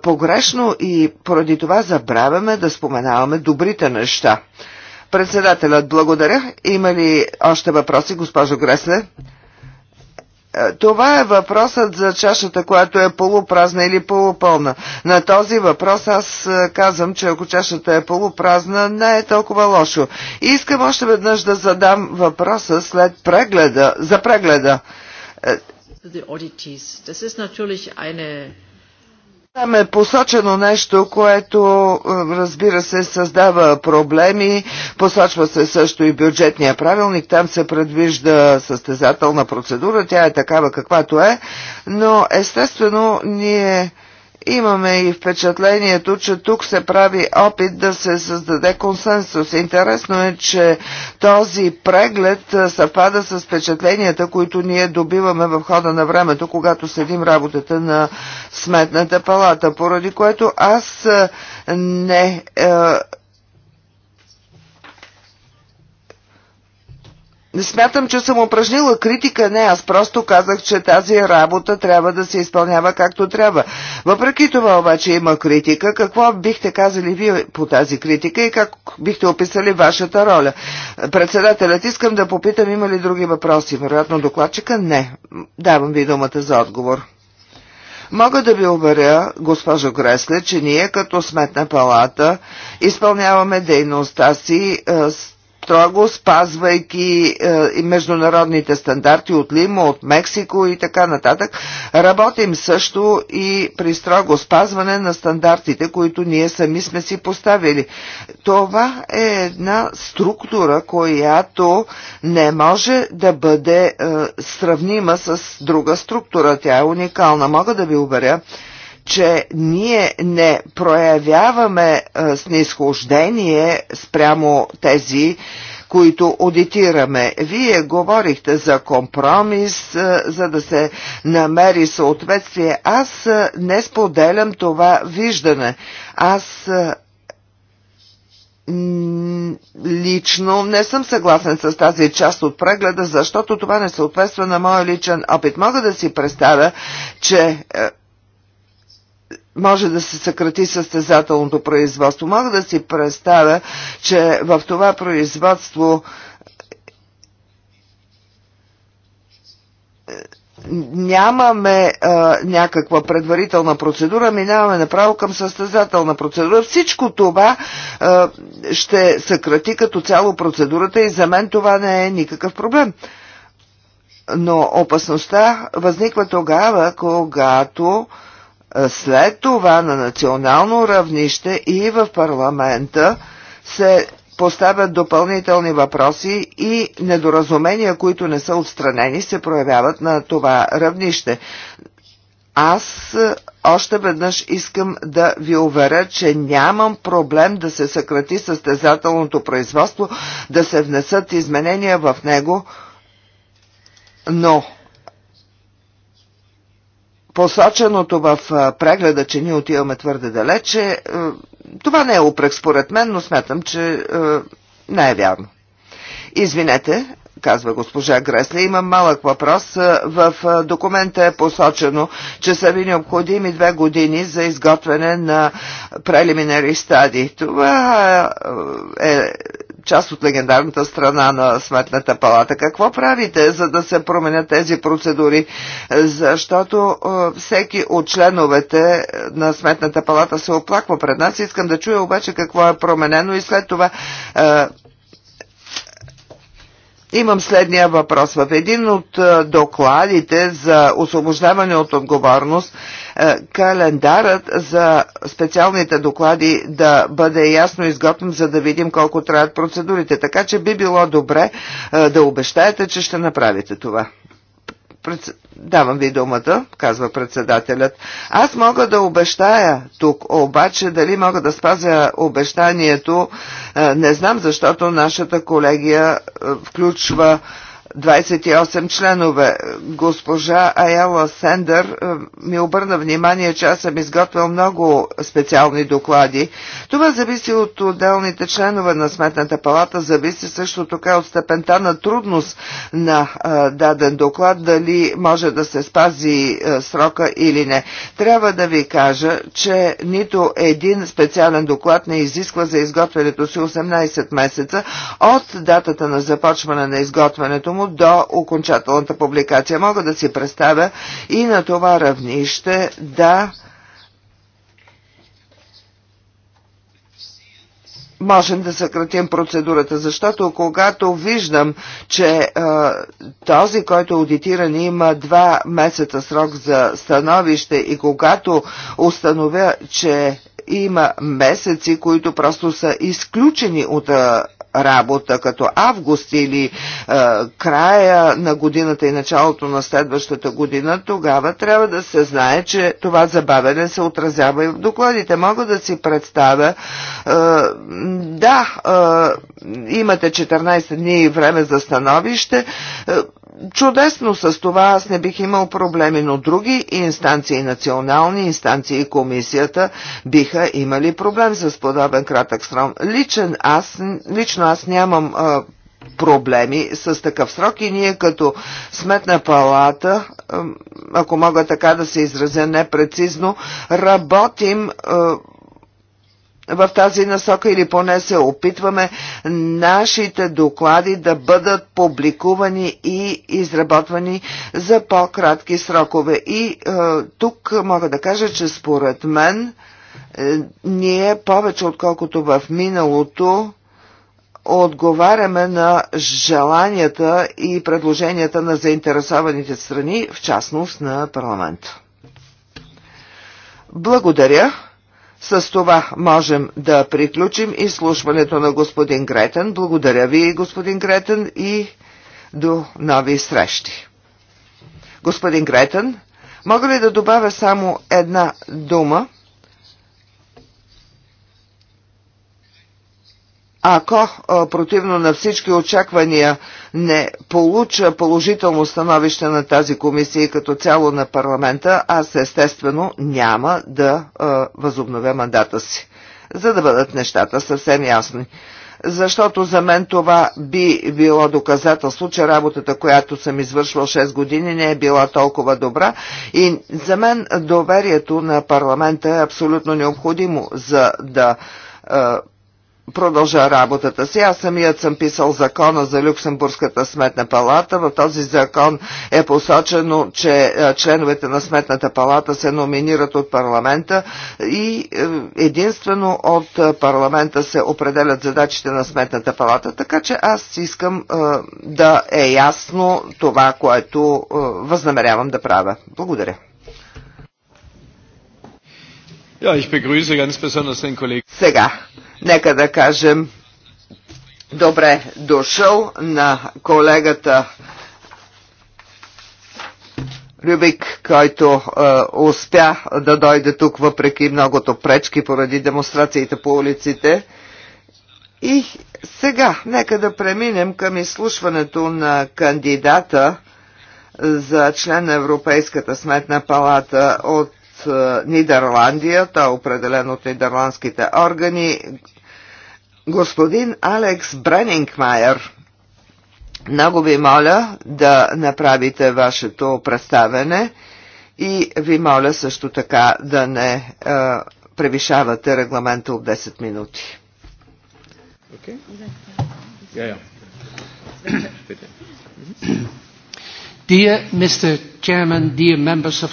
погрешно и поради това забравяме да споменаваме споменаваме добрите неща. Председателят, благодаря. Има ли още въпроси, госпожо Гресле? Е, това е въпросът за чашата, която е полупразна или полупълна. На този въпрос аз е, казвам, че ако чашата е полупразна, не е толкова лошо. И искам още веднъж да задам въпроса след прегледа, за прегледа. Е, там е посочено нещо, което е, разбира се създава проблеми. Посочва се също и бюджетния правилник. Там се предвижда състезателна процедура. Тя е такава каквато е. Но естествено ние Имаме и впечатлението, че тук се прави опит да се създаде консенсус. Интересно е, че този преглед съвпада с впечатленията, които ние добиваме в хода на времето, когато следим работата на Сметната палата, поради което аз не е, Не Смятам, че съм упражнила критика. Не, аз просто казах, че тази работа трябва да се изпълнява както трябва. Въпреки това обаче има критика. Какво бихте казали вие по тази критика и как бихте описали вашата роля? Председателят, искам да попитам, има ли други въпроси? Вероятно докладчика? Не. Давам ви думата за отговор. Мога да ви уверя, госпожо Гресле, че ние като сметна палата изпълняваме дейността си строго спазвайки е, международните стандарти от Лима, от Мексико и така нататък. Работим също и при строго спазване на стандартите, които ние сами сме си поставили. Това е една структура, която не може да бъде е, сравнима с друга структура. Тя е уникална. Мога да ви уверя, че ние не проявяваме е, снисхождение спрямо тези, които аудитираме. Вие говорихте за компромис, е, за да се намери съответствие. Аз е, не споделям това виждане. Аз лично не съм съгласен с тази част от прегледа, защото това не съответства на моя личен опит. Мога да си представя, че може да се съкрати състезателното производство. Мога да си представя, че в това производство е, нямаме а, е, някаква предварителна процедура, минаваме направо към състезателна процедура. Всичко това а, е, ще съкрати като цяло процедурата и за мен това не е никакъв проблем. Но опасността възниква тогава, когато а, след това на национално равнище и в парламента се поставят допълнителни въпроси и недоразумения, които не са отстранени, се проявяват на това равнище. Аз още веднъж искам да ви уверя, че нямам проблем да се съкрати състезателното производство, да се внесат изменения в него, но посоченото в прегледа, че ние отиваме твърде далече, е, това не е упрек според мен, но смятам, че е, не е вярно. Извинете, казва госпожа Гресле. Имам малък въпрос. Е, в документа е посочено, че са ви необходими две години за изготвяне на прелиминари стадии. Това е част от легендарната страна на Сметната палата. Какво правите, за да се променят тези процедури? Защото е, всеки от членовете на Сметната палата се оплаква пред нас. Искам да чуя обаче какво е променено и след това е, Имам следния въпрос. В един от е, докладите за освобождаване от отговорност, е, календарът за специалните доклади да бъде ясно изготвен, за да видим колко траят процедурите. Така че би било добре е, да обещаете, че ще направите това. Пред... Давам ви думата, казва председателят. Аз мога да обещая тук, обаче дали мога да спазя обещанието, е, не знам, защото нашата колегия е, включва 28 членове. Госпожа Аяла Сендър е, ми обърна внимание, че аз съм изготвил много специални доклади. Това зависи от отделните членове на Сметната палата, зависи също така от степента на трудност на е, даден доклад, дали може да се спази е, срока или не. Трябва да ви кажа, че нито един специален доклад не изисква за изготвянето си 18 месеца от датата на започване на изготвянето му му до окончателната публикация. Мога да си представя и на това равнище да можем да съкратим процедурата, защото когато виждам, че а, е, този, който е аудитиран, има два месеца срок за становище и когато установя, че има месеци, които просто са изключени от а, е, работа, като август или е, края на годината и началото на следващата година, тогава трябва да се знае, че това забавене се отразява и в докладите. Мога да си представя, е, да, е, имате 14 дни време за становище, е, Чудесно с това аз не бих имал проблеми, но други инстанции, национални инстанции и комисията биха имали проблем с подобен кратък срок. Личен аз, лично аз нямам а, проблеми с такъв срок и ние като сметна палата, ако мога така да се изразя непрецизно, работим а, в тази насока или поне се опитваме нашите доклади да бъдат публикувани и изработвани за по-кратки срокове. И е, тук мога да кажа, че според мен е, ние повече отколкото в миналото отговаряме на желанията и предложенията на заинтересованите страни, в частност на парламент. Благодаря. С това можем да приключим изслушването на господин Гретен. Благодаря ви, господин Гретен, и до нови срещи. Господин Гретен, мога ли да добавя само една дума? Ако противно на всички очаквания не получа положително становище на тази комисия и като цяло на парламента, аз естествено няма да възобновя мандата си, за да бъдат нещата съвсем ясни защото за мен това би било доказателство, че работата, която съм извършвал 6 години, не е била толкова добра и за мен доверието на парламента е абсолютно необходимо, за да продължа работата си. Аз самият съм писал закона за Люксембургската сметна палата. В този закон е посочено, че е, членовете на сметната палата се номинират от парламента и е, единствено от е, парламента се определят задачите на сметната палата. Така че аз искам да е ясно това, което възнамерявам да правя. Благодаря. Сега, нека да кажем добре дошъл на колегата Любик, който е, успя да дойде тук въпреки многото пречки поради демонстрациите по улиците. И сега, нека да преминем към изслушването на кандидата за член на Европейската сметна палата от е, Нидерландия, той е определен от нидерландските органи, господин Алекс Бренингмайер. Много ви моля да направите вашето представене и ви моля също така да не е, превишавате регламента от 10 минути.
Okay. Yeah, yeah. Dear Mr. Chairman, dear members of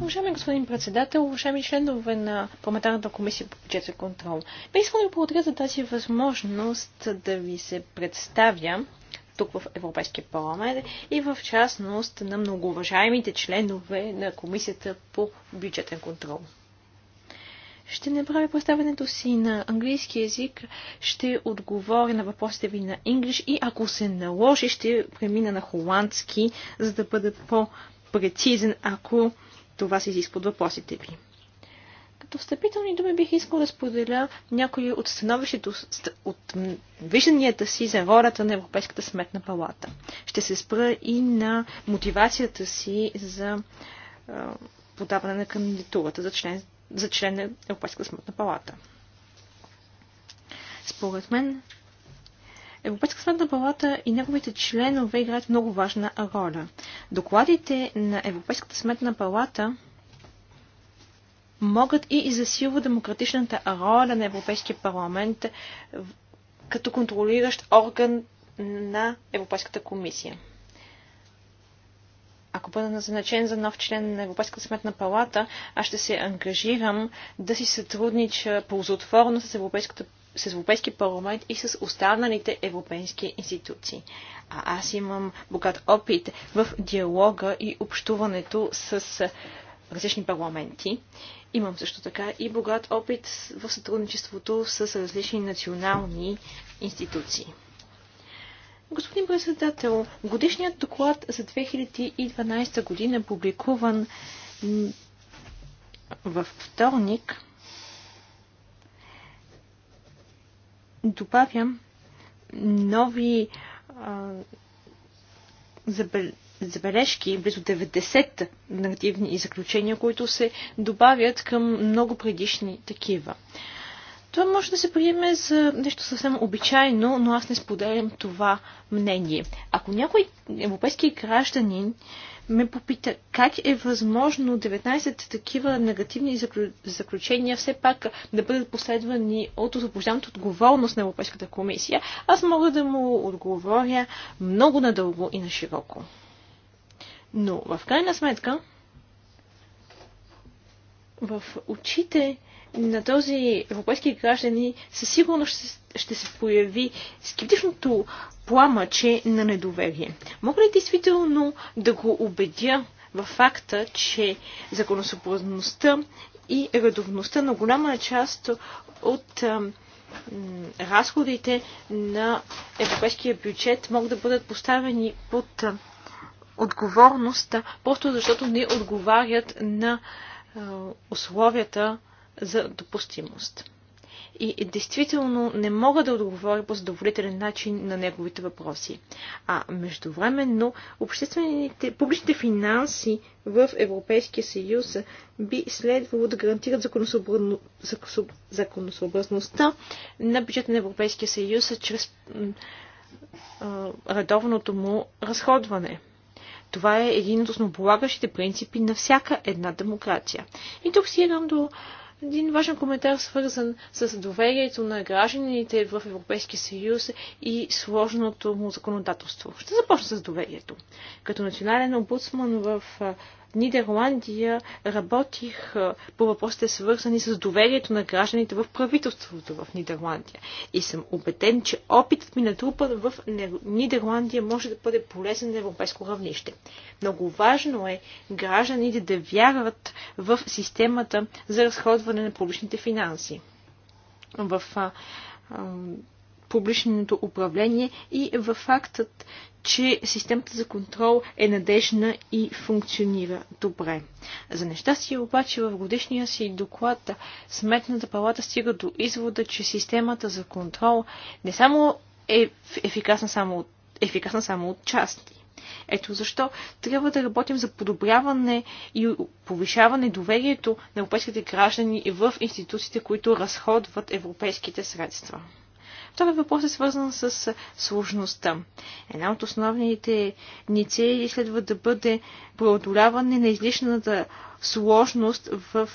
Уважаеми господин председател, уважаеми членове на парламентарната комисия по бюджетен контрол, бе искам да ви благодаря за тази възможност да ви се представя тук в Европейския парламент и в частност на многоуважаемите членове на комисията по бюджетен контрол. Ще направя представенето си на английски язик, ще отговоря на въпросите ви на English и ако се наложи, ще премина на холандски, за да бъда по-прецизен, ако това се изисква от въпросите ви. Като встъпителни думи бих искал да споделя някои от становището, от вижданията си за ролята на Европейската сметна палата. Ще се спра и на мотивацията си за подаване на кандидатурата за член, за член на Европейската сметна палата. Според мен, Европейска сметна палата и неговите членове играят много важна роля. Докладите на Европейската сметна палата могат и засилват демократичната роля на Европейския парламент като контролиращ орган на Европейската комисия. Ако бъда назначен за нов член на Европейската сметна палата, аз ще се ангажирам да си сътруднича ползотворно с Европейската с Европейски парламент и с останалите европейски институции. А аз имам богат опит в диалога и общуването с различни парламенти. Имам също така и богат опит в сътрудничеството с различни национални институции. Господин председател, годишният доклад за 2012 година, публикуван във вторник, добавям нови а, забележки, близо 90 негативни заключения, които се добавят към много предишни такива. Това може да се приеме за нещо съвсем обичайно, но аз не споделям това мнение. Ако някой европейски гражданин ме попита как е възможно 19 такива негативни заключения все пак да бъдат последвани от освобождаването отговорност на Европейската комисия, аз мога да му отговоря много надълго и на широко. Но в крайна сметка, в очите на този европейски граждани със сигурност ще, ще се появи скептичното пламъче на недоверие. Мога ли действително да го убедя в факта, че законосъобразността и редовността на голяма част от разходите на европейския бюджет могат да бъдат поставени под отговорността, просто защото не отговарят на условията за допустимост. И действително не мога да отговоря по задоволителен начин на неговите въпроси. А междувременно обществените, публичните финанси в Европейския съюз би следвало да гарантират законосъобразността на бюджета на Европейския съюз чрез редовното му разходване. Това е един от основополагащите принципи на всяка една демокрация. И тук стигам до един важен коментар, свързан с доверието на гражданите в Европейския съюз и сложното му законодателство. Ще започна с доверието. Като национален обудсман в Нидерландия работих по въпросите свързани с доверието на гражданите в правителството в Нидерландия. И съм убеден, че опитът ми трупа в Нидерландия може да бъде полезен на европейско равнище. Много важно е гражданите да вярват в системата за разходване на публичните финанси. В публичното управление и във фактът, че системата за контрол е надежна и функционира добре. За нещастие обаче в годишния си доклад Сметната палата стига до извода, че системата за контрол не само е ефикасна само от, ефикасна само от части. Ето защо трябва да работим за подобряване и повишаване доверието на европейските граждани в институциите, които разходват европейските средства. Втори въпрос е свързан с сложността. Една от основните ни цели следва да бъде преодоляване на излишната сложност в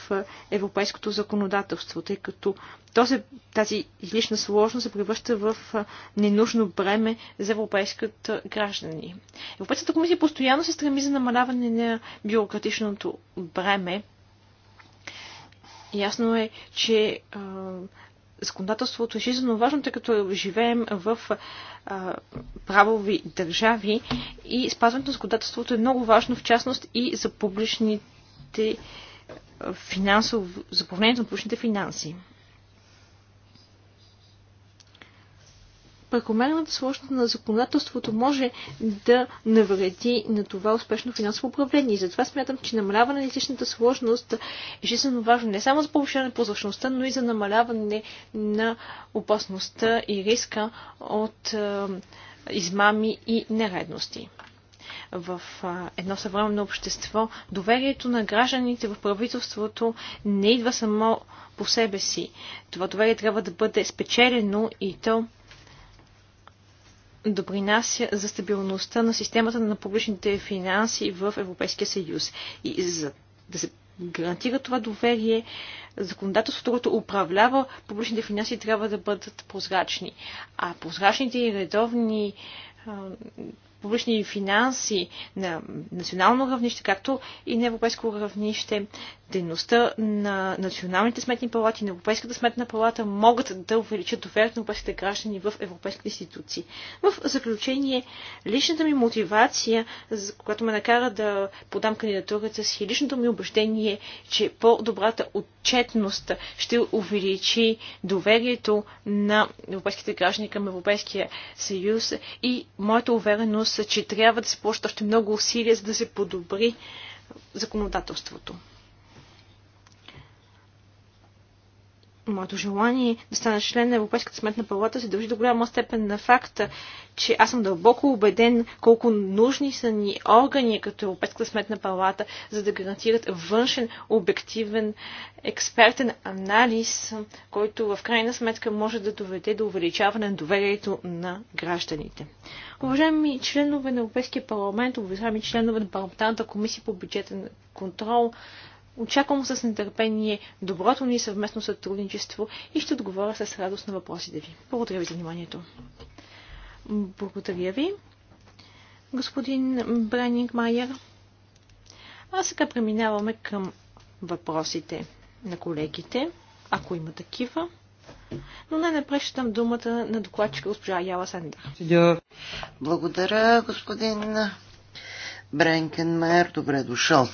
европейското законодателство, тъй като този, тази излишна сложност се превръща в ненужно бреме за европейската граждани. Европейската комисия постоянно се стреми за намаляване на бюрократичното бреме. Ясно е, че законодателството е жизненно важно, тъй като живеем в а, правови държави и спазването на законодателството е много важно, в частност и за публичните финансово, за на публичните финанси. прекомерната сложност на законодателството може да навреди на това успешно финансово управление. И затова смятам, че намаляване на излишната сложност е жизненно важно не само за повишаване на прозрачността, но и за намаляване на опасността и риска от е, измами и нередности в е, едно съвременно общество, доверието на гражданите в правителството не идва само по себе си. Това доверие трябва да бъде спечелено и то допринася за стабилността на системата на публичните финанси в Европейския съюз. И за да се гарантира това доверие, законодателството, което управлява публичните финанси, трябва да бъдат прозрачни. А прозрачните и редовни публични финанси на национално равнище, както и на европейско равнище, дейността на националните сметни палати и на Европейската сметна палата могат да увеличат доверието на европейските граждани в европейските институции. В заключение, личната ми мотивация, която ме накара да подам кандидатурата си, личното ми убеждение, че по-добрата отчетност ще увеличи доверието на европейските граждани към Европейския съюз и моята увереност, че трябва да се положат още много усилия, за да се подобри законодателството. моето желание да стана член на Европейската сметна палата се дължи до голяма степен на факта, че аз съм дълбоко убеден колко нужни са ни органи като Европейската сметна палата, за да гарантират външен, обективен, експертен анализ, който в крайна сметка може да доведе до увеличаване на доверието на гражданите. Уважаеми членове на Европейския парламент, уважаеми членове на парламентарната комисия по бюджетен контрол, Очаквам с нетърпение доброто ни съвместно сътрудничество и ще отговоря с радост на въпросите ви. Благодаря ви за вниманието. Благодаря ви, господин Бренинг Майер. А сега преминаваме към въпросите на колегите,
ако има такива.
Но не напрещам думата на докладчика госпожа Яла Сендър.
Благодаря, господин Бренкенмайер. Добре дошъл.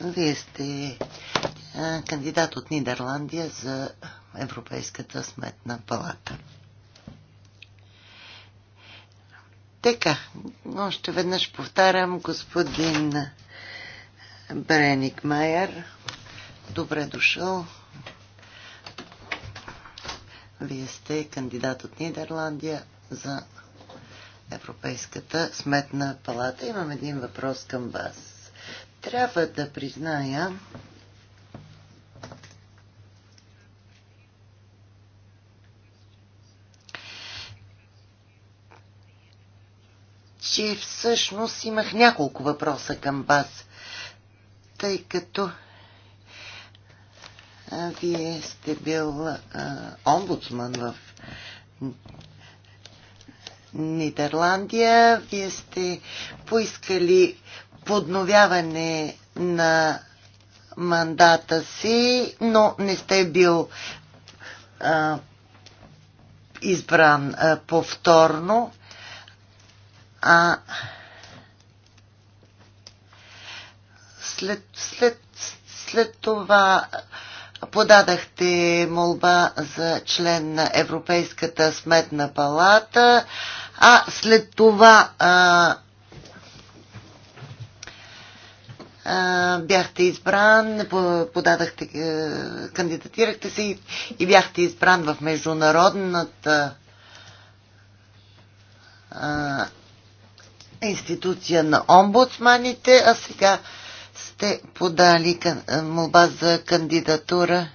Вие сте кандидат от Нидерландия за Европейската сметна палата. Така, още веднъж повтарям, господин Бреник Майер, добре дошъл. Вие сте кандидат от Нидерландия за Европейската сметна палата. Имам един въпрос към вас. Трябва да призная, че всъщност имах няколко въпроса към вас, тъй като вие сте бил а, омбудсман в Нидерландия. Вие сте поискали подновяване на мандата си, но не сте бил а, избран а, повторно. А след, след, след това подадахте молба за член на Европейската сметна палата, а след това а, бяхте избран, подадахте, е, кандидатирахте се и, и бяхте избран в международната а, институция на омбудсманите, а сега сте подали е, молба за кандидатура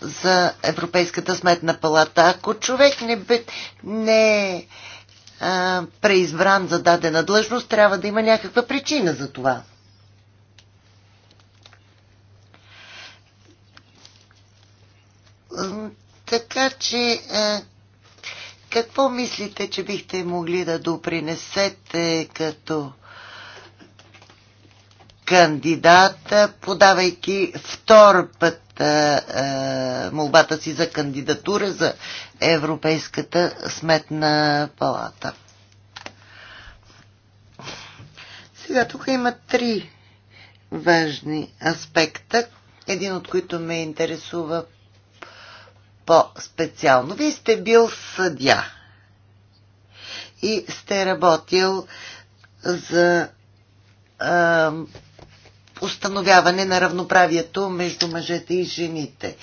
за Европейската сметна палата. Ако човек не, бе, не е преизбран за дадена длъжност, трябва да има някаква причина за това. Така че, какво мислите, че бихте могли да допринесете като кандидат, подавайки втор път молбата си за кандидатура за Европейската сметна палата. Сега тук има три важни аспекта, един от които ме интересува по-специално. Вие сте бил съдя и сте работил за а, установяване на равноправието между мъжете и жените.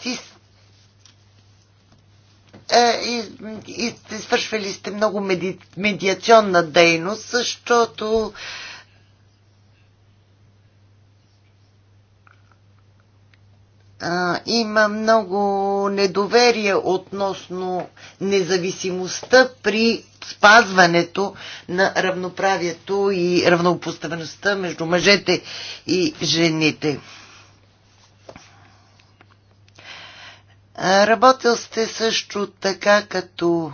Ти е, и, и, свършвали сте много меди, медиационна дейност, защото а, а, има много недоверие относно независимостта при спазването на равноправието и равнопоставеността между мъжете и жените. Работил сте също така като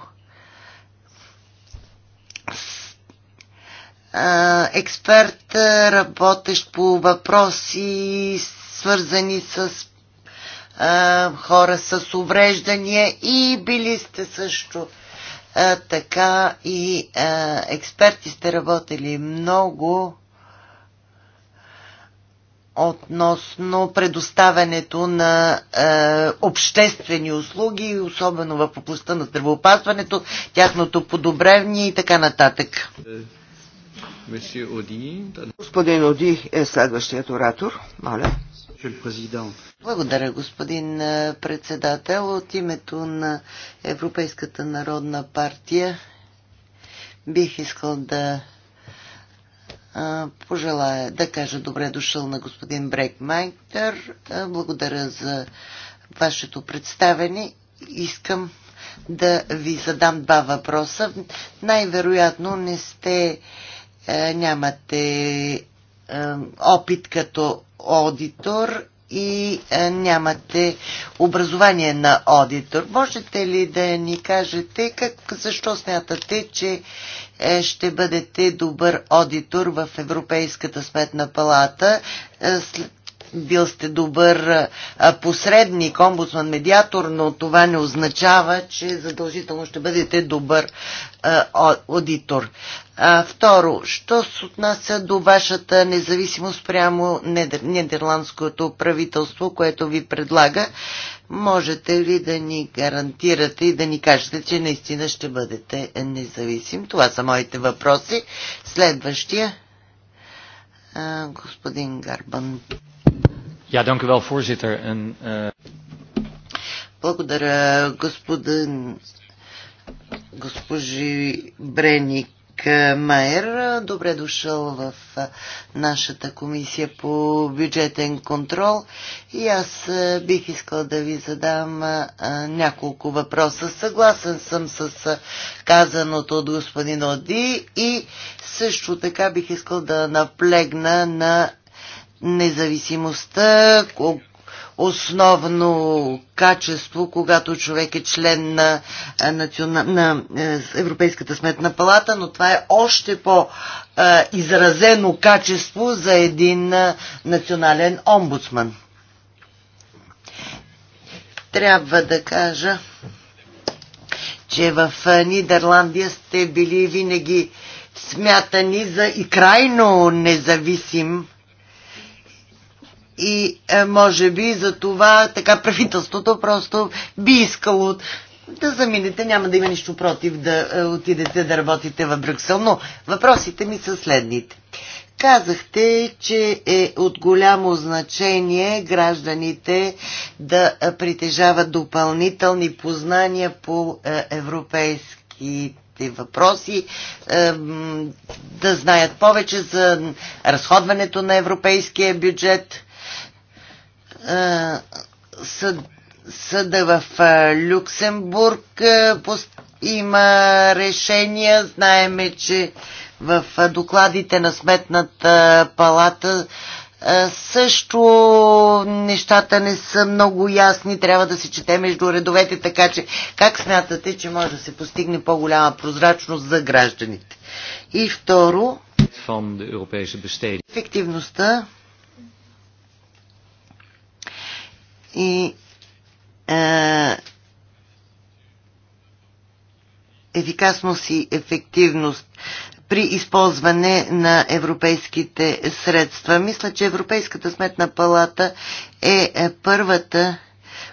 експерт, работещ по въпроси, свързани с а, хора с увреждания и били сте също а, така и а, експерти сте работили много относно предоставянето на е, обществени услуги, особено в областта на здравеопазването, тяхното подобрение и така нататък.
Е,
Господин Оди е следващият оратор. Моля.
Благодаря, господин председател. От името на Европейската народна партия бих искал да пожелая да кажа добре дошъл на господин Брекмайтер. Благодаря за вашето представене. Искам да ви задам два въпроса. Най-вероятно не сте е, нямате е, опит като аудитор и е, нямате образование на аудитор. Можете ли да ни кажете как, защо смятате, че ще бъдете добър аудитор в Европейската сметна палата? Бил сте добър посредник, омбудсман, медиатор, но това не означава, че задължително ще бъдете добър аудитор. А, второ, що се отнася до вашата независимост прямо недер, нидерландското правителство, което ви предлага, можете ли да ни гарантирате и да ни кажете, че наистина ще бъдете независим? Това са моите въпроси. Следващия, а, господин Гарбан. Ja, dank u wel, voorzitter. En, uh... Благодаря, господин госпожи Бреник. Майер. Добре дошъл в нашата комисия по бюджетен контрол и аз бих искал да ви задам няколко въпроса. Съгласен съм с казаното от господин Оди и също така бих искал да наплегна на независимостта, основно качество, когато човек е член на, национа... на е, Европейската сметна палата, но това е още по-изразено качество за един национален омбудсман. Трябва да кажа, че в Нидерландия сте били винаги смятани за и крайно независим и е, може би за това така правителството просто би искало да заминете. Няма да има нищо против да е, отидете да работите в Брюксел. Но въпросите ми са следните. Казахте, че е от голямо значение гражданите да е, притежават допълнителни познания по е, европейските въпроси, е, да знаят повече за разходването на европейския бюджет съд, съда в Люксембург има решения. Знаеме, че в докладите на Сметната палата също нещата не са много ясни, трябва да се чете между редовете, така че как смятате, че може да се постигне по-голяма прозрачност за гражданите? И второ, ефективността и а, е, ефикасност и ефективност при използване на европейските средства. Мисля, че Европейската сметна палата е, е първата,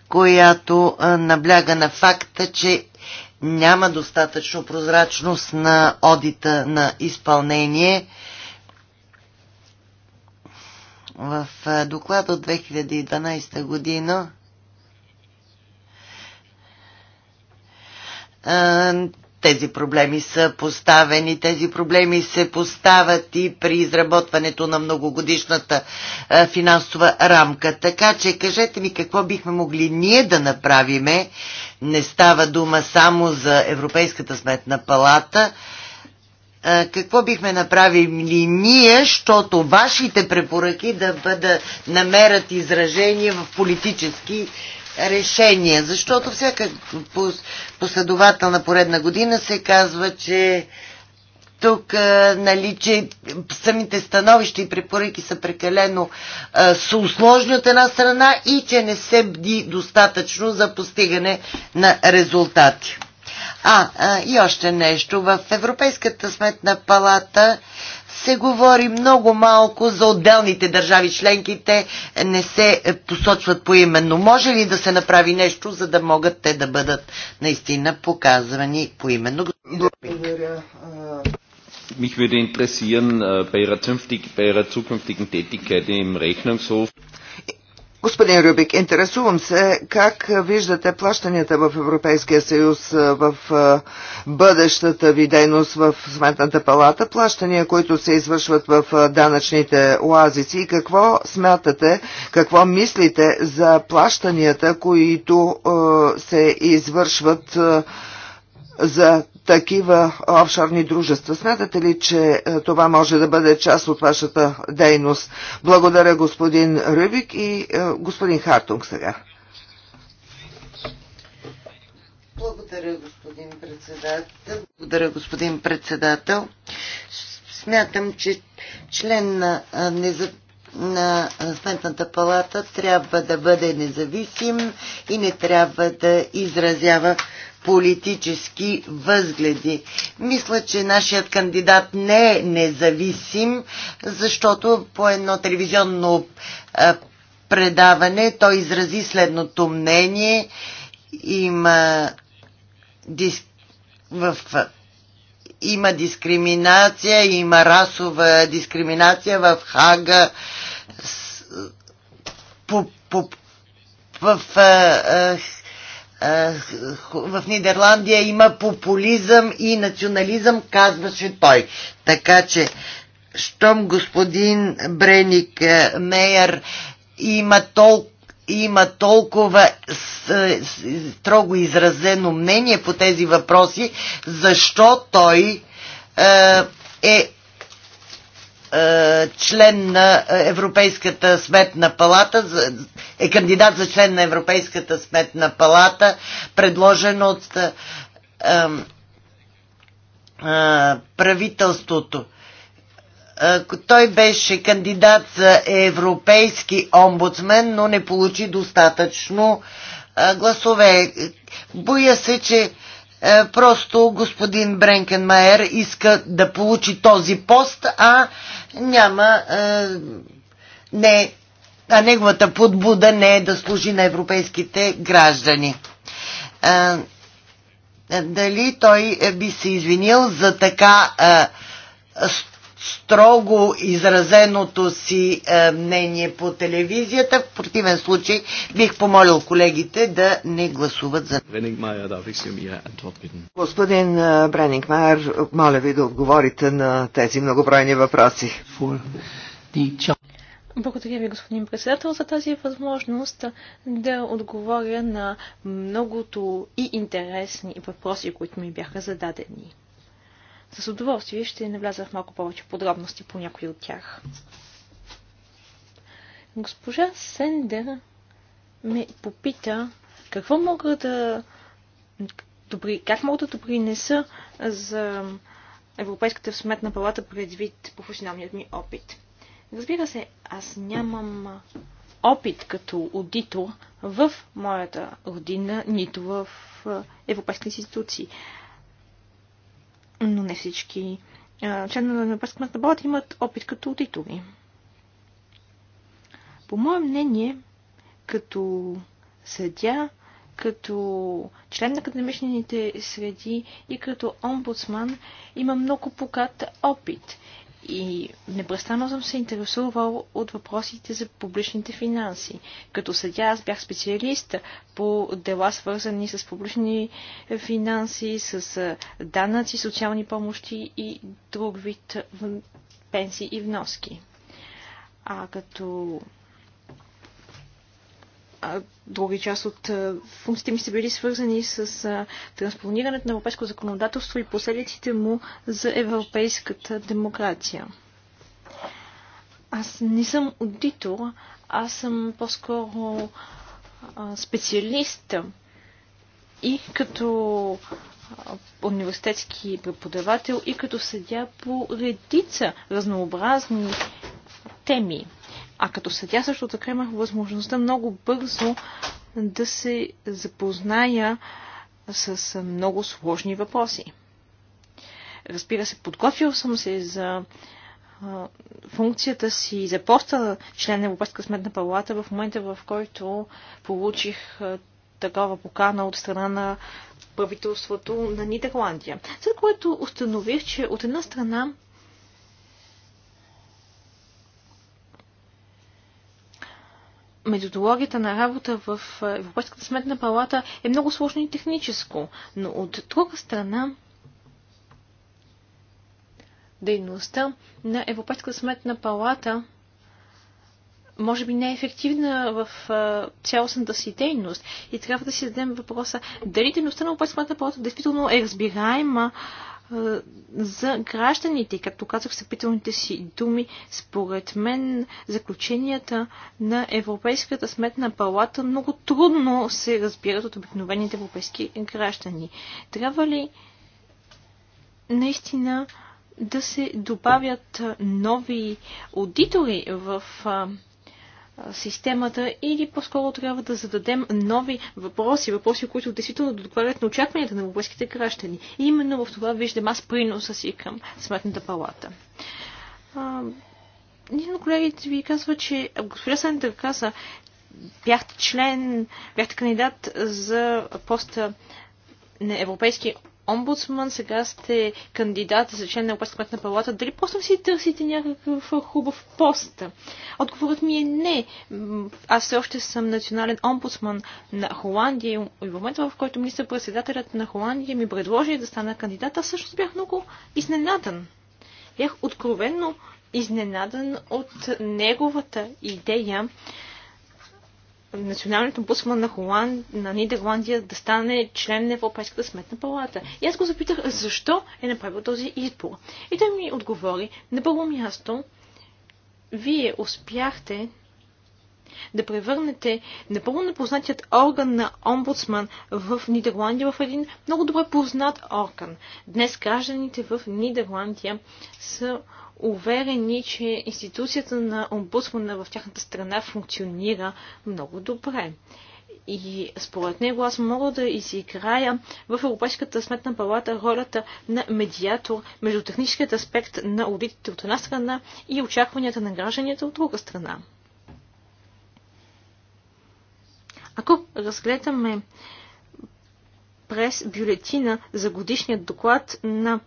която е, набляга на факта, че няма достатъчно прозрачност на одита на изпълнение в доклад от 2012 година тези проблеми са поставени, тези проблеми се поставят и при изработването на многогодишната финансова рамка. Така че кажете ми какво бихме могли ние да направиме. Не става дума само за Европейската сметна палата, какво бихме направили ние, защото вашите препоръки да бъдат намерят изражение в политически решения. Защото всяка последователна поредна година се казва, че тук нали, че самите становища и препоръки са прекалено са усложни от една страна и че не се бди достатъчно за постигане на резултати. А, а, и още нещо. В Европейската сметна палата се говори много малко за отделните държави членките, не се посочват поименно. Може ли да се направи нещо, за да могат те да бъдат наистина показвани поименно? Благодаря.
Mich würde interessieren, äh, bei Ihrer, zukünftigen Tätigkeit im Rechnungshof.
Господин Рюбик, интересувам се как виждате плащанията в Европейския съюз в бъдещата ви дейност в Сметната палата, плащания, които се извършват в данъчните оазици и какво смятате, какво мислите за плащанията, които се извършват за такива офшорни дружества. Смятате ли, че е, това може да бъде част от вашата дейност? Благодаря господин Рюбик и е, господин Хартунг сега.
Благодаря, господин председател. Благодаря, господин председател. Смятам, че член на, незав... на Сметната палата трябва да бъде независим и не трябва да изразява политически възгледи. Мисля, че нашият кандидат не е независим, защото по едно телевизионно предаване той изрази следното мнение. Има, дис... в... има дискриминация, има расова дискриминация в Хага с... по, по, в а, а, е, в Нидерландия има популизъм и национализъм, казваше той. Така че, щом господин Бреник Мейер има толкова има толкова строго изразено мнение по тези въпроси, защо той е, е е, член на Европейската сметна палата, е кандидат за член на Европейската сметна палата, предложен от е, е, правителството. Той беше кандидат за европейски омбудсмен, но не получи достатъчно гласове. Боя се, че е, просто господин Бренкенмайер иска да получи този пост, а няма е, не, а неговата подбуда не е да служи на европейските граждани. Е, дали той би се извинил за така е, строго изразеното си е, мнение по телевизията. В противен случай бих
помолил колегите да не гласуват за. Um господин Бренингмайер, моля ви да отговорите на тези многобройни въпроси.
Благодаря ви, господин председател, за тази възможност да отговоря на многото и интересни въпроси, които ми бяха зададени. С удоволствие ще навляза в малко повече подробности по някои от тях. Госпожа Сендер ме попита какво мога да добри, как мога да допринеса за Европейската сметна палата предвид професионалният ми опит. Разбира се, аз нямам опит като аудитор в моята родина, нито в европейски институции но не всички членове на Европейската борд имат опит като аудитори. По мое мнение, като съдя, като член на академичните среди и като омбудсман има много богат опит. И непрестанно съм се интересувал от въпросите за публичните финанси. Като съдя аз бях специалист по дела свързани с публични финанси, с данъци, социални помощи и друг вид пенсии и вноски. А като а други част от функциите ми са били свързани с транспонирането на европейско законодателство и последиците му за европейската демокрация. Аз не съм аудитор, аз съм по-скоро специалист и като университетски преподавател и като съдя по редица разнообразни теми. А като съдя също така имах възможността много бързо да се запозная с много сложни въпроси. Разбира се, подготвил съм се за функцията си за поста член на Европейска сметна палата в момента, в който получих такава покана от страна на правителството на Нидерландия. След което установих, че от една страна методологията на работа в Европейската сметна палата е много сложно и техническо, но от друга страна дейността на Европейската сметна палата може би не е ефективна в цялостната си дейност. И трябва да си зададем въпроса дали дейността на Европейската палата действително е разбираема за гражданите. Както казах съпителните си думи, според мен заключенията на Европейската сметна палата много трудно се разбират от обикновените европейски граждани. Трябва ли наистина да се добавят нови аудитори в системата или по-скоро трябва да зададем нови въпроси, въпроси, които действително докладят на очакванията на европейските граждани. И именно в това виждам аз приноса си към Сметната палата. Един от колегите ви казва, че госпожа Сандър каза, бяхте член, бяхте кандидат за поста на Европейски омбудсман, сега сте кандидат за член на Европейска сметна палата, дали просто си търсите някакъв хубав пост? Отговорът ми е не. Аз все още съм национален омбудсман на Холандия и в момента, в който министър-председателят на Холандия ми предложи да стана кандидат, аз също бях много изненадан. Бях откровенно изненадан от неговата идея националният омбудсман на, Холан, на Нидерландия да стане член на Европейската сметна палата. И аз го запитах защо е направил този избор. И той ми отговори, на първо място, вие успяхте да превърнете напълно непознатият орган на омбудсман в Нидерландия в един много добре познат орган. Днес гражданите в Нидерландия са уверени, че институцията на омбудсмана в тяхната страна функционира много добре. И според него аз мога да изиграя в Европейската сметна палата ролята на медиатор между техническият аспект на аудитите от една страна и очакванията на гражданите от друга страна. Ако разгледаме през бюлетина за годишният доклад на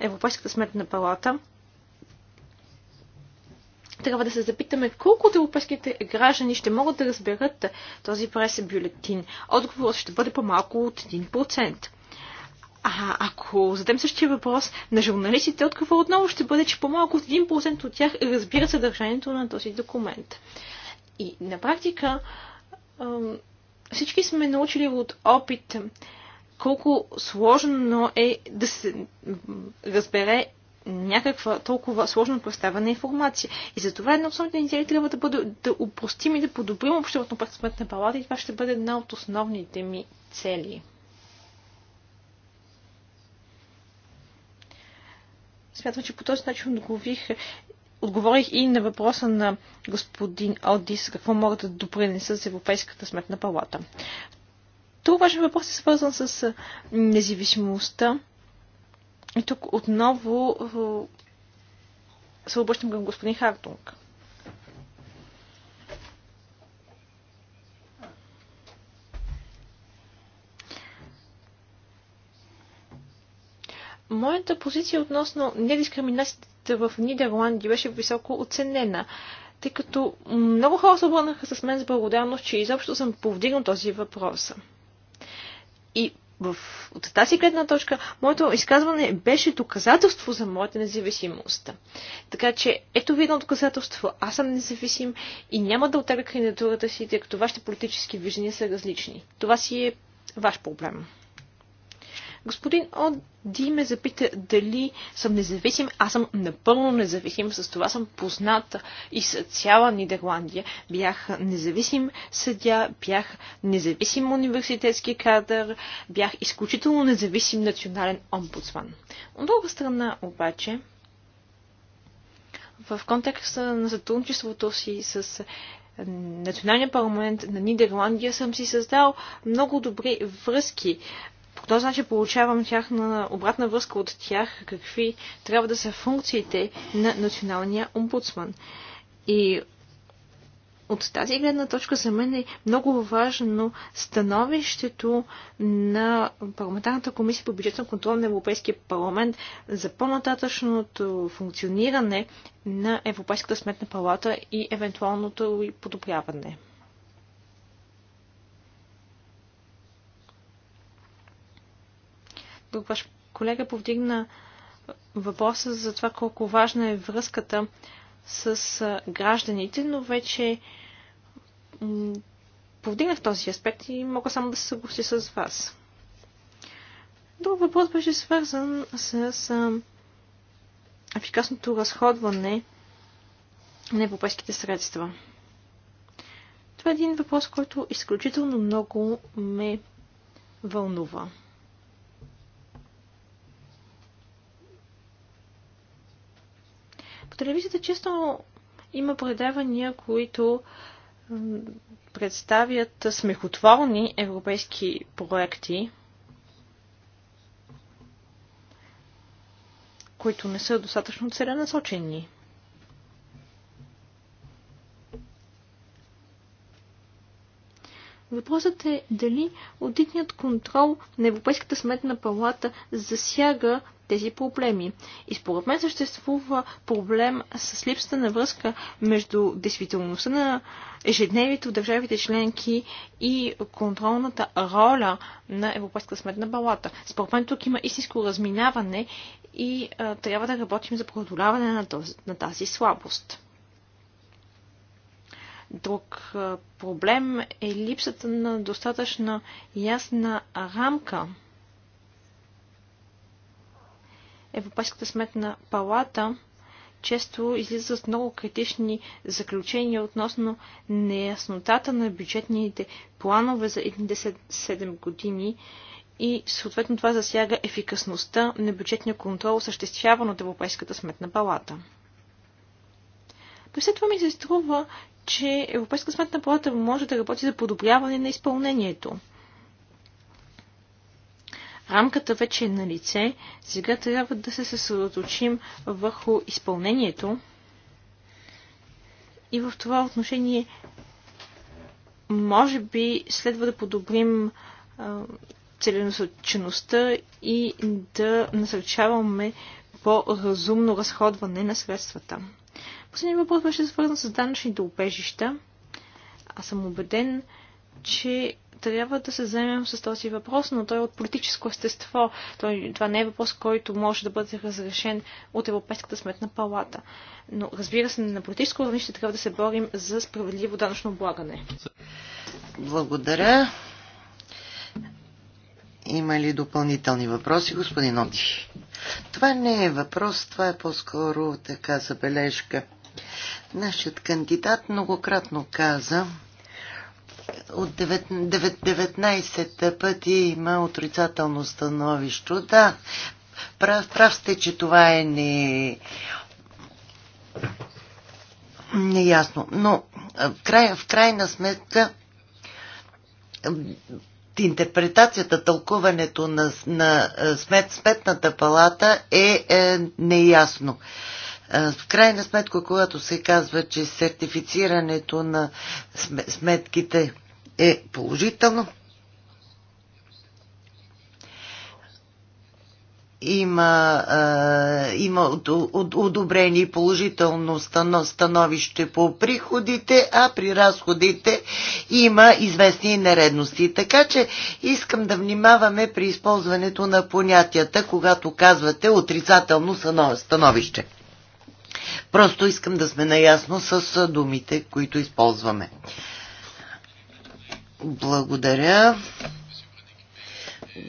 Европейската сметна палата, трябва да се запитаме колко от европейските граждани ще могат да разберат този пресен бюлетин. Отговорът ще бъде по-малко от 1%. А ако задем същия въпрос на журналистите, отговор отново ще бъде, че по-малко от 1% от тях разбира съдържанието на този документ. И на практика всички сме научили от опит колко сложно е да се разбере някаква толкова сложно представена информация. И за това едно от основните ни цели трябва да бъде да упростим и да подобрим обществото пред сметна палата и това ще бъде една от основните ми цели. Смятам, че по този начин отговорих, отговорих и на въпроса на господин Одис, какво могат да допринесат с Европейската сметна палата. Друг важен въпрос е свързан с независимостта и тук отново е, се обръщам към господин Хартунг. Моята позиция относно недискриминацията в Нидерландия беше високо оценена, тъй като много хора се обърнаха с мен с благодарност, че изобщо съм повдигнал този въпрос. И в, от тази гледна точка, моето изказване беше доказателство за моята независимост. Така че, ето ви едно доказателство. Аз съм независим и няма да отегля кандидатурата си, тъй като вашите политически виждания са различни. Това си е ваш проблем. Господин Ди ме запита дали съм независим. Аз съм напълно независим. С това съм позната и с цяла Нидерландия. Бях независим съдя, бях независим университетски кадър, бях изключително независим национален омбудсман. От друга страна обаче, в контекста на сътрудничеството си с Националния парламент на Нидерландия съм си създал много добри връзки. По този начин получавам тяхна обратна връзка от тях, какви трябва да са функциите на националния омбудсман. И от тази гледна точка за мен е много важно становището на парламентарната комисия по бюджетен контрол на Европейския парламент за по-нататъчното функциониране на Европейската сметна палата и евентуалното подобряване. друг ваш колега повдигна въпроса за това колко важна е връзката с гражданите, но вече повдигнах този аспект и мога само да се съгласи с вас. Друг въпрос беше свързан с ефикасното разходване на европейските средства. Това е един въпрос, който изключително много ме вълнува. телевизията често има предавания, които представят смехотворни европейски проекти, които не са достатъчно целенасочени. Въпросът е дали одитният контрол на Европейската сметна палата засяга тези проблеми. И според мен съществува проблем с липсата на връзка между действителността на ежедневието в държавите членки и контролната роля на Европейска сметна балата. Според мен тук има истинско разминаване и а, трябва да работим за преодоляване на, този, на тази слабост. Друг проблем е липсата на достатъчна ясна рамка Европейската сметна палата често излиза с много критични заключения относно неяснотата на бюджетните планове за едните 7 години и съответно това засяга ефикасността на бюджетния контрол, съществяван от Европейската сметна палата. При след това ми се струва, че Европейска сметна палата може да работи за подобряване на изпълнението. Рамката вече е на лице. Сега трябва да се съсредоточим върху изпълнението. И в това отношение, може би, следва да подобрим целенасочеността и да насърчаваме по-разумно разходване на средствата. Последният въпрос беше свързан с данъчните убежища. Аз съм убеден, че трябва да се вземем с този въпрос, но той е от политическо естество. Той, това не е въпрос, който може да бъде разрешен от Европейската сметна палата. Но разбира се, на политическо равнище трябва да се борим за справедливо данъчно облагане.
Благодаря. Има ли допълнителни въпроси, господин Оти? Това не е въпрос, това е по-скоро така забележка. Нашият кандидат многократно каза, от 9, 19 пъти има отрицателно становище. Да, прав, прав сте, че това е не... неясно. Но в, край, в крайна сметка интерпретацията, тълкуването на, на смет, сметната палата е, е неясно. В крайна сметка, когато се казва, че сертифицирането на сметките е положително, има, а, има одобрени положително становище по приходите, а при разходите има известни нередности. Така че искам да внимаваме при използването на понятията, когато казвате отрицателно становище. Просто искам да сме наясно с думите, които използваме. Благодаря.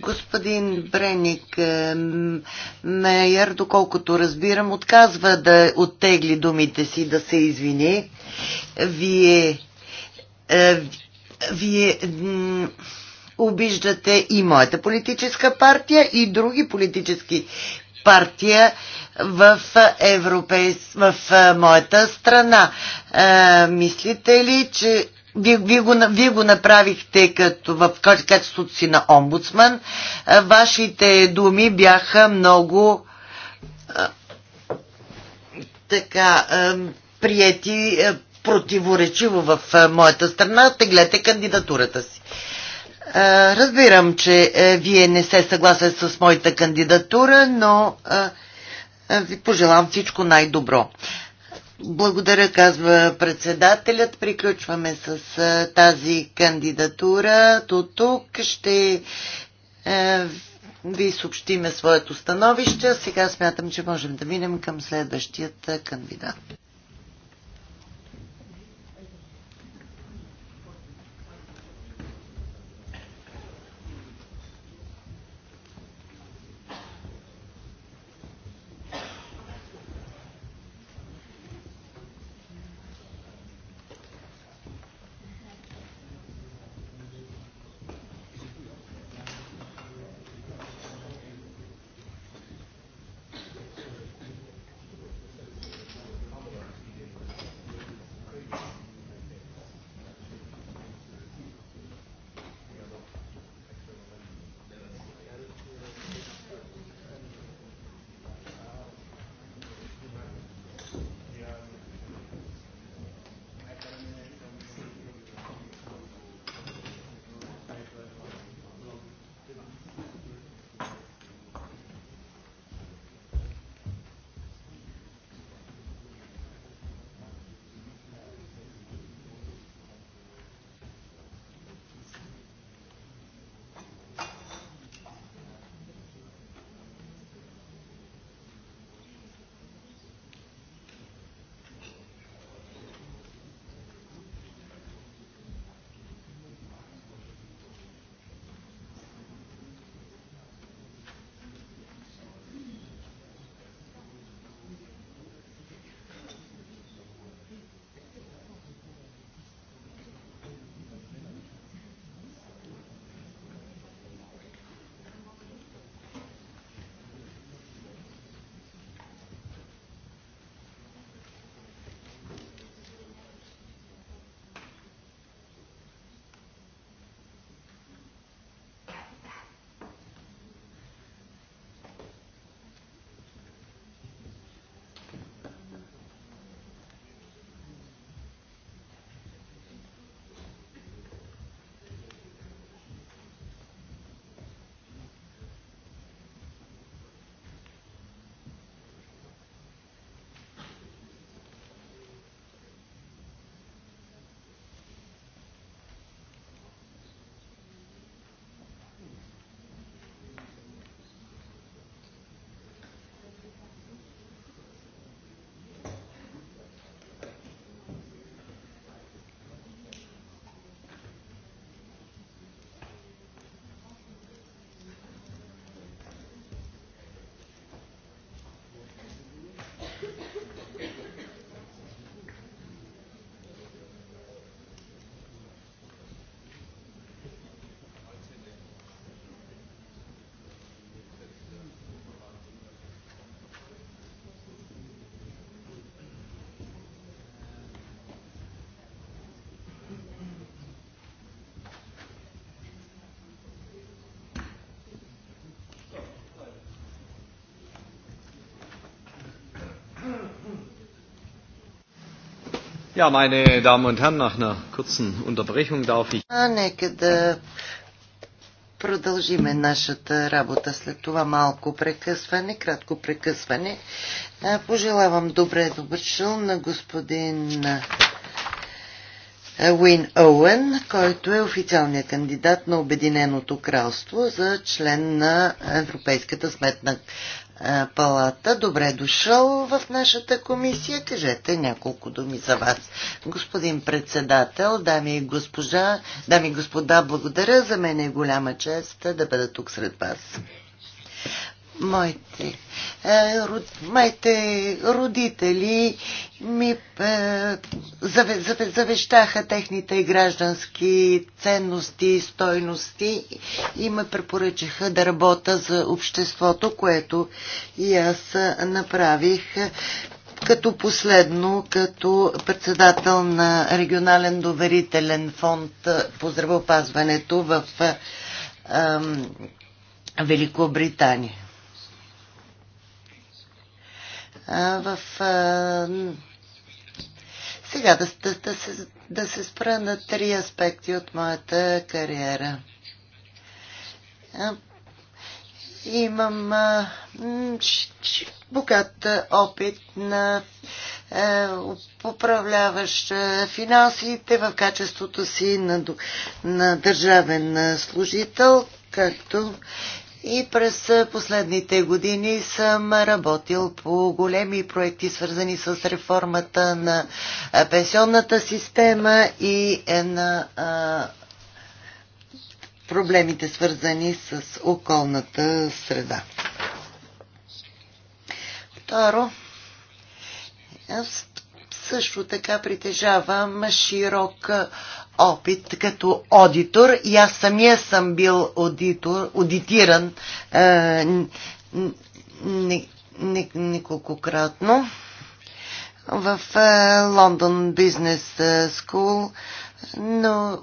Господин Бреник е, Мейер, доколкото разбирам, отказва да оттегли думите си, да се извини. Вие, е, вие обиждате и моята политическа партия, и други политически партия в, европейс... в моята страна. А, мислите ли, че вие, ви, го, ви го направихте като в качеството си на омбудсман. Вашите думи бяха много а, така а, прияти а, противоречиво в а, моята страна. Теглете кандидатурата си. разбирам, че вие не се съгласят с моята кандидатура, но е, ви пожелавам всичко най-добро. Благодаря, казва председателят. Приключваме с е, тази кандидатура. До тук ще е, ви съобщиме своето становище. Сега смятам, че можем да минем към следващият кандидат.
Ja, meine Damen und Herren, nach einer kurzen Unterbrechung darf ich...
А, нека да продължиме нашата работа след това малко прекъсване, кратко прекъсване. Пожелавам добре добършъл на господин Уин Оуен, който е официалният кандидат на Обединеното кралство за член на Европейската сметна е, палата. Добре дошъл в нашата комисия. Кажете няколко думи за вас. Господин председател, дами и госпожа, дами и господа, благодаря. За мен е голяма чест да бъда тук сред вас моите, е, род, моите родители ми е, заве, завещаха техните граждански ценности и стойности и ме препоръчаха да работя за обществото, което и аз направих като последно, като председател на регионален доверителен фонд по здравеопазването в Великобритания. в сега да, да, да, се, да се спра на три аспекти от моята кариера. Имам а, богат опит на е, управляващ финансите в качеството си на, на държавен служител, както и през последните години съм работил по големи проекти, свързани с реформата на пенсионната система и е, на проблемите, свързани с околната среда. Второ, аз също така притежавам широк опит като аудитор и аз самия съм бил аудитор, аудитиран е, неколкократно. В е, Лондон Бизнес Скул е, но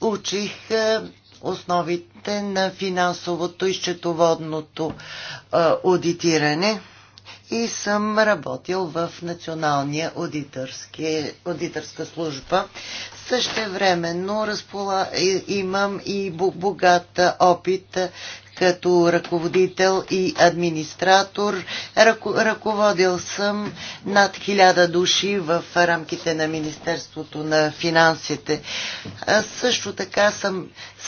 учих е, основите на финансовото и счетоводното е, аудитиране и съм работил в Националния аудиторска служба. Същевременно разпола... имам и богат опит като ръководител и администратор. Ръко, ръководил съм над хиляда души в рамките на Министерството на финансите. А също така съм,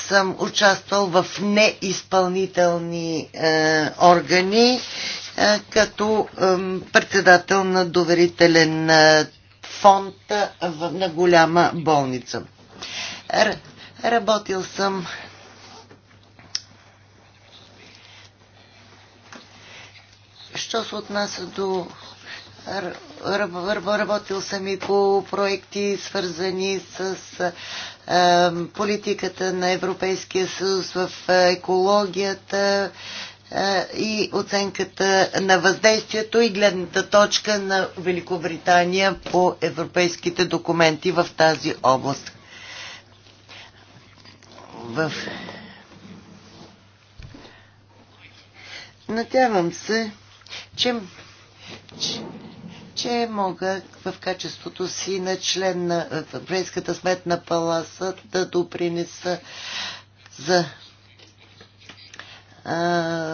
съм участвал в неизпълнителни е, органи е, като председател на доверителен е, фонд е, на голяма болница. Работил съм Що се отнася до работил съм и по проекти, свързани с политиката на Европейския съюз в екологията, е, и оценката на въздействието и гледната точка на Великобритания по европейските документи в тази област. В... Надявам се, че, че, че мога в качеството си на член на Европейската сметна паласа да допринеса за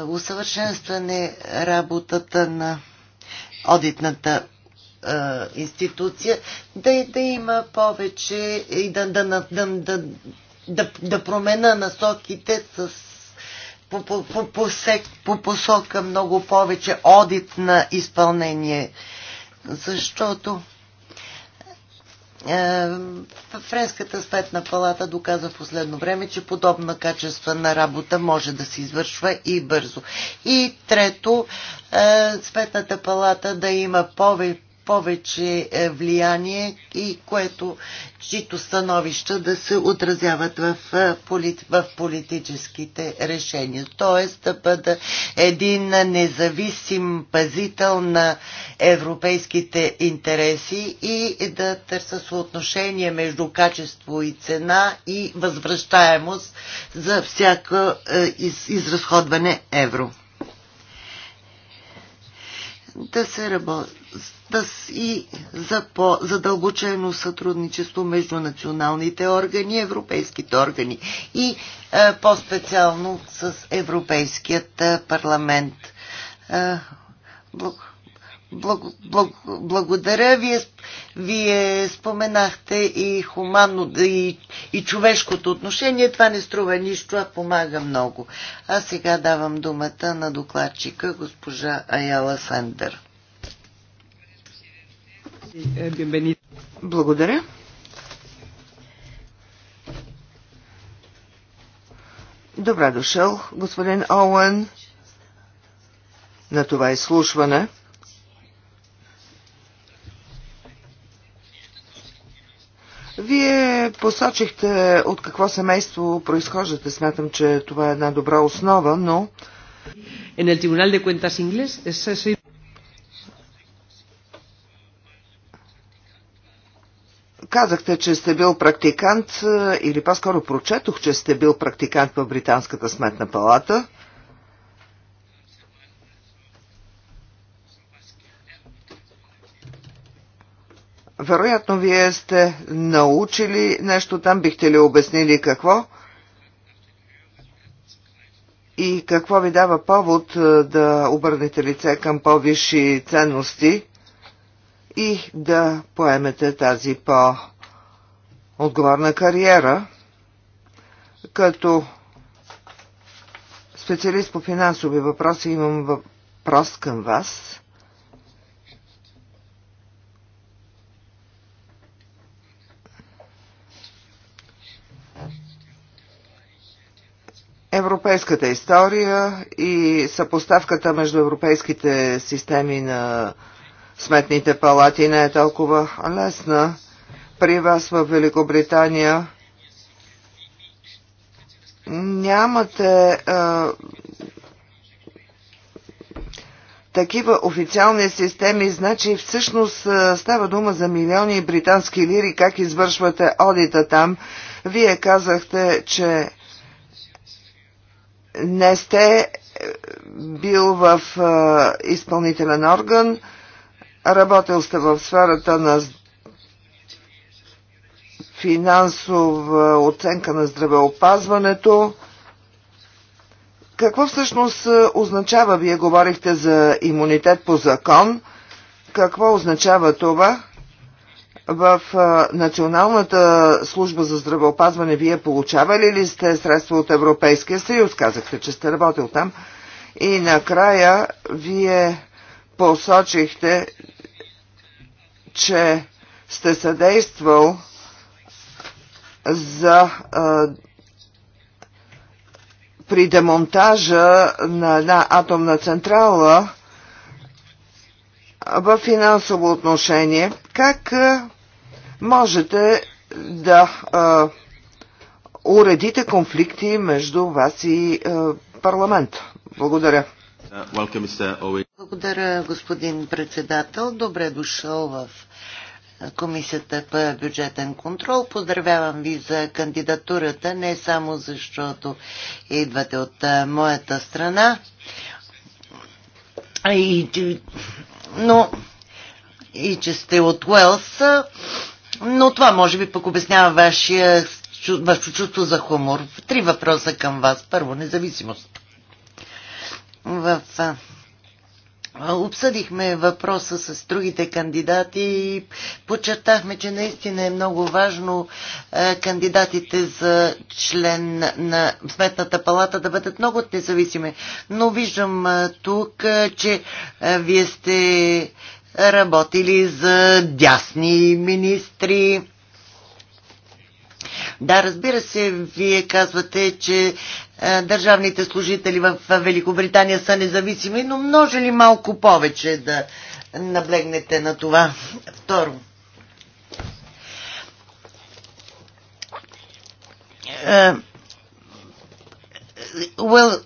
усъвършенстване работата на одитната а, институция, да, да има повече и да, да, да, да, да, да промена насоките с по, по, по, по, сек, по посока много повече одит на изпълнение. Защото е, Френската спетна палата доказа в последно време, че подобна качествена работа може да се извършва и бързо. И трето, е, спетната палата да има повече повече е, влияние и което, чието становища да се отразяват в, е, полит, в политическите решения. Тоест да бъда един независим пазител на европейските интереси и да търся съотношение между качество и цена и възвръщаемост за всяко е, изразходване евро да се работи да и за по-задълбочено сътрудничество между националните органи, европейските органи и е, по-специално с Европейският е, парламент. Е, благодаря благо, благо, благодаря. Вие, вие споменахте и хуманно, и, и човешкото отношение. Това не струва нищо, а помага много. А сега давам думата на докладчика госпожа Аяла Сендер.
Благодаря. Добре дошъл, господин Оуен, на това изслушване – Вие посочихте от какво семейство произхождате. Смятам, че това е една добра основа, но... En el Tribunal de Cuentas inglés, ese казахте, че сте бил практикант, е, или по-скоро прочетох, че сте бил практикант в Британската сметна палата. Вероятно, вие сте научили нещо там, бихте ли обяснили какво? И какво ви дава повод е, да обърнете лице към по-висши ценности и да поемете тази по-отговорна кариера като специалист по финансови въпроси имам въпрос към вас. европейската история и съпоставката между европейските системи на сметните палати не е толкова лесна. При вас в Великобритания нямате а, такива официални системи, значи всъщност става дума за милиони британски лири, как извършвате одита там. Вие казахте, че не сте е, бил в е, изпълнителен орган, работил сте в сферата на финансова оценка на здравеопазването. Какво всъщност е, означава? Вие говорихте за имунитет по закон. Какво означава това? В Националната служба за здравеопазване вие получавали ли сте средства от Европейския съюз? Казахте, че сте работил там. И накрая вие посочихте, че сте съдействал за а, при демонтажа на една атомна централа в финансово отношение. Как можете да а, уредите конфликти между вас и а, парламент? Благодаря.
Благодаря, господин председател. Добре дошъл в Комисията по бюджетен контрол. Поздравявам ви за кандидатурата, не само защото идвате от моята страна, но и че сте от Уелс, но това може би пък обяснява вашия, вашето чувство за хумор. Три въпроса към вас. Първо, независимост. В, Обсъдихме въпроса с другите кандидати и подчертахме, че наистина е много важно кандидатите за член на Сметната палата да бъдат много независими. Но виждам тук, че вие сте работили за дясни министри. Да, разбира се, вие казвате, че е, държавните служители в Великобритания са независими, но може ли малко повече да наблегнете на това? Второ. Uh уел,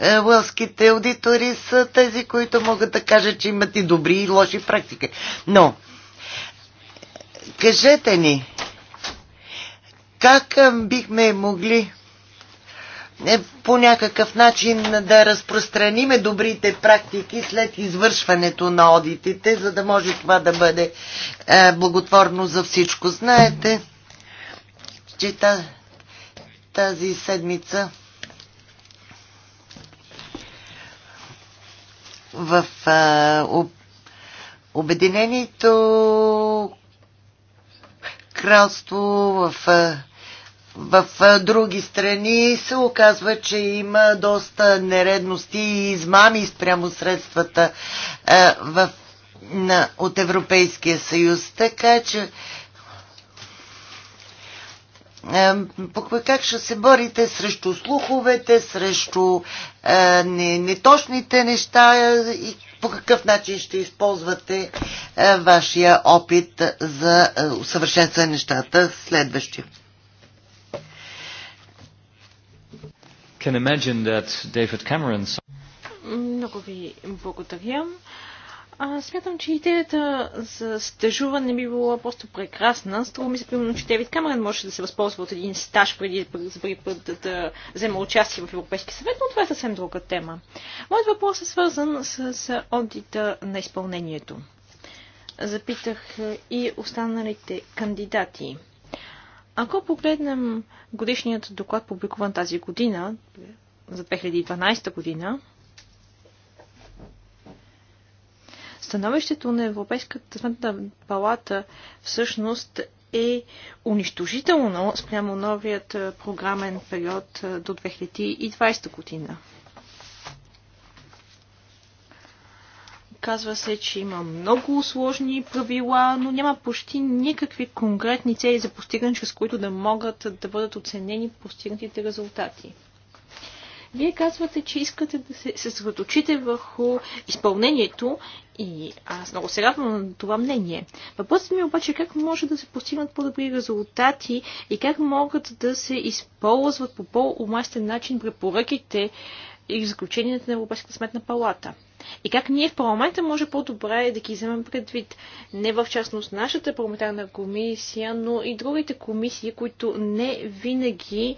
е, уелските аудитори са тези, които могат да кажат, че имат и добри и лоши практики. Но, кажете ни, как бихме могли е, по някакъв начин да разпространиме добрите практики след извършването на одитите, за да може това да бъде е, благотворно за всичко. Знаете, че тази седмица в а, об, Обединението кралство в, в други страни се оказва, че има доста нередности и измами спрямо средствата а, в, на, от Европейския съюз. Така че как ще се борите срещу слуховете, срещу е, не, неточните неща е, и по какъв начин ще използвате е, вашия опит за е, усъвършенстване на нещата следващия. Can imagine that David Cameron...
Много ви благодаря. А, смятам, че идеята за стажуване би била просто прекрасна. Струва ми се, примерно, че Девид Камерен може да се възползва от един стаж преди за първи път да, да взема участие в Европейски съвет, но това е съвсем друга тема. Моят въпрос е свързан с, с одита на изпълнението. Запитах и останалите кандидати. Ако погледнем годишният доклад, публикуван тази година, за 2012 година, Становището на Европейската сметна палата всъщност е унищожително спрямо новият е, програмен период е, до 2020 година. Казва се, че има много сложни правила, но няма почти никакви конкретни цели за постигане, чрез които да могат да бъдат оценени постигнатите резултати. Вие казвате, че искате да се съсредоточите върху изпълнението и аз много се радвам на това мнение. Въпросът ми е обаче как може да се постигнат по-добри резултати и как могат да се използват по по-умастен начин препоръките и заключенията на Европейската сметна палата. И как ние в парламента може по-добре да ги вземем предвид. Не в частност нашата парламентарна комисия, но и другите комисии, които не винаги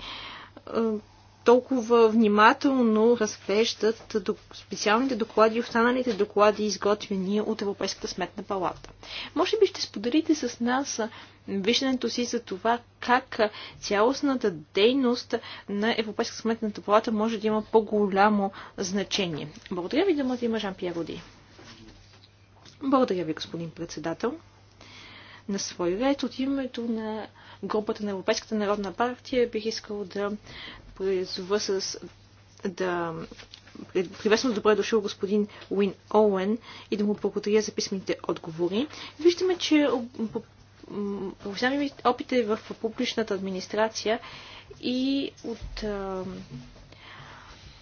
толкова внимателно разглеждат специалните доклади и останалите доклади, изготвени от Европейската сметна палата. Може би ще споделите с нас виждането си за това как цялостната дейност на Европейската сметната палата може да има по-голямо значение. Благодаря ви, думата има Жан Пиароди. Благодаря ви, господин председател на свой ред. От името на групата на Европейската народна партия бих искал да призова с да приветствам добре дошъл господин Уин Оуен и да му благодаря за писмените отговори. Виждаме, че професионалният опите в публичната администрация и от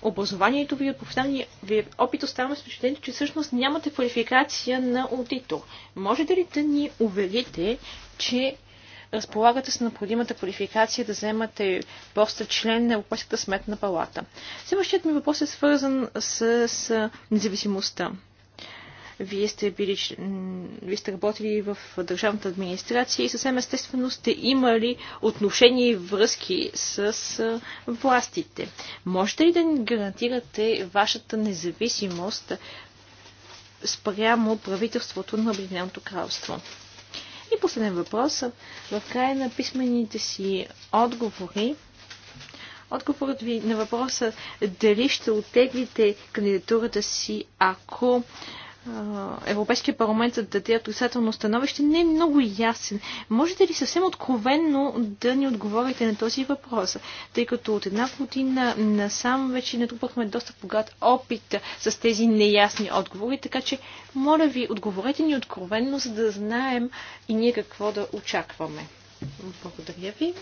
образованието ви, от професионалния ви опит оставаме с впечатлението, че всъщност нямате квалификация на аудитор. Можете ли да ни уверите, че разполагате с необходимата квалификация да вземате поста член на Европейската сметна палата. Следващият ми въпрос е свързан с, с независимостта. Вие сте, били, вие сте работили в държавната администрация и съвсем естествено сте имали отношения и връзки с властите. Можете ли да ни гарантирате вашата независимост спрямо правителството на Обединеното кралство? И последен въпрос. В края на писмените си отговори, отговорът ви на въпроса дали ще отеглите кандидатурата си, ако Европейския парламент за да даде отрицателно становище не е много ясен. Можете ли съвсем откровенно да ни отговорите на този въпрос? Тъй като от една година насам вече натрупахме доста богат опит с тези неясни отговори, така че моля ви, отговорете ни откровенно, за да знаем и ние какво да очакваме. Благодаря ви.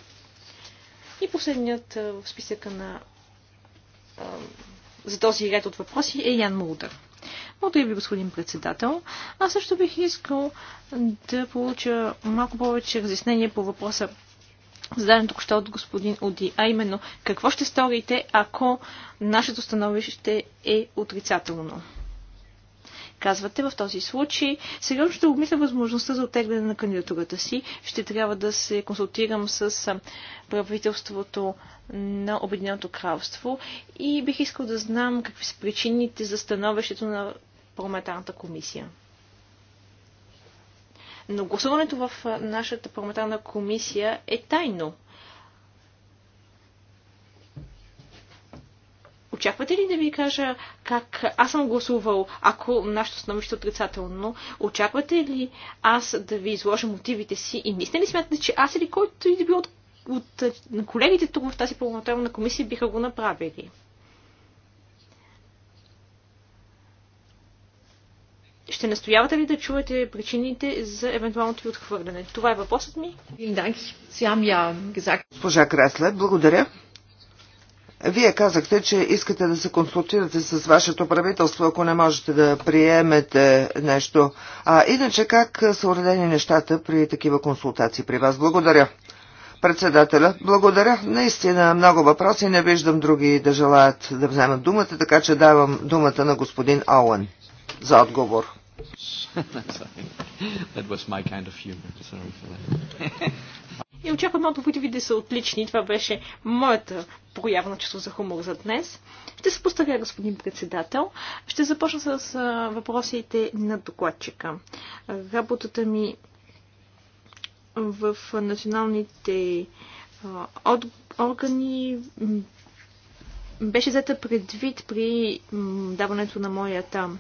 И последният в списъка на за този ред от въпроси е Ян Мулдър. Благодаря ви, господин председател. Аз също бих искал да получа малко повече разяснение по въпроса, зададен тук от господин Оди, а именно какво ще сторите, ако нашето становище е отрицателно? Казвате в този случай, сериозно ще обмисля възможността за отегляне на кандидатурата си. Ще трябва да се консултирам с правителството на Обединеното кралство и бих искал да знам какви са причините за становището на парламентарната комисия. Но гласуването в нашата парламентарна комисия е тайно. Очаквате ли да ви кажа как аз съм гласувал, ако нашето становище е отрицателно? Очаквате ли аз да ви изложа мотивите си и наистина ли смятате, че аз или който и да би от, от колегите тук в тази парламентарна комисия биха го направили? Ще настоявате ли да чуете причините за евентуалното ви отхвърляне? Това е въпросът ми.
Госпожа Кресле, благодаря. Вие казахте, че искате да се консултирате с вашето правителство, ако не можете да приемете нещо. А иначе как са уредени нещата при такива консултации при вас? Благодаря. Председателя, благодаря. Наистина много въпроси. Не виждам други да желаят да вземат думата, така че давам думата на господин Оуен за отговор.
that was my kind of humor. Sorry for that. И очаквам отговорите ви да са отлични. Това беше моята проява на чувство за хумор за днес. Ще се поставя, господин председател. Ще започна с въпросите на докладчика. Работата ми в националните органи беше взета предвид при даването на моята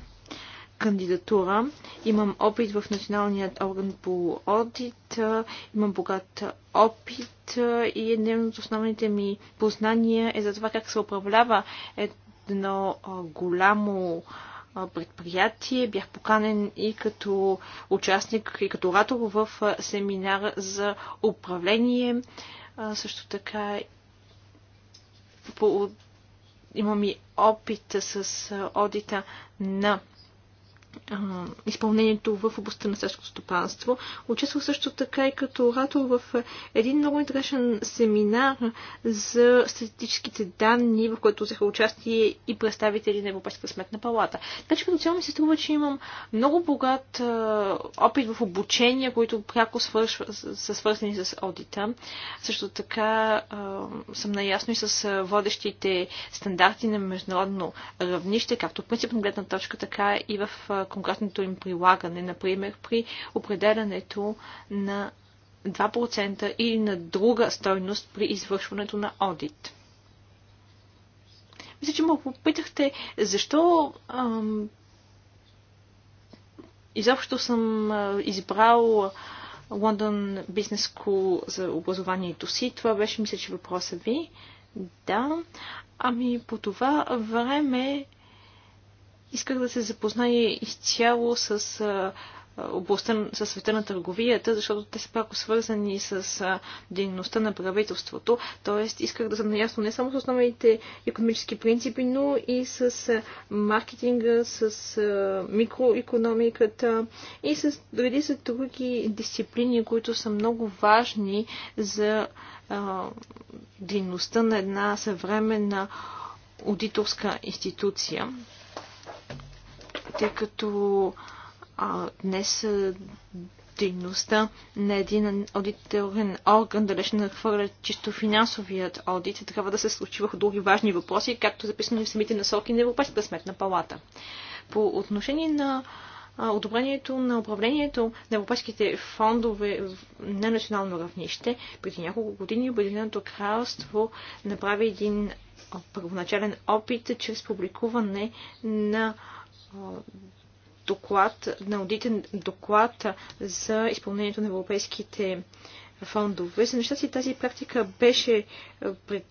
кандидатура. Имам опит в Националният орган по одит, имам богат опит и едно от основните ми познания е за това как се управлява едно голямо предприятие. Бях поканен и като участник, и като оратор в семинар за управление. Също така по, имам и опит с одита на изпълнението в областта на селското стопанство. Участвах също така и като оратор в един много интересен семинар за статистическите данни, в който взеха участие и представители на Европейската сметна палата. Така значи, че като цяло ми се струва, че имам много богат опит в обучения, които пряко свършва, са свързани с одита. Също така съм наясно и с водещите стандарти на международно равнище, както принципно гледна точка, така и в конкретното им прилагане, например при определянето на 2% или на друга стойност при извършването на одит. Мисля, че му попитахте защо ам, изобщо съм избрал Лондон Бизнес School за образованието си. Това беше, мисля, че въпроса ви. Да. Ами по това време Исках да се запозная изцяло с а, областта, с света на търговията, защото те са пряко свързани с дейността на правителството. Тоест, исках да съм наясно не само с основните економически принципи, но и с маркетинга, с микроекономиката и с са други дисциплини, които са много важни за а, дейността на една съвременна аудиторска институция тъй като а, днес дейността на един аудиторен орган далеч не хвърля чисто финансовият аудит, трябва да се случи върху други важни въпроси, както записано в самите насоки на Европейската сметна палата. По отношение на одобрението на управлението на европейските фондове на национално равнище. Преди няколко години Обединеното кралство направи един първоначален опит чрез публикуване на доклад, на аудитен доклад за изпълнението на европейските фондове. За неща си тази практика беше е,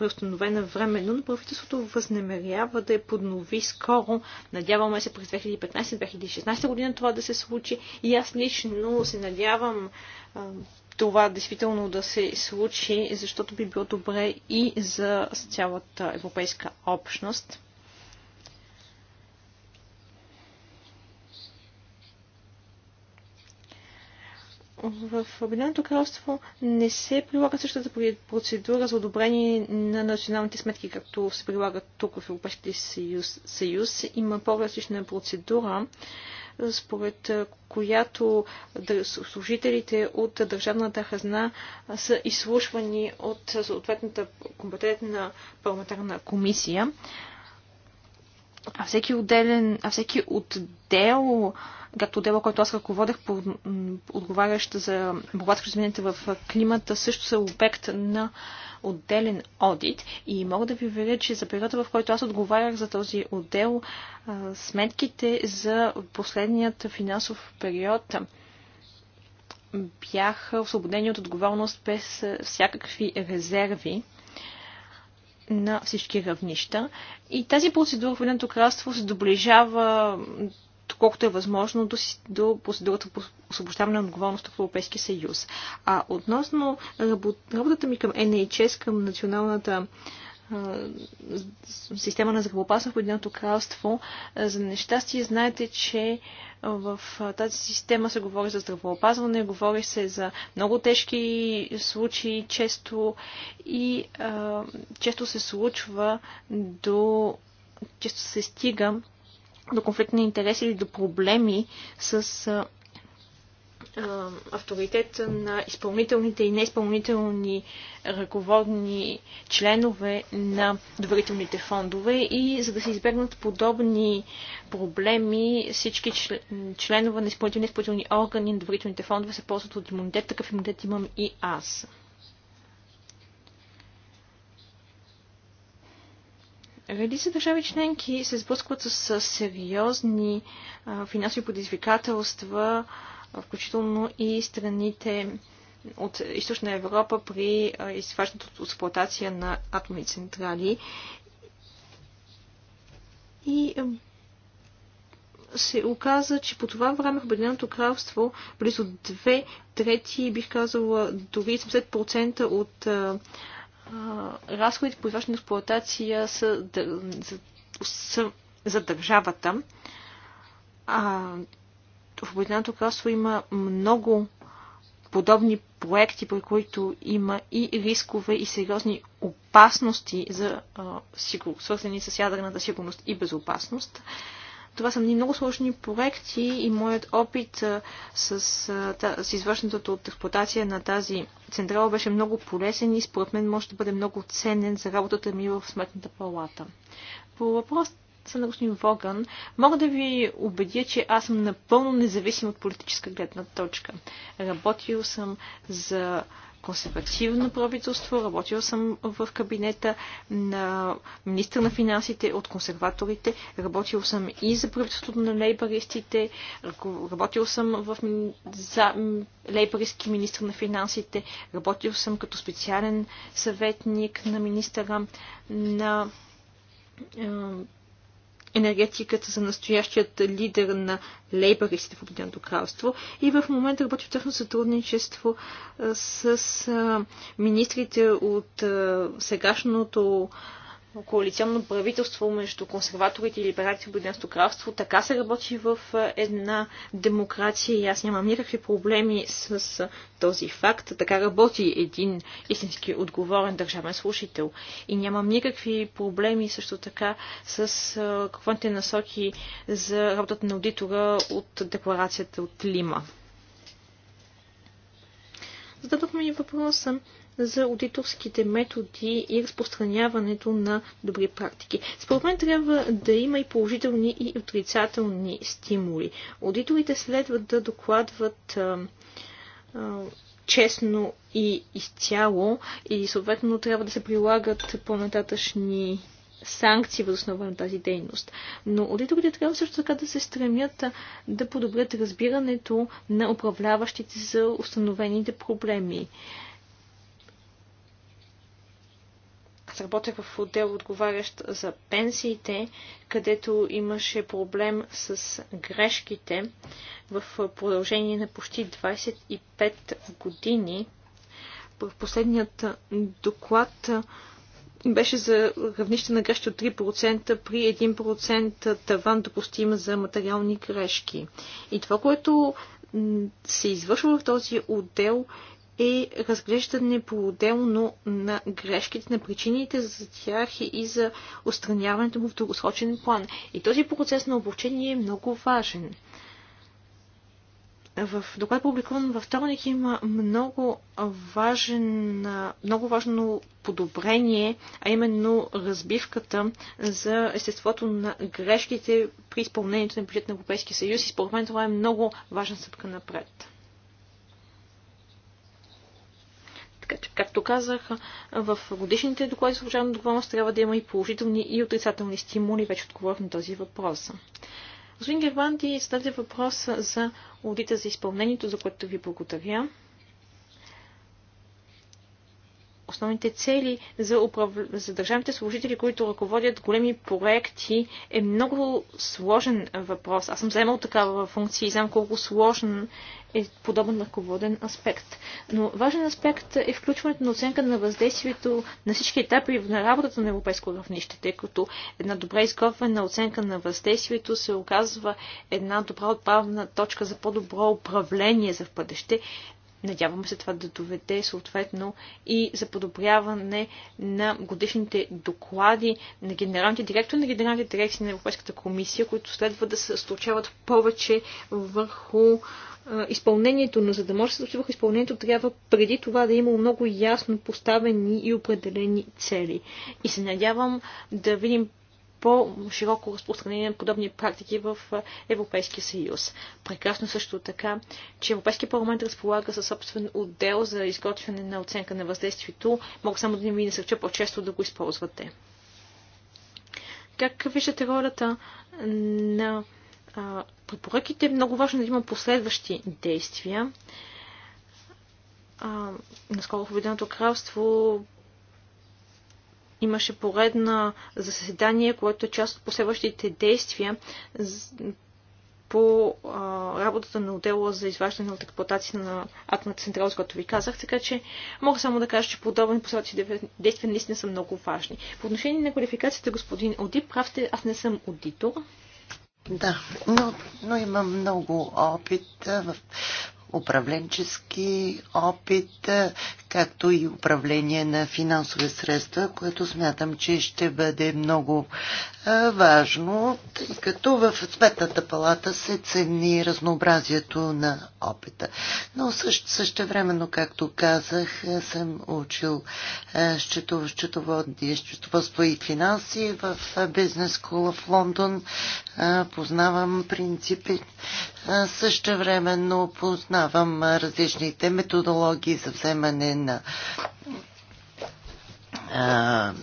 преустановена временно, но правителството възнамерява да я поднови скоро. Надяваме се през 2015-2016 година това да се случи и аз лично се надявам е, това действително да се случи, защото би било добре и за цялата европейска общност. в Обединеното кралство не се прилага същата процедура за одобрение на националните сметки, както се прилага тук в Европейския съюз. съюз. Има по-различна процедура, според която служителите от държавната хазна са изслушвани от съответната компетентна парламентарна комисия а всеки, отделен, а всеки отдел, както отдела, който аз ръководех, по, отговарящ за борбата с измененията в климата, също са обект на отделен одит. И мога да ви уверя, че за периода, в който аз отговарях за този отдел, сметките за последният финансов период бяха освободени от отговорност без всякакви резерви на всички равнища. И тази процедура в Едното кралство се доближава колкото е възможно, до, до процедурата по освобождаване на отговорност в Европейския съюз. А относно работ, работата ми към NHS, към Националната система на здравеопазване в Обединеното кралство. За нещастие знаете, че в тази система се говори за здравеопазване, говори се за много тежки случаи, често и а, често се случва до често се стига до конфликт на или до проблеми с авторитет на изпълнителните и неизпълнителни ръководни членове на доверителните фондове и за да се избегнат подобни проблеми, всички членове на изпълнителни и изпълнителни органи на доверителните фондове се ползват от имунитет. Такъв имунитет имам и аз. Редица държави членки се сблъскват с сериозни финансови предизвикателства, включително и страните от източна Европа при изваждането от експлуатация на атомни централи. И се оказа, че по това време в Обединеното кралство близо две трети, бих казала, дори 70% от а, а, разходите по извършена експлуатация са, дър, за, са за държавата. А в Обединеното кралство има много подобни проекти, при които има и рискове, и сериозни опасности, за, а, сигур, свързани с ядрената сигурност и безопасност. Това са много сложни проекти и моят опит а, с, а, с извършеното от експлуатация на тази централа беше много полезен и според мен може да бъде много ценен за работата ми в Сметната палата. По въпрос са на господин Воган, мога да ви убедя, че аз съм напълно независим от политическа гледна точка. Работил съм за консервативно правителство, работил съм в кабинета на министър на финансите от консерваторите, работил съм и за правителството на лейбаристите, работил съм в, за лейбаристки министър на финансите, работил съм като специален съветник на министъра на енергетиката за настоящият лидер на лейбъристите в Обединеното кралство и в момента работи в тяхно сътрудничество с министрите от сегашното коалиционно правителство между консерваторите и либералите в Обединеното кралство. Така се работи в е, една демокрация и аз нямам никакви проблеми с е, този факт. Така работи един истински отговорен държавен слушател. И нямам никакви проблеми също така с е, каквото насоки за работата на аудитора от декларацията от Лима. Зададохме и въпроса за аудиторските методи и разпространяването на добри практики. Според мен трябва да има и положителни и отрицателни стимули. Аудиторите следва да докладват честно и изцяло и съответно трябва да се прилагат по-нататъчни санкции въз основа на тази дейност. Но аудиторите трябва също така да се стремят да подобрят разбирането на управляващите за установените проблеми. Аз работех в отдел отговарящ за пенсиите, където имаше проблем с грешките в продължение на почти 25 години. В последният доклад беше за равнище на грешки от 3% при 1% таван допустим за материални грешки. И това, което се извършва в този отдел е разглеждане по-отделно на грешките, на причините за тях и за устраняването му в дългосрочен план. И този процес на обучение е много важен. В доклад публикуван във вторник има много, важен, много важно подобрение, а именно разбивката за естеството на грешките при изпълнението на бюджет на Европейския съюз. И според мен това е много важна стъпка напред. Така че, както казах, в годишните доклади за случайна отговорност трябва да има и положителни и отрицателни стимули. Вече отговорих на този въпрос. Господин Герванди зададе въпрос за аудита за изпълнението, за което ви благодаря основните цели за, управ... за държавните служители, които ръководят големи проекти, е много сложен въпрос. Аз съм заемал такава функция и знам колко сложен е подобен ръководен аспект. Но важен аспект е включването на оценка на въздействието на всички етапи на работата на европейско равнище, тъй като една добре изготвена оценка на въздействието се оказва една добра отправна точка за по-добро управление за в бъдеще. Надяваме се това да доведе съответно и за подобряване на годишните доклади на генералните директори на генералните дирекции на Европейската комисия, които следва да се случават повече върху изпълнението, но за да може да се случи върху изпълнението, трябва преди това да има много ясно поставени и определени цели. И се надявам да видим по-широко разпространение на подобни практики в Европейския съюз. Прекрасно също така, че Европейския парламент разполага със собствен отдел за изготвяне на оценка на въздействието. Мога само да ви насърча по-често да го използвате. Как виждате ролята на препоръките? Много важно е да има последващи действия наскоро в Обединеното кралство имаше поредна заседание, което е част от последващите действия по а, работата на отдела за изваждане от експлуатация на атомната централа, с която ви казах. Така че мога само да кажа, че подобни последващи действия наистина са много важни. По отношение на квалификацията,
господин Оди, правте, аз не съм аудитор. Да, но, но имам много опит в управленчески опит, както и управление на финансови средства, което смятам, че ще бъде много важно, тъй като в Сметната палата се цени разнообразието на опита. Но също, времено, както казах, съм учил счетоводие, счетоводство и финанси в бизнес школа в Лондон. Познавам принципи. също времено познавам различните методологии за вземане на а,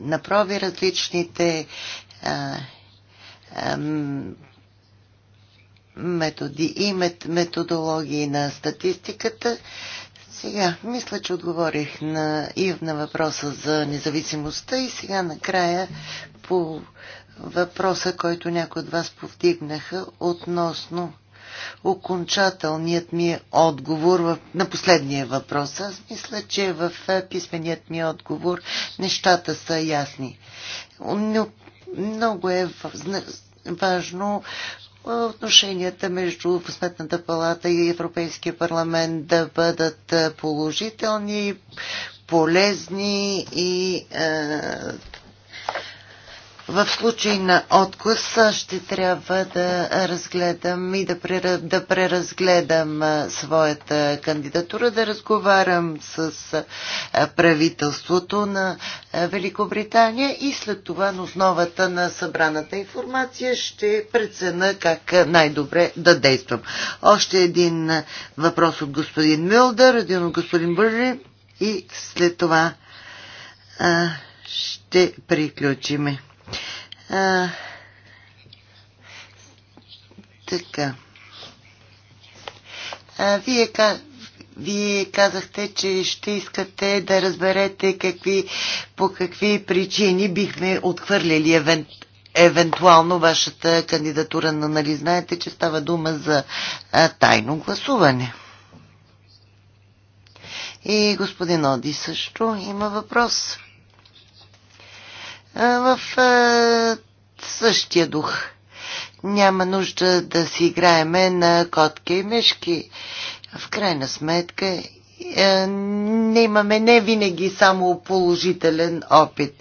направи различните а, а, методи и мет, методологии на статистиката. Сега, мисля, че отговорих на, и на въпроса за независимостта и сега накрая по въпроса, който някои от вас повдигнаха относно окончателният ми отговор в, на последния въпрос. Аз мисля, че в е, писменият ми отговор нещата са ясни. Но, много е важно е, отношенията между Сметната палата и Европейския парламент да бъдат е, положителни, полезни и е, в случай на отказ ще трябва да разгледам и да, прераз, да преразгледам своята кандидатура, да разговарям с правителството на Великобритания и след това на основата на събраната информация ще прецена как най-добре да действам. Още един въпрос от господин Милдър, един от господин Бържи и след това а, ще приключиме. А, така. А, вие, вие казахте, че ще искате да разберете какви, по какви причини бихме отхвърлили евент, евентуално вашата кандидатура на нали. Знаете, че става дума за а, тайно гласуване. И господин Оди също има въпрос в същия дух. Няма нужда да си играеме на котки и мишки. В крайна сметка не имаме не винаги само положителен опит.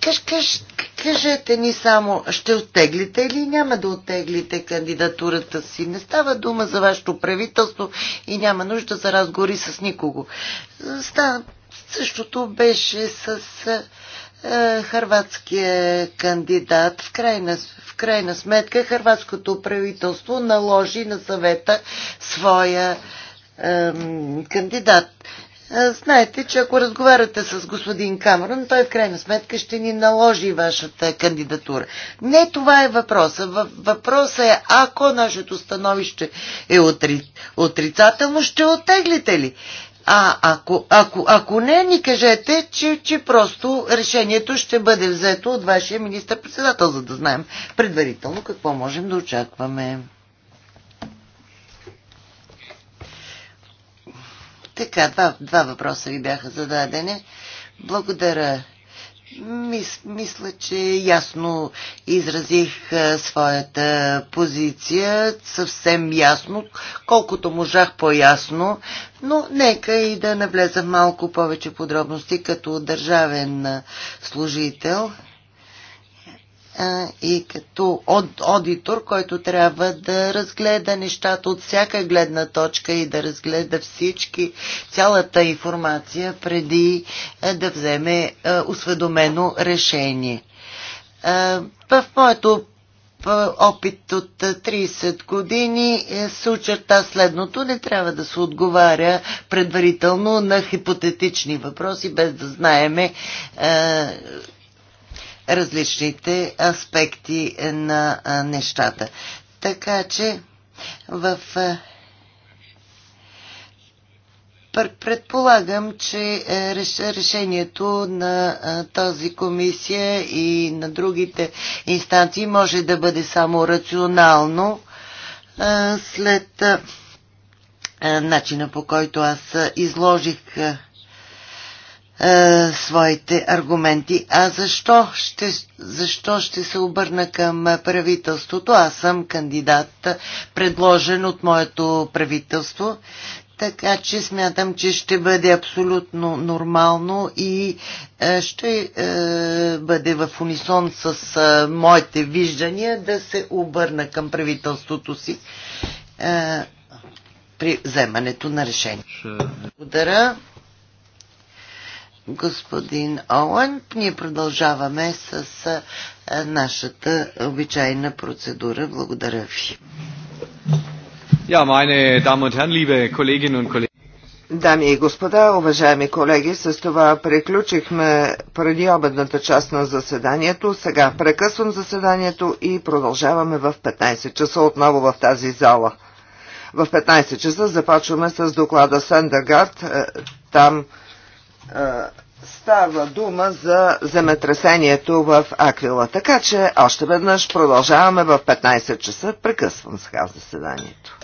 Каш, каш, кажете ни само, ще оттеглите или няма да оттеглите кандидатурата си? Не става дума за вашето правителство и няма нужда за разговори с никого. Ста, същото беше с е, хърватския кандидат. В крайна, в крайна сметка хърватското правителство наложи на съвета своя е, кандидат. Знаете, че ако разговаряте с господин Камерон, той в крайна сметка ще ни наложи вашата кандидатура. Не това е въпроса. Въпросът е, ако нашето становище е отри... отрицателно, ще отеглите ли? А ако, ако, ако не, ни кажете, че, че просто решението ще бъде взето от вашия министр-председател, за да знаем предварително какво можем да очакваме. Така, два, два въпроса ви бяха зададени. Благодаря мис, мисля, че ясно изразих а, своята позиция, съвсем ясно, колкото можах по-ясно, но нека и да навлеза малко повече подробности като държавен служител и като аудитор, който трябва да разгледа нещата от всяка гледна точка и да разгледа всички, цялата информация преди да вземе осведомено решение. В моето опит от 30 години е, се очерта следното. Не трябва да се отговаря предварително на хипотетични въпроси, без да знаеме различните аспекти на нещата. Така че в Предполагам, че е, решението на тази комисия и на другите инстанции може да бъде само рационално след начина по който аз изложих е, своите аргументи. А защо ще, защо ще се обърна към правителството? Аз съм кандидат, предложен от моето правителство, така че смятам, че ще бъде абсолютно нормално и е, ще е, бъде в унисон с е, моите виждания да се обърна към правителството си е, при вземането на решение. Благодаря господин Олен. Ние продължаваме с нашата обичайна процедура. Благодаря ви. Ja, meine Damen und Herren, liebe Kolleginnen und Kollegen.
Дами и господа, уважаеми колеги, с това приключихме преди обедната част на заседанието. Сега прекъсвам заседанието и продължаваме в 15 часа отново в тази зала. В 15 часа започваме с доклада Сендергард. Е, там става дума за земетресението в Аквила. Така че още веднъж продължаваме в 15 часа. Прекъсвам сега заседанието.